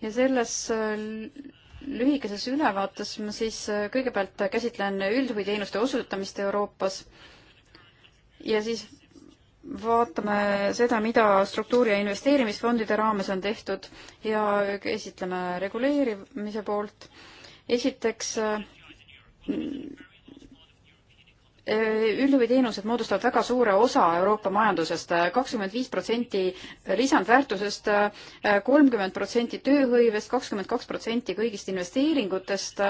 ja selles äh, lühikeses ülevaates ma siis äh, kõigepealt käsitlen üldhuviteenuste osutamist Euroopas ja siis vaatame seda, mida struktuuri- ja investeerimisfondide raames on tehtud ja esitleme reguleerimise poolt. esiteks, äh, üldhuviteenused moodustavad väga suure osa Euroopa majandusest, kakskümmend viis protsenti lisandväärtusest, äh, kolmkümmend protsenti tööhõivest, kakskümmend kaks protsenti kõigist investeeringutest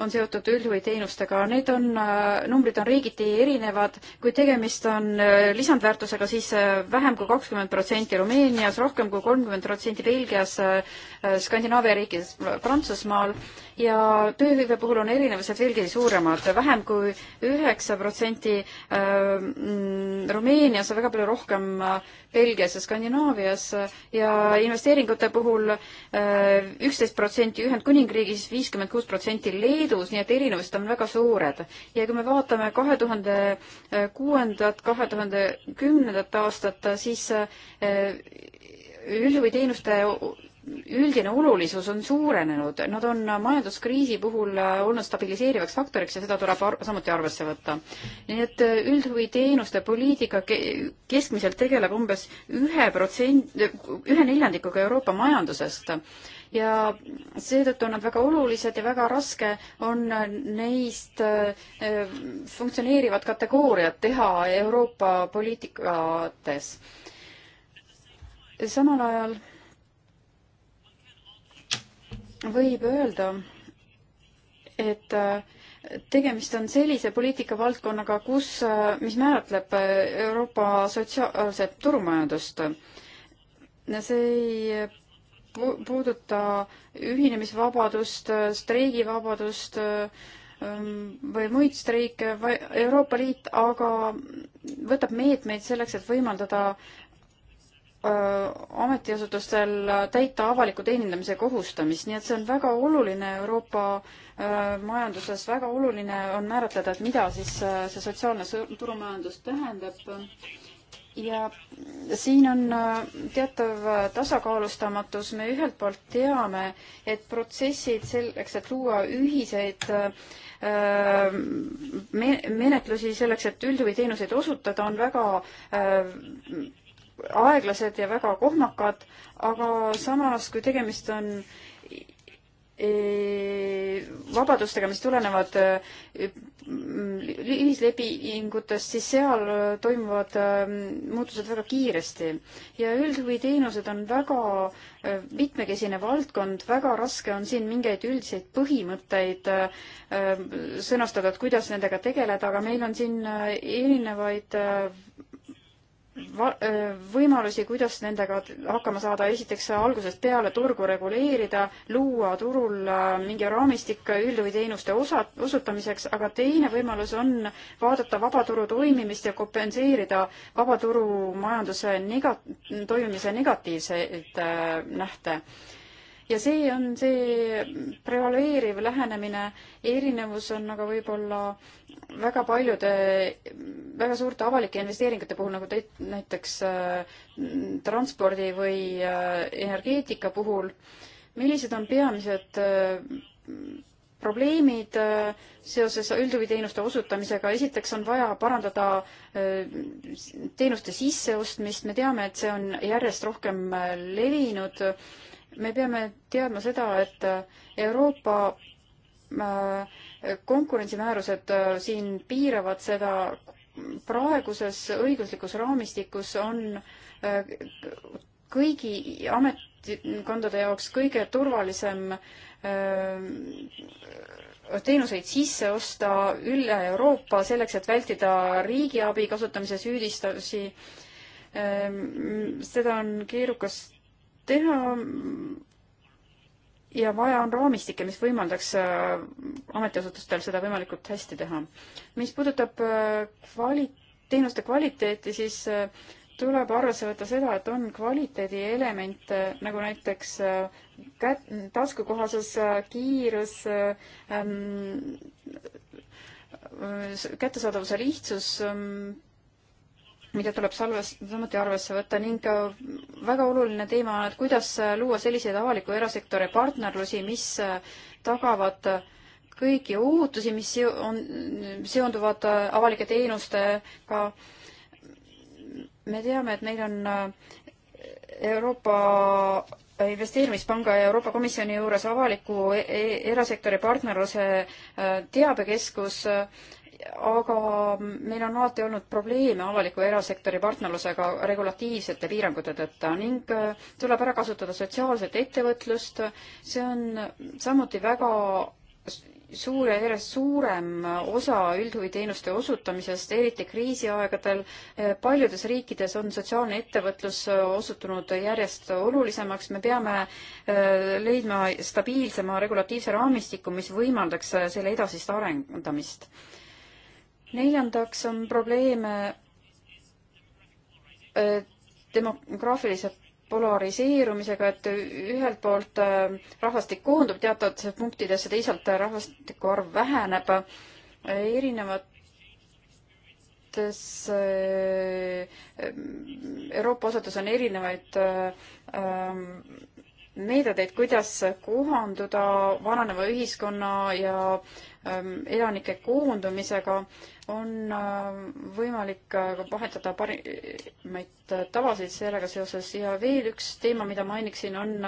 on seotud üldhuviteenustega, need on, äh, numbrid on riigiti erinevad, kui tegemist on äh, lisandväärtusega, siis äh, vähem kui kakskümmend protsenti Rumeenias, rohkem kui kolmkümmend protsenti Belgias, Skandinaavia riikides, Prantsusmaal ja tööhõive puhul on erinevused veelgi suuremad, vähem kui üheksa protsenti ähm, Rumeenias ja väga palju rohkem äh, Belgias ja Skandinaavias äh, ja investeeringute puhul äh, üksteist protsenti Ühendkuningriigis, viiskümmend kuus protsenti Leedus, nii et erinevused on väga suured. ja kui me vaatame kahe tuhande kuuendat, kahe tuhande kümnendat aastat, siis üldhuviteenuste üldine olulisus on suurenenud, nad on majanduskriisi puhul olnud stabiliseerivaks faktoriks ja seda tuleb ar samuti arvesse võtta. nii et üldhuviteenuste poliitika ke keskmiselt tegeleb umbes ühe protsent, ühe neljandikuga Euroopa majandusest ja seetõttu on nad väga olulised ja väga raske on neist äh, funktsioneerivat kategooriat teha Euroopa poliitikates. samal ajal võib öelda, et äh, tegemist on sellise poliitikavaldkonnaga, kus, äh, mis määratleb äh, Euroopa sotsiaalset turumajandust. see ei puuduta ühinemisvabadust, streigivabadust ähm, või muid streike, Euroopa Liit aga võtab meetmeid selleks, et võimaldada Äh, ametiasutustel täita avaliku teenindamise kohustamist, nii et see on väga oluline Euroopa äh, majanduses, väga oluline on määratleda, et mida siis äh, see sotsiaalne turumajandus tähendab. ja siin on teatav tasakaalustamatus, me ühelt poolt teame, et protsessid selleks, et luua ühiseid me-, menetlusi selleks, et üldhuviteenuseid osutada, on väga aeglased ja väga kohmakad, aga samas, kui tegemist on vabadustega, mis tulenevad ühislepingutest, e, siis seal toimuvad e, muutused väga kiiresti. ja üldhuvi teenused on väga e, mitmekesine valdkond, väga raske on siin mingeid üldiseid põhimõtteid sõnastada, et kuidas nendega tegeleda, aga meil on siin erinevaid Äh, võimalusi, kuidas nendega hakkama saada, esiteks algusest peale turgu reguleerida, luua turul äh, mingi raamistik üldhuvi teenuste osa, osutamiseks, aga teine võimalus on vaadata vabaturu toimimist ja kompenseerida vabaturumajanduse nega-, toimimise negatiivseid äh, nähte ja see on see prevaleeriv lähenemine, erinevus on aga võib-olla väga paljude väga suurte avalike investeeringute puhul, nagu te, näiteks äh, transpordi või äh, energeetika puhul, millised on peamised äh, probleemid äh, seoses üldhuviteenuste osutamisega, esiteks on vaja parandada äh, teenuste sisseostmist, me teame, et see on järjest rohkem äh, levinud me peame teadma seda, et äh, Euroopa äh, konkurentsimäärused äh, siin piiravad seda, praeguses õiguslikus raamistikus on kõigi ametkondade jaoks kõige turvalisem teenuseid sisse osta üle Euroopa selleks, et vältida riigiabi kasutamise süüdistusi. seda on keerukas teha ja vaja on raamistikke, mis võimaldaks äh, ametiasutustel seda võimalikult hästi teha. mis puudutab äh, kvali-, teenuste kvaliteeti, siis äh, tuleb arvesse võtta seda, et on kvaliteedielemente nagu näiteks kät-, taskukohasus, kiirus ähm,, kättesaadavuse lihtsus ähm,, mida tuleb salves, samuti arvesse võtta ning väga oluline teema on, et kuidas luua selliseid avaliku erasektori partnerlusi, mis tagavad kõiki ootusi, mis on, seonduvad avalike teenustega. me teame, et meil on Euroopa investeerimispanga ja Euroopa Komisjoni juures avaliku e-, erasektori partnerluse teabekeskus e aga meil on alati olnud probleeme avaliku ja erasektori partnerlusega regulatiivsete piirangute tõttu ning äh, tuleb ära kasutada sotsiaalset ettevõtlust. see on samuti väga suur ja järjest suurem osa üldhuviteenuste osutamisest, eriti kriisiaegadel. Äh, paljudes riikides on sotsiaalne ettevõtlus äh, osutunud järjest olulisemaks. me peame leidma stabiilsema regulatiivse raamistiku, mis võimaldaks selle edasist arendamist neljandaks on probleeme äh, demograafilise polariseerumisega, et ühelt poolt äh, rahvastik koondub teatavatesse punktidesse, teisalt äh, rahvastiku arv väheneb. erinevates Euroopa osades on erinevaid meetodeid, kuidas kohanduda vananeva ühiskonna ja ähm, elanike koondumisega on äh, võimalik äh, vahetada parimaid äh, tavasid sellega seoses ja veel üks teema, mida mainiksin, on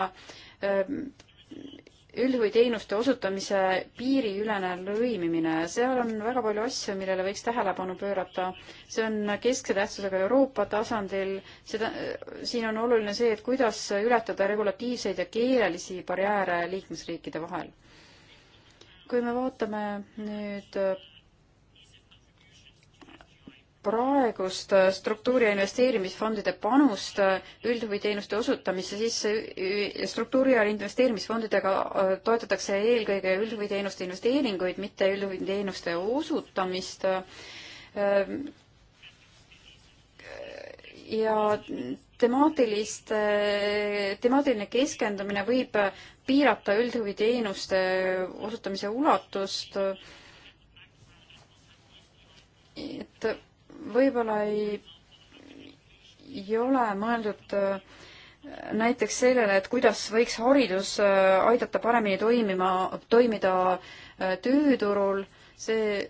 üldhuviteenuste osutamise piiriülene lõimimine. seal on väga palju asju, millele võiks tähelepanu pöörata. see on keskse tähtsusega Euroopa tasandil, seda, siin on oluline see, et kuidas ületada regulatiivseid ja keelelisi barjääre liikmesriikide vahel. kui me vaatame nüüd praegust äh, struktuuri ja investeerimisfondide panust äh, üldhuviteenuste osutamisse, siis struktuuri ja investeerimisfondidega äh, toetatakse eelkõige üldhuviteenuste investeeringuid, mitte üldhuviteenuste osutamist. ja temaatiliste, temaatiline keskendumine võib piirata üldhuviteenuste osutamise ulatust, et võib-olla ei, ei ole mõeldud äh, näiteks sellele, et kuidas võiks haridus äh, aidata paremini toimima, toimida äh, tööturul, see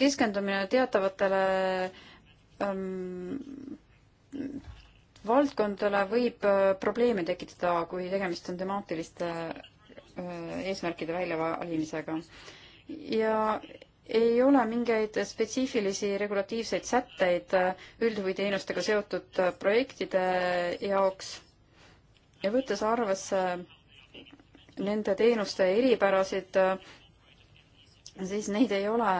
keskendumine teatavatele ähm, valdkondadele võib probleeme tekitada, kui tegemist on temaatiliste eesmärkide väljavalimisega. ja ei ole mingeid spetsiifilisi regulatiivseid sätteid üldhuviteenustega seotud projektide jaoks ja võttes arvesse nende teenuste eripärasid, siis neid ei ole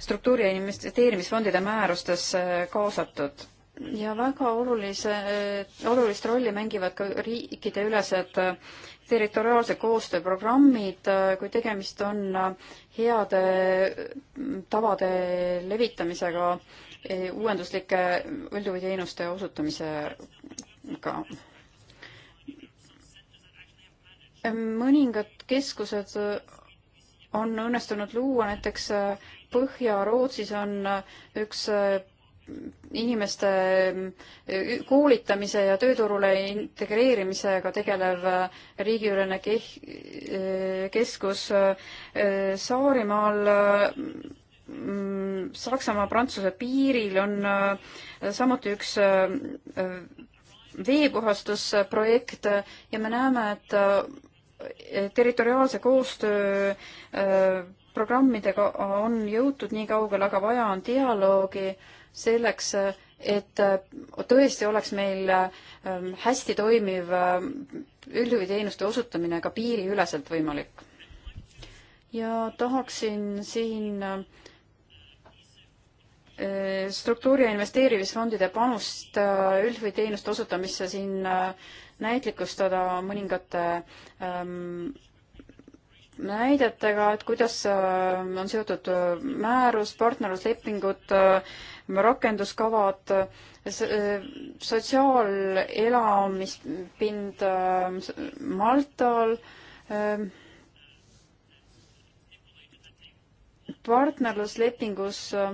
struktuuri- ja investeerimisfondide määrustes kaasatud ja väga olulise, olulist rolli mängivad ka riikideülesed territoriaalse koostöö programmid, kui tegemist on heade tavade levitamisega eh, uuenduslike üldhuviteenuste osutamisega. mõningad keskused on õnnestunud luua, näiteks eh, Põhja-Rootsis on üks eh, inimeste eh, koolitamise ja tööturule integreerimisega tegelev eh, riigiülene eh, keskus Saarimaal mm, Saksamaa-Prantsuse piiril on samuti üks veepuhastusprojekt ja me näeme, et territoriaalse koostöö programmidega on jõutud nii kaugele, aga vaja on dialoogi äh, selleks, et äh, tõesti oleks meil ähm, hästi toimiv äh, üldhuviteenuste osutamine ka piiriüleselt võimalik. ja tahaksin siin äh, struktuuri ja investeerimisfondide panust üldhuviteenuste osutamisse siin näitlikustada mõningate ähm, näidetega, et kuidas on seotud määrus, partnerluslepingud äh,, rakenduskavad, sotsiaalelamispind Maltal, ähm, partnerluslepingus äh,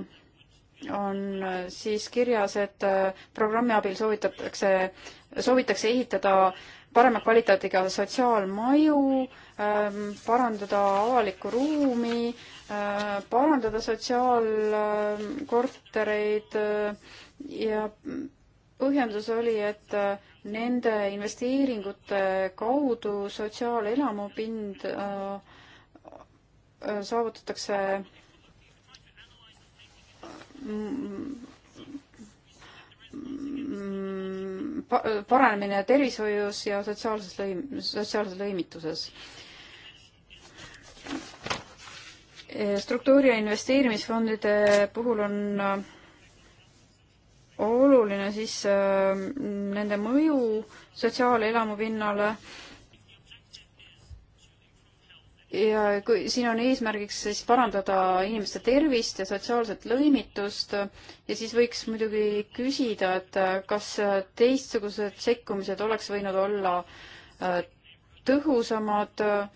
on äh, siis kirjas, et äh, programmi abil soovitatakse, soovitakse ehitada parema kvaliteediga sotsiaalmaju, ähm, parandada avalikku ruumi, Äh, parandada sotsiaalkortereid äh, ja põhjendus oli, et äh, nende investeeringute kaudu sotsiaalelamupind saavutatakse mm, mm, paranemine tervishoius ja sotsiaalses lõim-, sotsiaalses lõimituses. Eh, struktuuri- ja investeerimisfondide puhul on äh, oluline siis äh, nende mõju sotsiaalelamu pinnale ja kui siin on eesmärgiks siis parandada inimeste tervist ja sotsiaalset lõimitust ja siis võiks muidugi küsida, et äh, kas teistsugused sekkumised oleks võinud olla tõhusamad äh,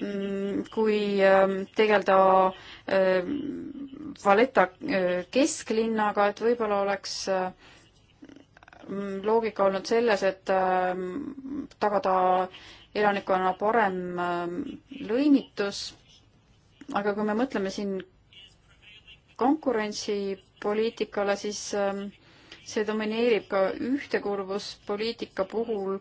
Mm, kui ähm, tegeleda ähm, Valeta äh, kesklinnaga, et võib-olla oleks äh, mm, loogika olnud selles, et ähm, tagada elanikkonna parem lõimitus, aga kui me mõtleme siin konkurentsipoliitikale, siis see domineerib ka ühtekuuluvuspoliitika puhul.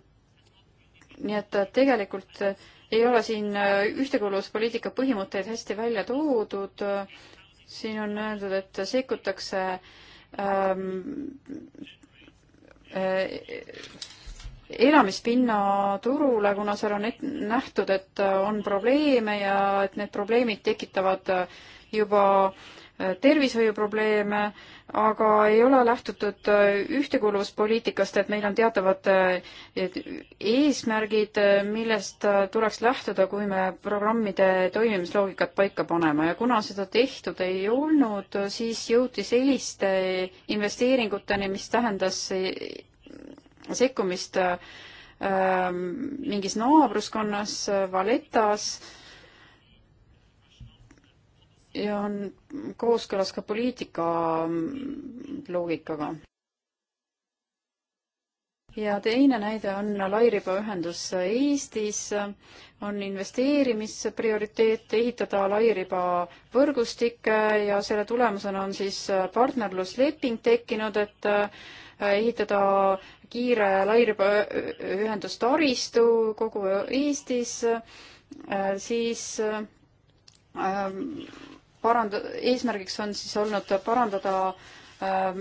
nii et äh, tegelikult äh, ei ole siin äh, ühtekuuluvuspoliitika põhimõtteid hästi välja toodud. siin on öeldud, et sekkutakse ähm, äh, elamispinna turule, kuna seal on et, nähtud, et on probleeme ja et need probleemid tekitavad juba äh, tervishoiuprobleeme äh, aga ei ole lähtutud äh, ühtekuuluvuspoliitikast, et meil on teatavad äh, eesmärgid, äh, millest tuleks lähtuda, kui me programmide toimimisloogikat paika paneme ja kuna seda tehtud ei olnud, siis jõuti selliste investeeringuteni, mis tähendas sekkumist ähm, mingis naabruskonnas, Valettas äh,, ja on kooskõlas ka poliitika loogikaga. ja teine näide on lairibaühendus Eestis. on investeerimisprioriteet ehitada lairibavõrgustikke ja selle tulemusena on siis partnerlusleping tekkinud, et äh, ehitada kiire lairibaühendustaristu kogu Eestis, äh, siis äh, paranda-, eesmärgiks on siis olnud parandada äh,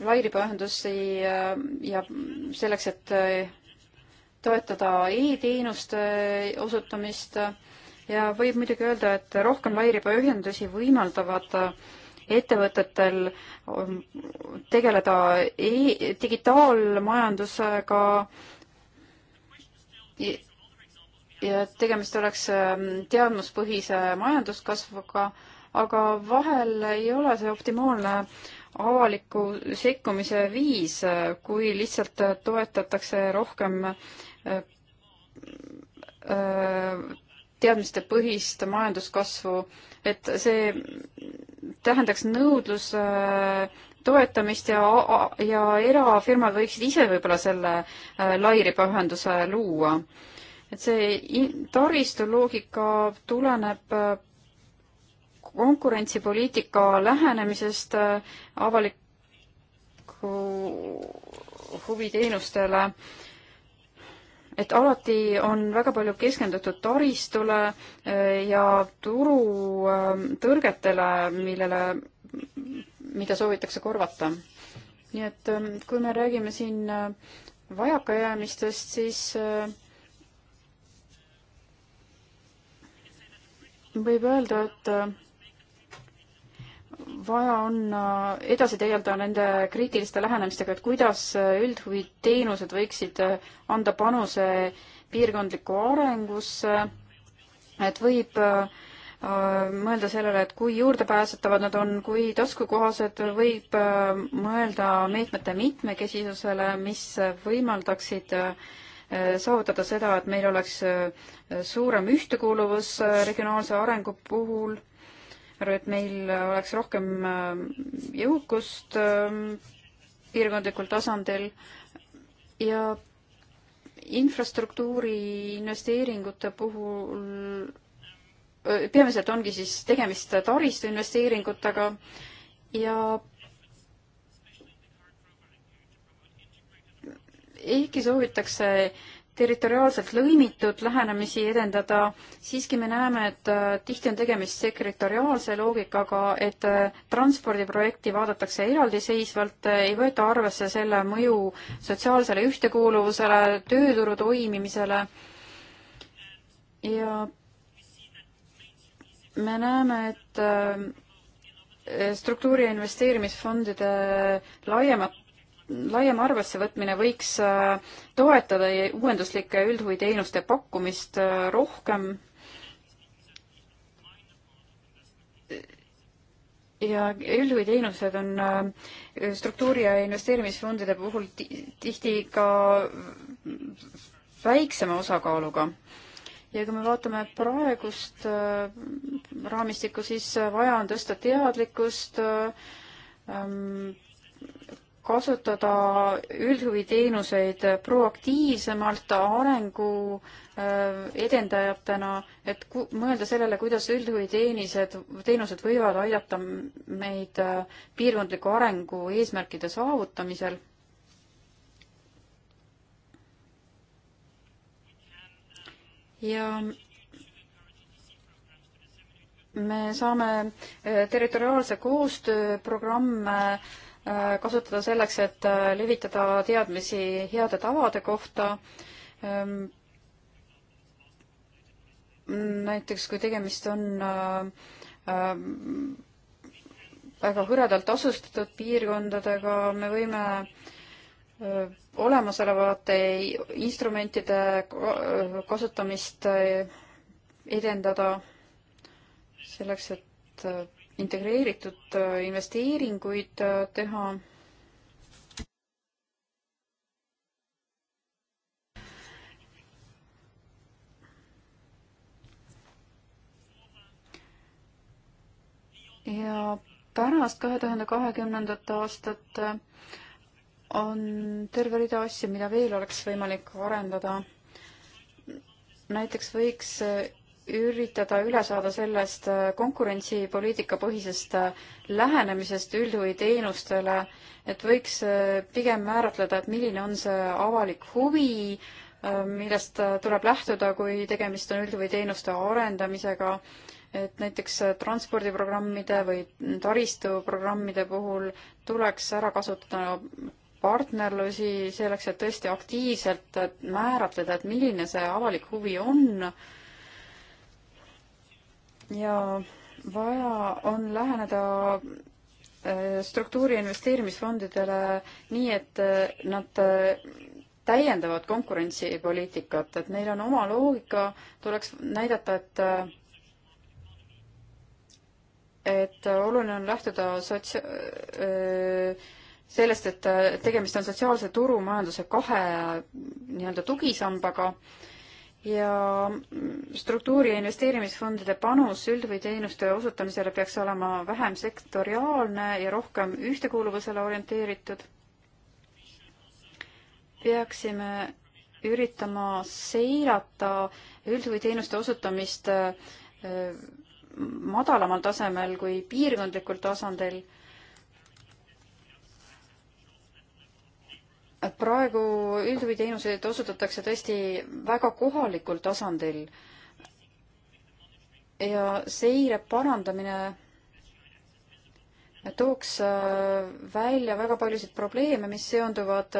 lairibaühendusi äh, ja selleks, et äh, toetada e-teenuste äh, osutamist ja võib muidugi öelda, et rohkem lairibaühendusi võimaldavad äh, ettevõtetel ähm, tegeleda e digitaalmajandusega ja et tegemist oleks ähm, teadmuspõhise majanduskasvuga äh, aga vahel ei ole see optimaalne avaliku sekkumise viis, kui lihtsalt toetatakse rohkem äh, äh, teadmistepõhist majanduskasvu, et see tähendaks nõudluse äh, toetamist ja, ja erafirmad võiksid ise võib-olla selle lairibaühenduse luua. et see taristu loogika tuleneb konkurentsipoliitika lähenemisest äh, avaliku huviteenustele, et alati on väga palju keskendutud taristule äh, ja turutõrgetele, äh, millele, mida soovitakse korvata. nii et kui me räägime siin vajakajäämistest, siis võib öelda, et vaja on äh, edasi tegeleda nende kriitiliste lähenemistega, et kuidas äh, üldhuvid teenused võiksid äh, anda panuse piirkondlikku arengusse, et võib mõelda sellele, et kui juurdepääsetavad nad on, kui taskukohased, võib mõelda meetmete mitmekesisusele, mis võimaldaksid saavutada seda, et meil oleks suurem ühtekuuluvus regionaalse arengu puhul arvan, et meil oleks rohkem äh, jõukust ähm, piirkondlikul tasandil ja infrastruktuuri investeeringute puhul äh, peamiselt ongi siis tegemist taristu investeeringutega ja ehkki soovitakse territoriaalselt lõimitud lähenemisi edendada, siiski me näeme, et äh, tihti on tegemist sekretariaalse loogikaga, et äh, transpordiprojekti vaadatakse eraldiseisvalt, äh, ei võeta arvesse selle mõju sotsiaalsele ühtekuuluvusele, tööturu toimimisele ja me näeme, et struktuuri investeerimisfondide laiemat laiem arvessevõtmine võiks äh, toetada uuenduslike üldhuviteenuste pakkumist äh, rohkem. ja üldhuviteenused on äh, struktuuri- ja investeerimisfondide puhul tihti ka väiksema osakaaluga ja kui me vaatame praegust äh, raamistikku, siis vaja on tõsta teadlikkust ähm,, kasutada üldhuviteenuseid proaktiivsemalt arengu äh, edendajatena, et mõelda sellele, kuidas üldhuviteenised, teenused võivad aidata meid äh, piirkondliku arengu eesmärkide saavutamisel. ja me saame äh, territoriaalse koostööprogramme äh, Äh, kasutada selleks, et äh, levitada teadmisi heade tavade kohta. Ähm, näiteks kui tegemist on äh, väga hõredalt asustatud piirkondadega, me võime olemasolevate instrumentide kasutamist edendada selleks, et integreeritud äh, investeeringuid äh, teha. ja pärast kahe tuhande kahekümnendat aastat äh, on terve rida asju, mida veel oleks võimalik arendada. näiteks võiks üritada üle saada sellest äh, konkurentsipoliitika põhisest äh, lähenemisest üldhuvi teenustele, et võiks äh, pigem määratleda, et milline on see avalik huvi, millest tuleb lähtuda, kui tegemist on üldhuvi teenuste arendamisega, et näiteks transpordiprogrammide või taristuprogrammide puhul tuleks ära kasutada partnerlusi selleks, et tõesti aktiivselt määratleda, et milline see avalik huvi on ja vaja on läheneda äh, struktuuri investeerimisfondidele nii, et äh, nad äh, täiendavad konkurentsipoliitikat, et neil on oma loogika, tuleks näidata, et et oluline on lähtuda sots-, sellest, et tegemist on sotsiaalse turumajanduse kahe nii-öelda tugisambaga äh, ja struktuuri ja investeerimisfondide panus üld- või teenuste osutamisele peaks olema vähem sektoriaalne ja rohkem ühtekuuluvusele orienteeritud. peaksime üritama seirata üld- või teenuste osutamist äh, madalamal tasemel kui piirkondlikul tasandil praegu üldhuviteenuseid osutatakse tõesti väga kohalikul tasandil ja seire parandamine tooks äh, välja väga paljusid probleeme, mis seonduvad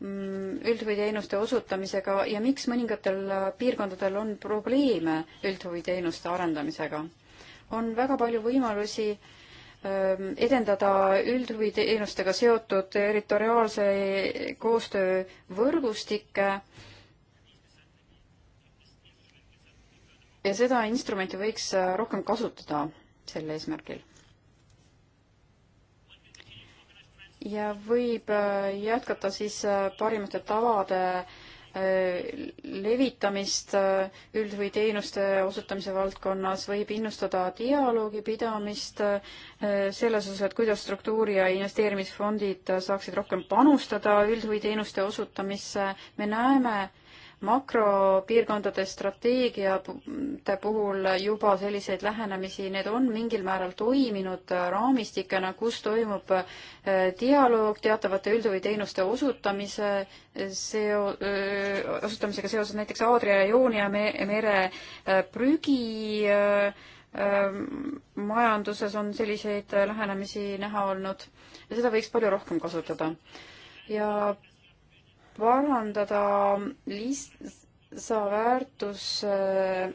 mm, üldhuviteenuste osutamisega ja miks mõningatel äh, piirkondadel on probleeme üldhuviteenuste arendamisega. on väga palju võimalusi äh, Ähm, edendada üldhuviteenustega seotud territoriaalse koostöö võrgustikke ja seda instrumenti võiks äh, rohkem kasutada sel eesmärgil. ja võib äh, jätkata siis äh, parimate tavade äh, Äh, levitamist äh, üld- või teenuste osutamise valdkonnas, võib innustada dialoogi pidamist äh, selles osas, et kuidas struktuuri- ja investeerimisfondid saaksid rohkem panustada üld- või teenuste osutamisse. me näeme, makropiirkondade strateegiate puhul juba selliseid lähenemisi, need on mingil määral toiminud raamistikena, kus toimub äh, dialoog teatavate üld- või teenuste osutamise seo-, äh, osutamisega seoses näiteks Aadria ja Joonia mere äh, prügi majanduses on selliseid lähenemisi näha olnud ja seda võiks palju rohkem kasutada. ja parandada lisaväärtus äh,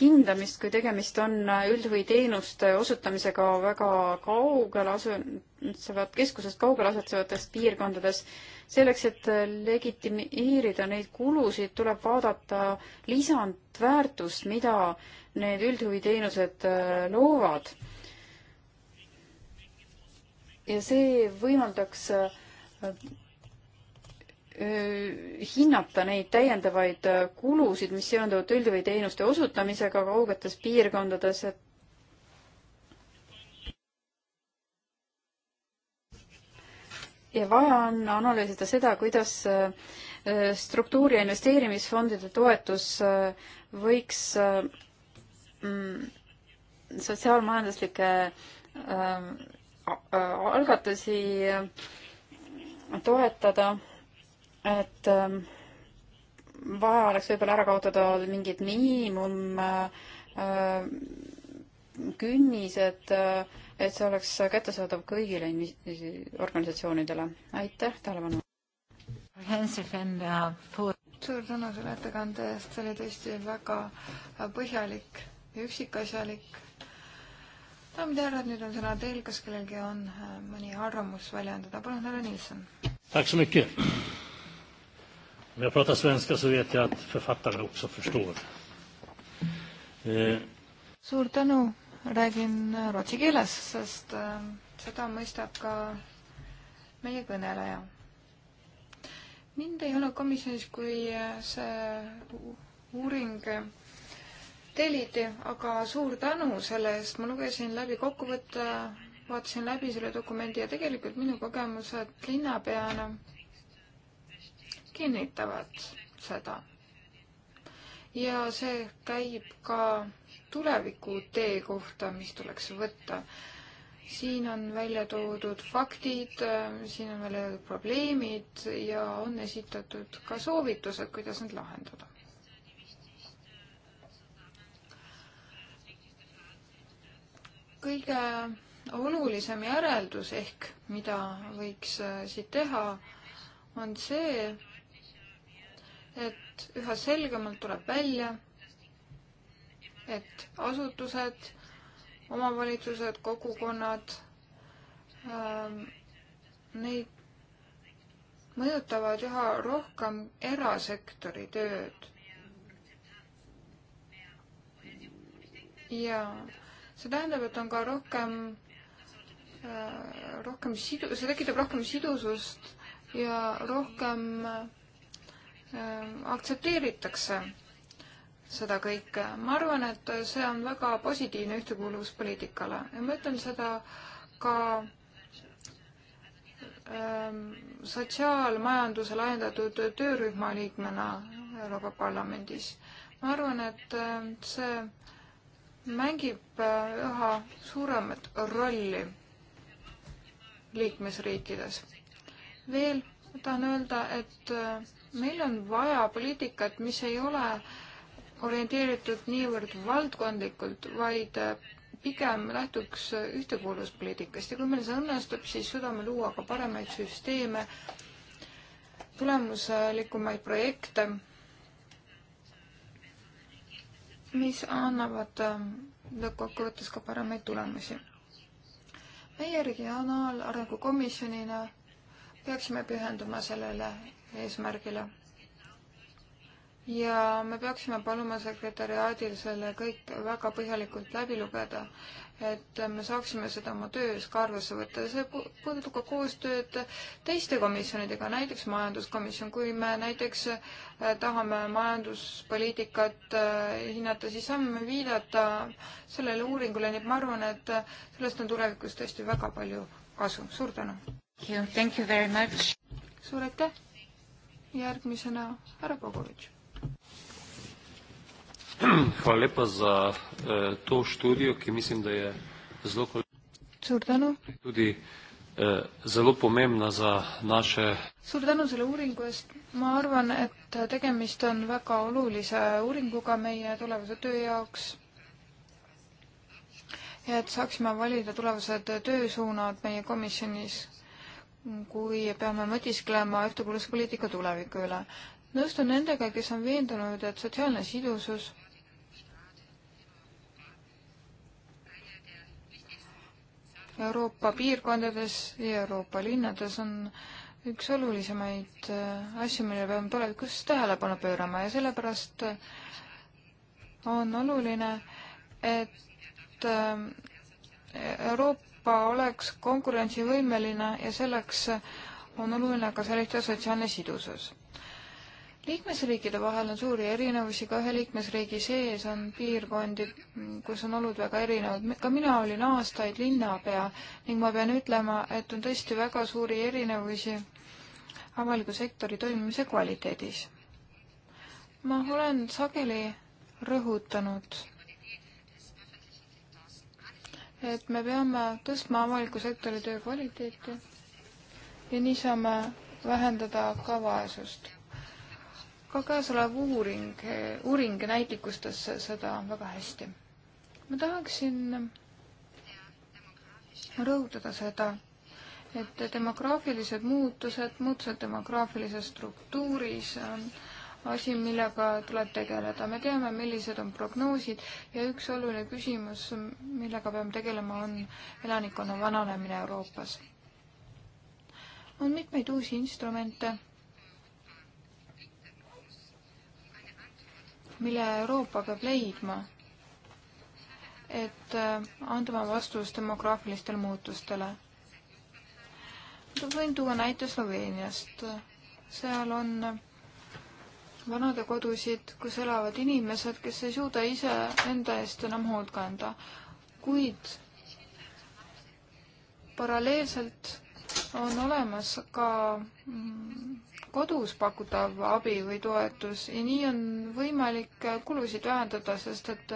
hindamist, kui tegemist on üldhuvi teenuste osutamisega väga kaugel asetsevat, keskusest kaugel asetsevates piirkondades. selleks, et legitimeerida neid kulusid, tuleb vaadata lisandväärtust, mida need üldhuvi teenused äh, loovad ja see võimaldaks äh, äh, hinnata neid täiendavaid äh, kulusid, mis seonduvad üld- või teenuste osutamisega kaugetes piirkondades, et ja vaja on analüüsida seda, kuidas struktuuri ja investeerimisfondide toetus võiks mm, sotsiaalmajanduslike algatusi äh, toetada, et ähm, vaja oleks võib-olla ära kaotada mingid miinimum äh, äh, künnised, et see oleks kättesaadav kõigile organisatsioonidele. aitäh tähelepanu! suur tänu selle ettekande eest, see oli tõesti väga põhjalik ja üksikasjalik daamid ja härrad, nüüd on sõna teil, kas kellelgi on äh, mõni arvamus väljendada, palun, härra Nilsson. Tack så mycket. Om jag pratar svenska så vet jag att författarna också förstår. Eh. Suur tänu, räägin äh, rootsi keeles, sest äh, seda mõistab ka meie kõneleja. mind ei olnud komisjonis, kui äh, see uuring detailid, aga suur tänu selle eest, ma lugesin läbi kokkuvõtte, vaatasin läbi selle dokumendi ja tegelikult minu kogemused linnapeana kinnitavad seda. ja see käib ka tuleviku tee kohta, mis tuleks võtta siin on välja toodud faktid, siin on välja toodud probleemid ja on esitatud ka soovitused, kuidas need lahendada. kõige olulisem järeldus ehk mida võiks äh, siit teha, on see, et üha selgemalt tuleb välja, et asutused, omavalitsused, kogukonnad ähm,, neid mõjutavad üha rohkem erasektori tööd. ja see tähendab, et on ka rohkem, äh, rohkem sidu, see tekitab rohkem sidusust ja rohkem äh, aktsepteeritakse seda kõike. ma arvan, et see on väga positiivne ühtekuuluvuspoliitikale ja ma ütlen seda ka ähm, sotsiaalmajanduse laiendatud töörühma liikmena Euroopa Parlamendis. ma arvan, et äh, see mängib äh, üha suuremat rolli liikmesriikides. veel tahan öelda, et äh, meil on vaja poliitikat, mis ei ole orienteeritud niivõrd valdkondlikult, vaid äh, pigem lähtuks ühtekuuluvuspoliitikast ja kui meil see õnnestub, siis suudame luua ka paremaid süsteeme, tulemuslikumaid projekte mis annavad ähm, lõppkokkuvõttes ka paremaid tulemusi. meie Regionaalarengu Komisjonina peaksime pühenduma sellele eesmärgile. ja me peaksime paluma sekretäriaadil selle kõik väga põhjalikult läbi lugeda, et me saaksime seda oma töös ka arvesse võtta ja see puudutab ka koostööd teiste komisjonidega, näiteks majanduskomisjon, kui me näiteks äh, tahame majanduspoliitikat äh, hinnata, siis saame viidata sellele uuringule, nii et ma arvan, et äh, sellest on tulevikus tõesti väga palju kasu, suur tänu! suur aitäh! järgmisena härra Pogovitš [clears throat] Hvala lepa za eh, to študijo, ki mislim, da je zelo kvalitetna. Tudi eh, zelo pomembna za naše. suur tänu selle uuringu eest. ma arvan, et tegemist on väga olulise uuringuga meie tulevase töö jaoks. ja et saaksime valida tulevased töösuunad meie komisjonis, kui peame mõtisklema ühtekuuluvuspoliitika tuleviku üle nõustun nendega, kes on veendunud, et sotsiaalne sidusus Euroopa piirkondades ja Euroopa linnades on üks olulisemaid äh, asju, millele peame tulevikus tähelepanu pöörama ja sellepärast äh, on oluline, et äh, Euroopa oleks konkurentsivõimeline ja selleks on oluline ka säilitada sotsiaalne sidusus liikmesriikide vahel on suuri erinevusi, ka ühe liikmesriigi sees on piirkondi, kus on olud väga erinevad. ka mina olin aastaid linnapea ning ma pean ütlema, et on tõesti väga suuri erinevusi avaliku sektori toimimise kvaliteedis. ma olen sageli rõhutanud, et me peame tõstma avaliku sektori töö kvaliteeti ja nii saame vähendada ka vaesust ka käesolev uuring, uuring näitlikustas seda väga hästi. ma tahaksin rõhutada seda, et demograafilised muutused, muutused demograafilises struktuuris on asi, millega tuleb tegeleda. me teame, millised on prognoosid ja üks oluline küsimus, millega peame tegelema, on elanikkonna vananemine Euroopas. on mitmeid uusi instrumente mille Euroopa peab leidma, et äh, anda oma vastus demograafilistele muutustele. võin tuua näite Sloveeniast. seal on äh, vanadekodusid, kus elavad inimesed, kes ei suuda ise enda eest enam hoolt kanda, kuid paralleelselt on olemas ka mm, kodus pakutav abi või toetus ja nii on võimalik kulusid vähendada, sest et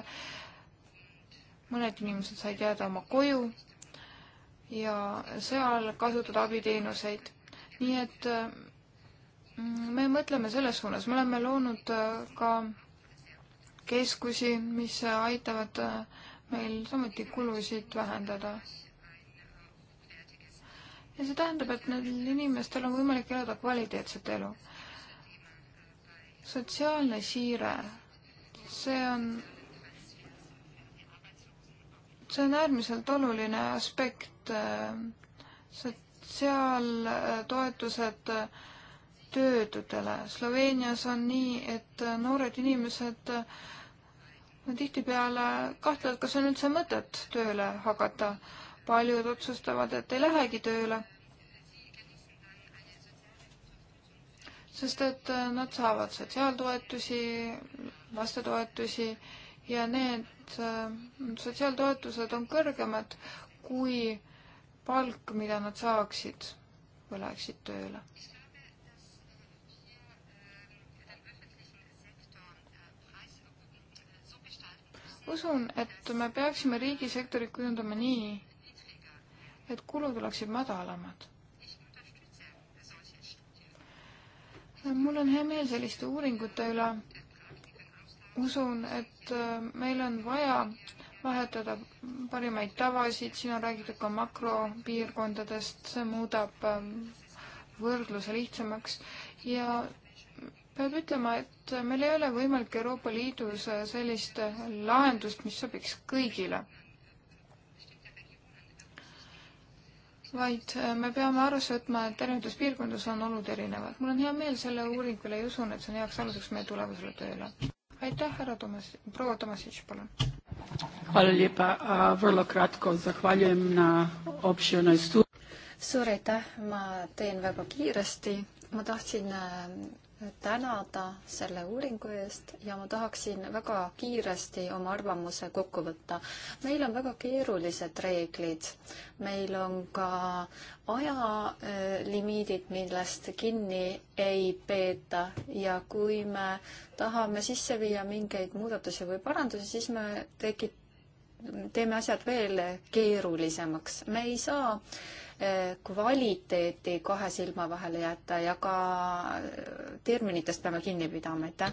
mõned inimesed said jääda oma koju ja seal kasutada abiteenuseid. nii et mm, me mõtleme selles suunas, me oleme loonud äh, ka keskusi, mis aitavad äh, meil samuti kulusid vähendada ja see tähendab, et nendel inimestel on võimalik elada kvaliteetset elu. sotsiaalne siire, see on, see on äärmiselt oluline aspekt. Äh, sotsiaaltoetused äh, töötudele. Sloveenias on nii, et äh, noored inimesed tihtipeale kahtlevad, kas on üldse mõtet tööle hakata paljud otsustavad, et ei lähegi tööle. sest et nad saavad sotsiaaltoetusi, lastetoetusi ja need äh, sotsiaaltoetused on kõrgemad kui palk, mida nad saaksid, kui läheksid tööle. usun, et me peaksime riigisektorit kujundama nii, et kulud oleksid madalamad. mul on hea meel selliste uuringute üle. usun, et äh, meil on vaja vahetada parimaid tavasid, siin on räägitud ka makropiirkondadest, see muudab ähm, võrdluse lihtsamaks ja peab ütlema, et meil ei ole võimalik Euroopa Liidus äh, sellist äh, lahendust, mis sobiks kõigile vaid äh, me peame aru saama, et erinevates piirkondades on olud erinevad. mul on hea meel selle uuringu üle ja usun, et see on heaks aluseks meie tulevasele tööle. aitäh, härra Tomas, proua Tomasic, palun. Hvala lijepa. Vrlo kratko zahvaljujem na opšionoj stu-. suur aitäh, ma teen väga kiiresti. ma tahtsin äh, tänada selle uuringu eest ja ma tahaksin väga kiiresti oma arvamuse kokku võtta. meil on väga keerulised reeglid, meil on ka ajalimiidid, millest kinni ei peeta ja kui me tahame sisse viia mingeid muudatusi või parandusi, siis me tekit-, teeme asjad veel keerulisemaks. me ei saa äh, Eh, kvaliteeti kahe silma vahele jätta ja ka eh, terminitest peame kinni pidama, aitäh.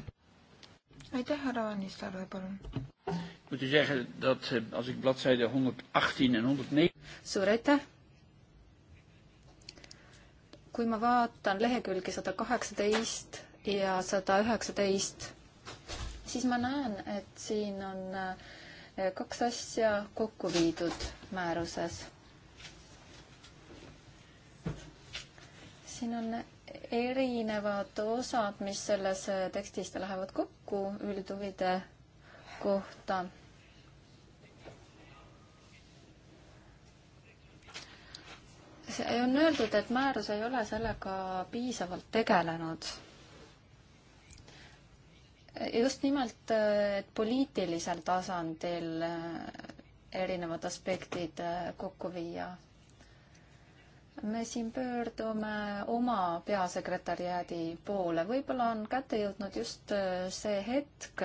aitäh, härra Annissalu, palun. Moet u zeggen dat eh, als ik bladzijde 118 en 109. Suur aitäh. kui ma vaatan lehekülgi sada kaheksateist ja sada üheksateist, siis ma näen, et siin on kaks asja kokku viidud määruses siin on erinevad osad, mis selles tekstis lähevad kokku üldhuvide kohta. on öeldud, et määrus ei ole sellega piisavalt tegelenud just nimelt poliitilisel tasandil erinevad aspektid kokku viia me siin pöördume oma peasekretäriaadi poole, võib-olla on kätte jõudnud just äh, see hetk,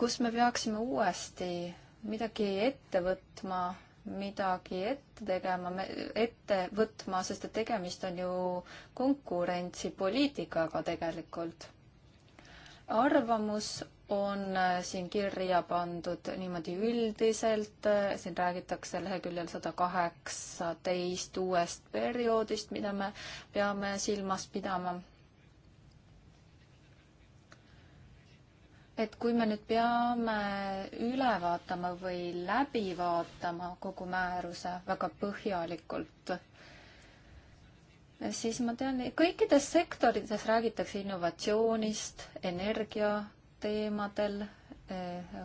kus me peaksime uuesti midagi ette võtma, midagi ette tegema, ette võtma, sest et tegemist on ju konkurentsipoliitikaga tegelikult. arvamus on äh, siin kirja pandud niimoodi üldiselt, äh, siin räägitakse leheküljel sada kaheksateist uuest perioodist, mida me peame silmas pidama. et kui me nüüd peame üle vaatama või läbi vaatama kogu määruse väga põhjalikult, siis ma tean, kõikides sektorites räägitakse innovatsioonist, energia teemadel eh,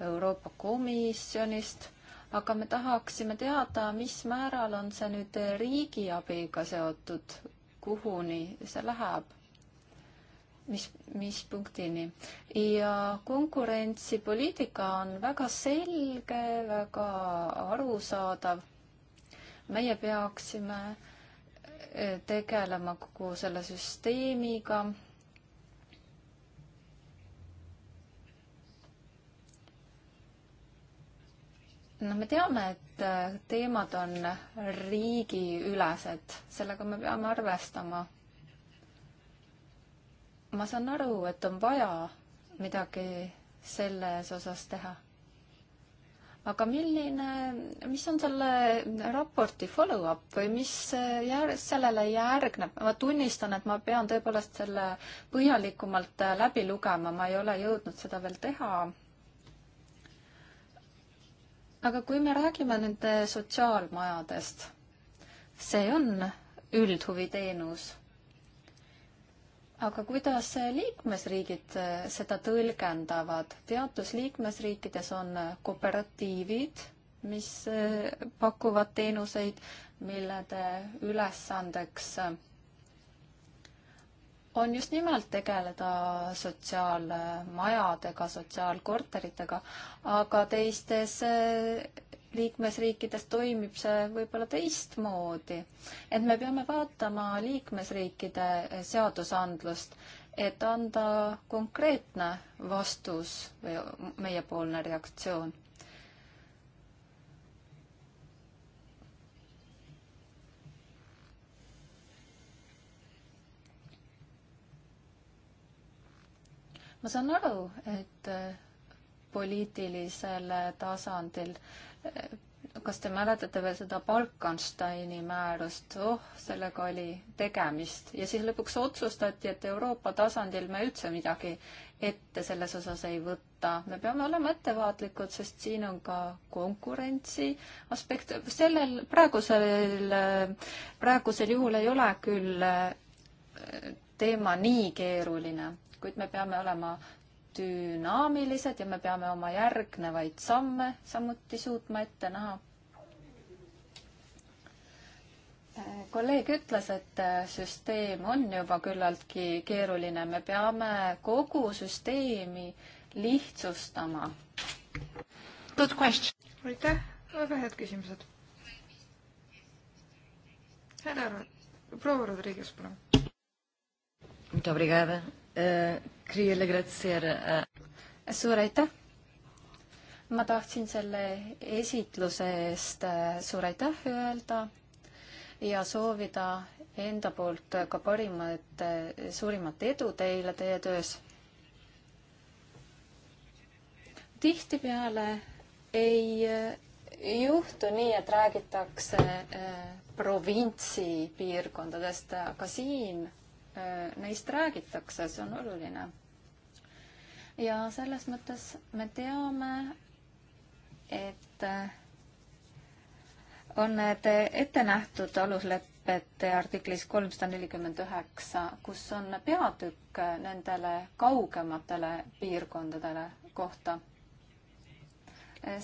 Euroopa Komisjonist, aga me tahaksime teada, mis määral on see nüüd riigiabiga seotud, kuhuni see läheb, mis, mis punktini. ja konkurentsipoliitika on väga selge, väga arusaadav. meie peaksime eh, tegelema kogu selle süsteemiga no me teame, et äh, teemad on riigiülesed, sellega me peame arvestama. ma saan aru, et on vaja midagi selles osas teha. aga milline, mis on selle raporti follow-up või mis äh, jär-, sellele järgneb? ma tunnistan, et ma pean tõepoolest selle põhjalikumalt äh, läbi lugema, ma ei ole jõudnud seda veel teha aga kui me räägime nende sotsiaalmajadest, see on üldhuviteenus. aga kuidas liikmesriigid äh, seda tõlgendavad? teatud liikmesriikides on äh, kooperatiivid, mis äh, pakuvad teenuseid, millede ülesandeks on just nimelt tegeleda sotsiaalmajadega, sotsiaalkorteritega, aga teistes eh, liikmesriikides toimib see võib-olla teistmoodi. et me peame vaatama liikmesriikide eh, seadusandlust, et anda konkreetne vastus või meiepoolne reaktsioon ma saan aru, et äh, poliitilisel äh, tasandil äh, kas te mäletate veel seda Balkansteini määrust, oh, sellega oli tegemist ja siis lõpuks otsustati, et Euroopa tasandil me üldse midagi ette selles osas ei võta. me peame olema ettevaatlikud, sest siin on ka konkurentsi aspekt, sellel praegusel, praegusel juhul ei ole küll teema nii keeruline kuid me peame olema dünaamilised ja me peame oma järgnevaid samme samuti suutma ette näha. kolleeg ütles, et süsteem on juba küllaltki keeruline, me peame kogu süsteemi lihtsustama. aitäh, väga head küsimused. härra, proua Rodriguez, palun suur aitäh! ma tahtsin selle esitluse eest äh, suur aitäh öelda ja soovida enda poolt ka parimat, äh, suurimat edu teile teie töös. tihtipeale ei äh, juhtu nii, et räägitakse provintsi piirkondadest, aga siin Äh, neist räägitakse, see on oluline. ja selles mõttes me teame, et äh, on need ette nähtud aluslepete artiklis kolmsada nelikümmend üheksa, kus on peatükk nendele kaugematele piirkondadele kohta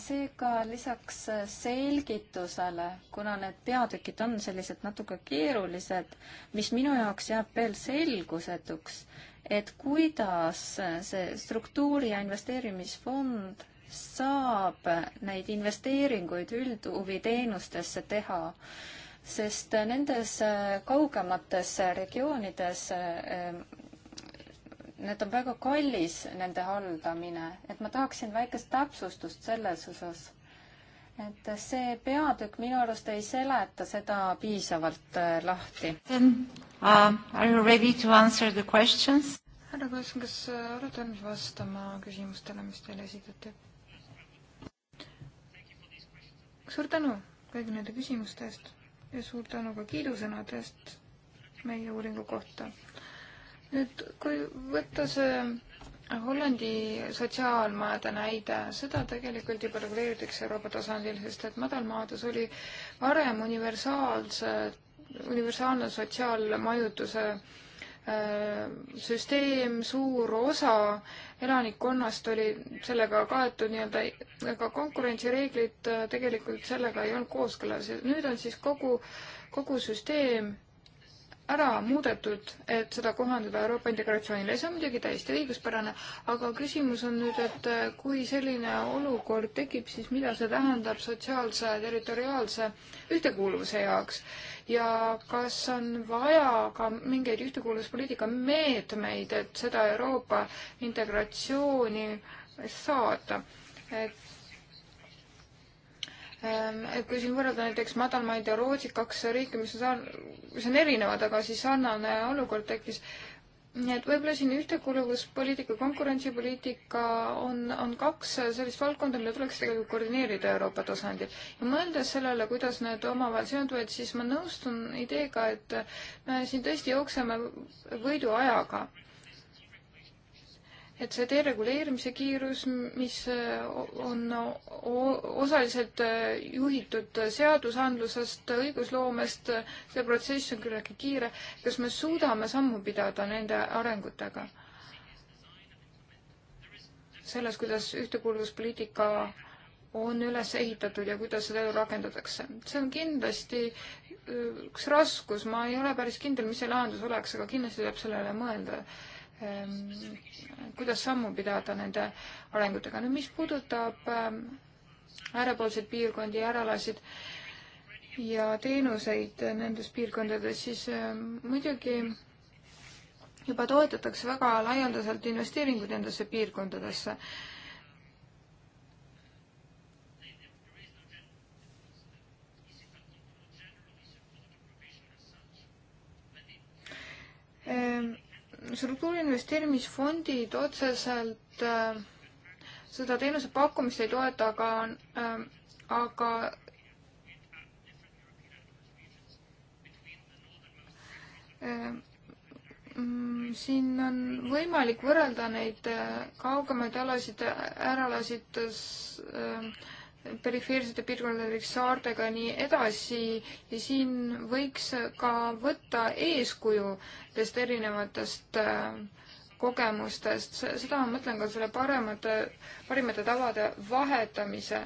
seega lisaks selgitusele, kuna need peatükid on sellised natuke keerulised, mis minu jaoks jääb veel selgusetuks, et kuidas see struktuuri- ja investeerimisfond saab neid investeeringuid üldhuviteenustesse teha, sest nendes kaugemates regioonides need on väga kallis, nende haldamine, et ma tahaksin väikest täpsustust selles osas. et see peatükk minu arust ei seleta seda piisavalt äh, lahti. Uh, are you ready to answer the questions? härra Kõlsson, kas äh, olete valmis vastama küsimustele, mis teile esitati? suur tänu kõigi nende küsimuste eest ja suur tänu ka kiidusõnade eest meie uuringu kohta nüüd, kui võtta see Hollandi sotsiaalmaade näide, seda tegelikult juba reguleeritakse Euroopa tasandil, sest et madalmaades oli varem universaalse, universaalne sotsiaalmajutuse äh, süsteem, suur osa elanikkonnast oli sellega kaetud nii-öelda, ega konkurentsireeglid äh, tegelikult sellega ei olnud kooskõlas ja nüüd on siis kogu, kogu süsteem ära muudetud, et seda kohandada Euroopa integratsioonile. see on muidugi täiesti õiguspärane, aga küsimus on nüüd, et äh, kui selline olukord tekib, siis mida see tähendab sotsiaalse territoriaalse ühtekuuluvuse jaoks ja kas on vaja ka mingeid ühtekuuluvuspoliitika meetmeid, et seda Euroopa integratsiooni saada? et Ehm, kui siin võrrelda näiteks Madalmaid ja Rootsit, kaks riiki, mis on saanud, mis on erinevad, aga siis sarnane olukord tekkis. nii et võib-olla siin ühtekuuluvuspoliitika, konkurentsipoliitika on, on kaks sellist valdkonda, mida tuleks tegelikult koordineerida Euroopa tasandil. ja mõeldes sellele, kuidas need omavahel seonduvad, siis ma nõustun ideega, et me siin tõesti jookseme võiduajaga et see dereguleerimise kiirus, mis äh, on osaliselt äh, juhitud seadusandlusest, õigusloomest, see protsess on küllaltki kiire, kas me suudame sammu pidada nende arengutega? selles, kuidas ühtekuuluvuspoliitika on üles ehitatud ja kuidas seda rakendatakse. see on kindlasti äh, üks raskus, ma ei ole päris kindel, mis see lahendus oleks, aga kindlasti tuleb sellele mõelda Ehm, kuidas sammu pidada nende arengutega. nüüd, mis puudutab äärepoolseid ehm, piirkondi ja äärelasid ja teenuseid nendes piirkondades, siis ehm, muidugi juba toetatakse väga laialdaselt investeeringuid nendesse piirkondadesse. Um... Ähm struktuuriinvesteerimisfondid otseselt äh, seda teenuse pakkumist ei toeta, aga äh,, aga äh, mm, siin on võimalik võrrelda neid äh, kaugemaid alasid, ääralasid äh, perifeersete piirkondade saartega ja nii edasi ja siin võiks ka võtta eeskuju nendest erinevatest äh, kogemustest, seda ma mõtlen ka selle paremate, parimate tavade vahetamise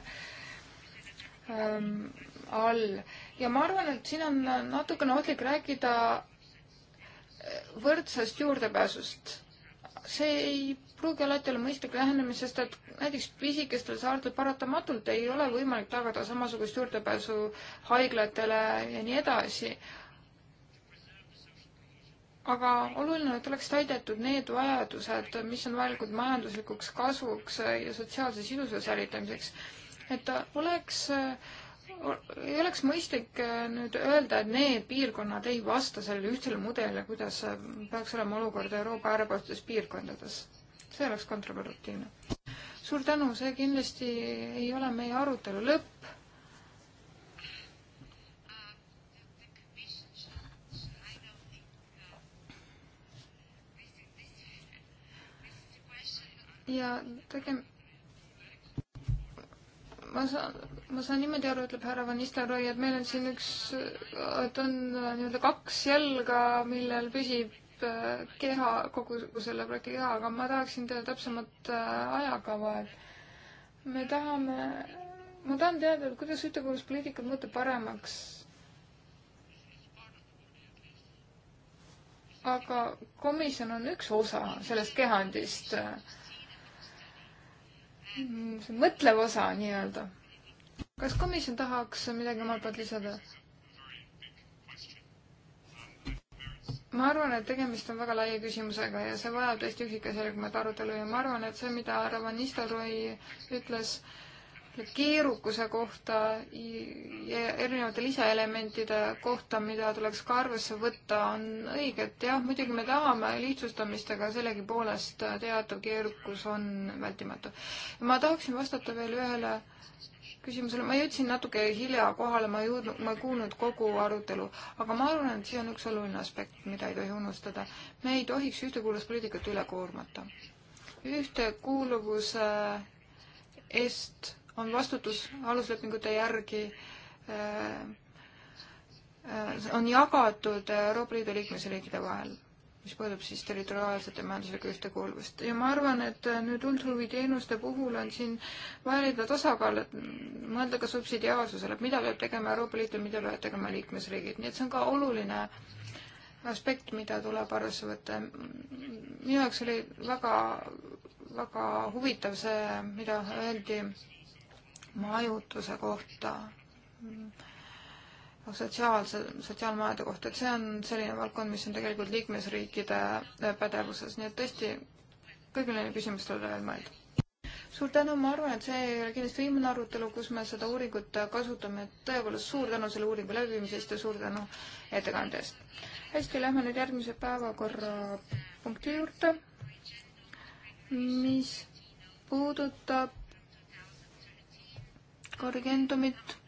ähm, all. ja ma arvan, et siin on natukene ohtlik rääkida äh, võrdsest juurdepääsust. see ei pruugi alati olla mõistlik lähenemine, sest et näiteks pisikestel saartel paratamatult ei ole võimalik tagada samasugust juurdepääsu haiglatele ja nii edasi. aga oluline, et oleks täidetud need vajadused, mis on vajalikud majanduslikuks kasvuks ja sotsiaalse sidususe säilitamiseks. et oleks, ei oleks mõistlik nüüd öelda, et need piirkonnad ei vasta sellele ühtsele mudelile, kuidas peaks olema olukord Euroopa äärepoolsetes piirkondades see oleks kontraproduktiivne. suur tänu, see kindlasti ei ole meie arutelu lõpp. ja tegem-, ma saan, ma saan niimoodi aru, ütleb härra Van Nistelrooy, et meil on siin üks, et on nii-öelda kaks jalga, millel püsib Äh, keha, kogu selle projekti keha, aga ma tahaksin teada täpsemat äh, ajakava, et me tahame, ma tahan teada, et kuidas ühtekuuluvuspoliitikat muuta paremaks. aga komisjon on üks osa sellest kehandist. see mõtlev osa nii-öelda. kas komisjon tahaks midagi omalt poolt lisada? ma arvan, et tegemist on väga laia küsimusega ja see vajab tõesti üksikasjalikumat arutelu ja ma arvan, et see, mida härra Van Nistelrooy ütles keerukuse kohta ja erinevate lisaelementide kohta, mida tuleks ka arvesse võtta, on õige, et jah, muidugi me tahame lihtsustamist, aga sellegipoolest teatav keerukus on vältimatu. ma tahaksin vastata veel ühele küsimusele, ma jõudsin natuke hilja kohale, ma ei jõudnud, ma ei kuulnud kogu arutelu, aga ma arvan, et see on üks oluline aspekt, mida ei tohi unustada. me ei tohiks ühtekuuluvuspoliitikat üle koormata. ühtekuuluvuse eest on vastutus aluslepingute järgi äh, äh, on jagatud Euroopa Liidu liikmesriikide vahel mis puudutab siis territoriaalset ja majanduslikku ühtekuuluvust. ja ma arvan, et nüüd üldhuviteenuste puhul on siin vaja leida tasakaal, et mõelda ka subsidiaarsusele, et mida peab tegema Euroopa Liit ja mida peavad tegema liikmesriigid, nii et see on ka oluline aspekt, mida tuleb arvesse võtta. minu jaoks oli väga, väga huvitav see, mida öeldi majutuse kohta ma Noh, sotsiaalse, sotsiaalmajade kohta, et see on selline valdkond, mis on tegelikult liikmesriikide äh, pädevuses, nii et tõesti kõigil neil küsimustel veel mõelda. suur tänu, ma arvan, et see ei ole kindlasti viimane arutelu, kus me seda uuringut äh, kasutame, et tõepoolest suur tänu selle uuringu läbiviimise eest ja suur tänu ettekande eest. hästi, lähme nüüd järgmise päevakorrapunkti juurde, mis puudutab korrigendumit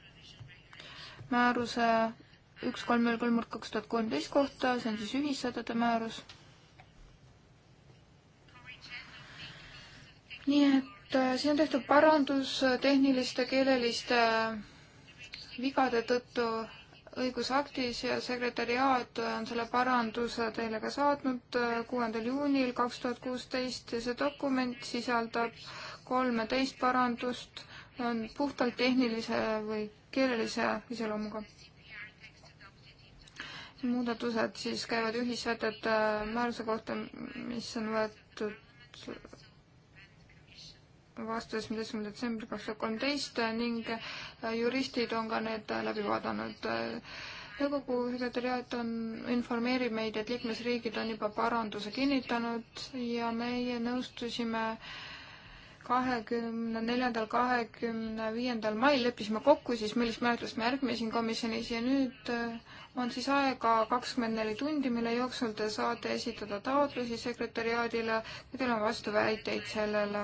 määruse üks kolm null kolm kaks tuhat kolmteist kohta, see on siis ühissadade määrus. nii et äh, siin on tehtud parandus tehniliste keeleliste vigade tõttu õigusaktis ja sekretäriaat on selle paranduse teile ka saatnud äh, kuuendal juunil kaks tuhat kuusteist ja see dokument sisaldab kolmeteist parandust on puhtalt tehnilise või keelelise iseloomuga. muudatused siis käivad ühissätete äh, määruse kohta, mis on võetud vastu esimesel detsembril kaks tuhat kolmteist ning äh, juristid on ka need äh, läbi vaadanud. nõukogu sekretäriaat on, informeerib meid, et liikmesriigid on juba paranduse kinnitanud ja meie nõustusime äh, kahekümne neljandal, kahekümne viiendal mail leppisime kokku siis, millist menetlust me järgime siin komisjonis ja nüüd äh, on siis aega kakskümmend neli tundi, mille jooksul te saate esitada taotlusi sekretäriaadile, kui teil on vastuväiteid sellele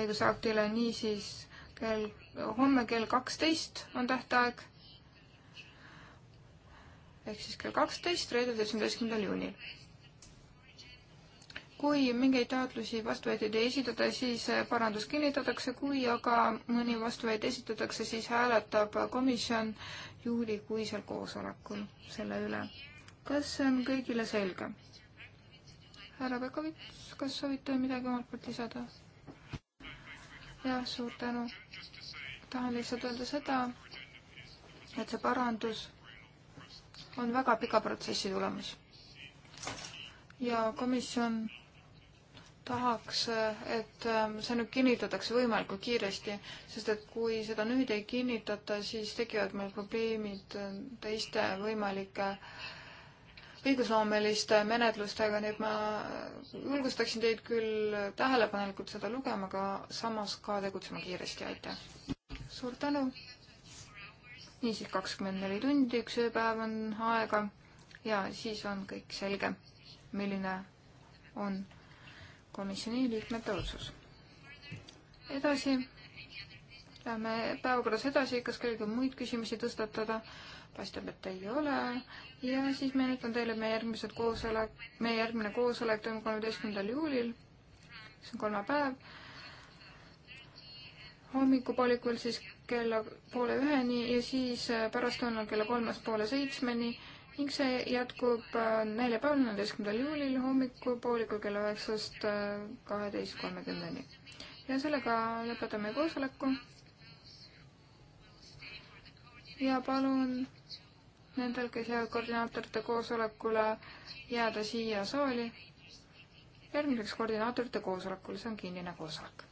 õigusaktile, niisiis kell, homme kell kaksteist on tähtaeg. ehk siis kell kaksteist, reedel seitsmeteistkümnendal juunil kui mingeid taotlusi vastuväiteid ei esitata, siis äh, parandus kinnitatakse, kui aga mõni vastuväide esitatakse, siis hääletab komisjon juulikuisel koosolekul selle üle. kas see on kõigile selge? härra Pekovits, kas soovite midagi omalt poolt lisada? jah, suur tänu. tahan lihtsalt öelda seda, et see parandus on väga pika protsessi tulemus ja komisjon tahaks, et ähm, see nüüd kinnitatakse võimalikult kiiresti, sest et kui seda nüüd ei kinnitata, siis tekivad meil probleemid äh, teiste võimalike õigusloomeliste menetlustega, nii et ma äh, julgustaksin teid küll tähelepanelikult seda lugema, aga samas ka tegutsema kiiresti, aitäh! suur tänu! niisiis, kakskümmend neli tundi, üks ööpäev on aega ja siis on kõik selge, milline on komisjoni liikmete otsus. edasi. Lähme päevakorras edasi, kas kellelgi on muid küsimusi tõstatada? paistab, et ei ole. ja siis meenutan teile meie järgmised koosolek, meie järgmine koosolek toimub kolmeteistkümnendal juulil. see on kolmapäev. hommikupoolikul siis kella poole üheni ja siis pärastlõunal kella kolmest poole seitsmeni ning see jätkub äh, neljapäeval, neljateistkümnendal juulil hommikupoolikul kella üheksast äh, kaheteist kolmekümneni. ja sellega lõpetame koosoleku. ja palun nendel, kes jäävad koordinaatorite koosolekule, jääda siia saali järgmiseks koordinaatorite koosolekul, see on kinnine koosolek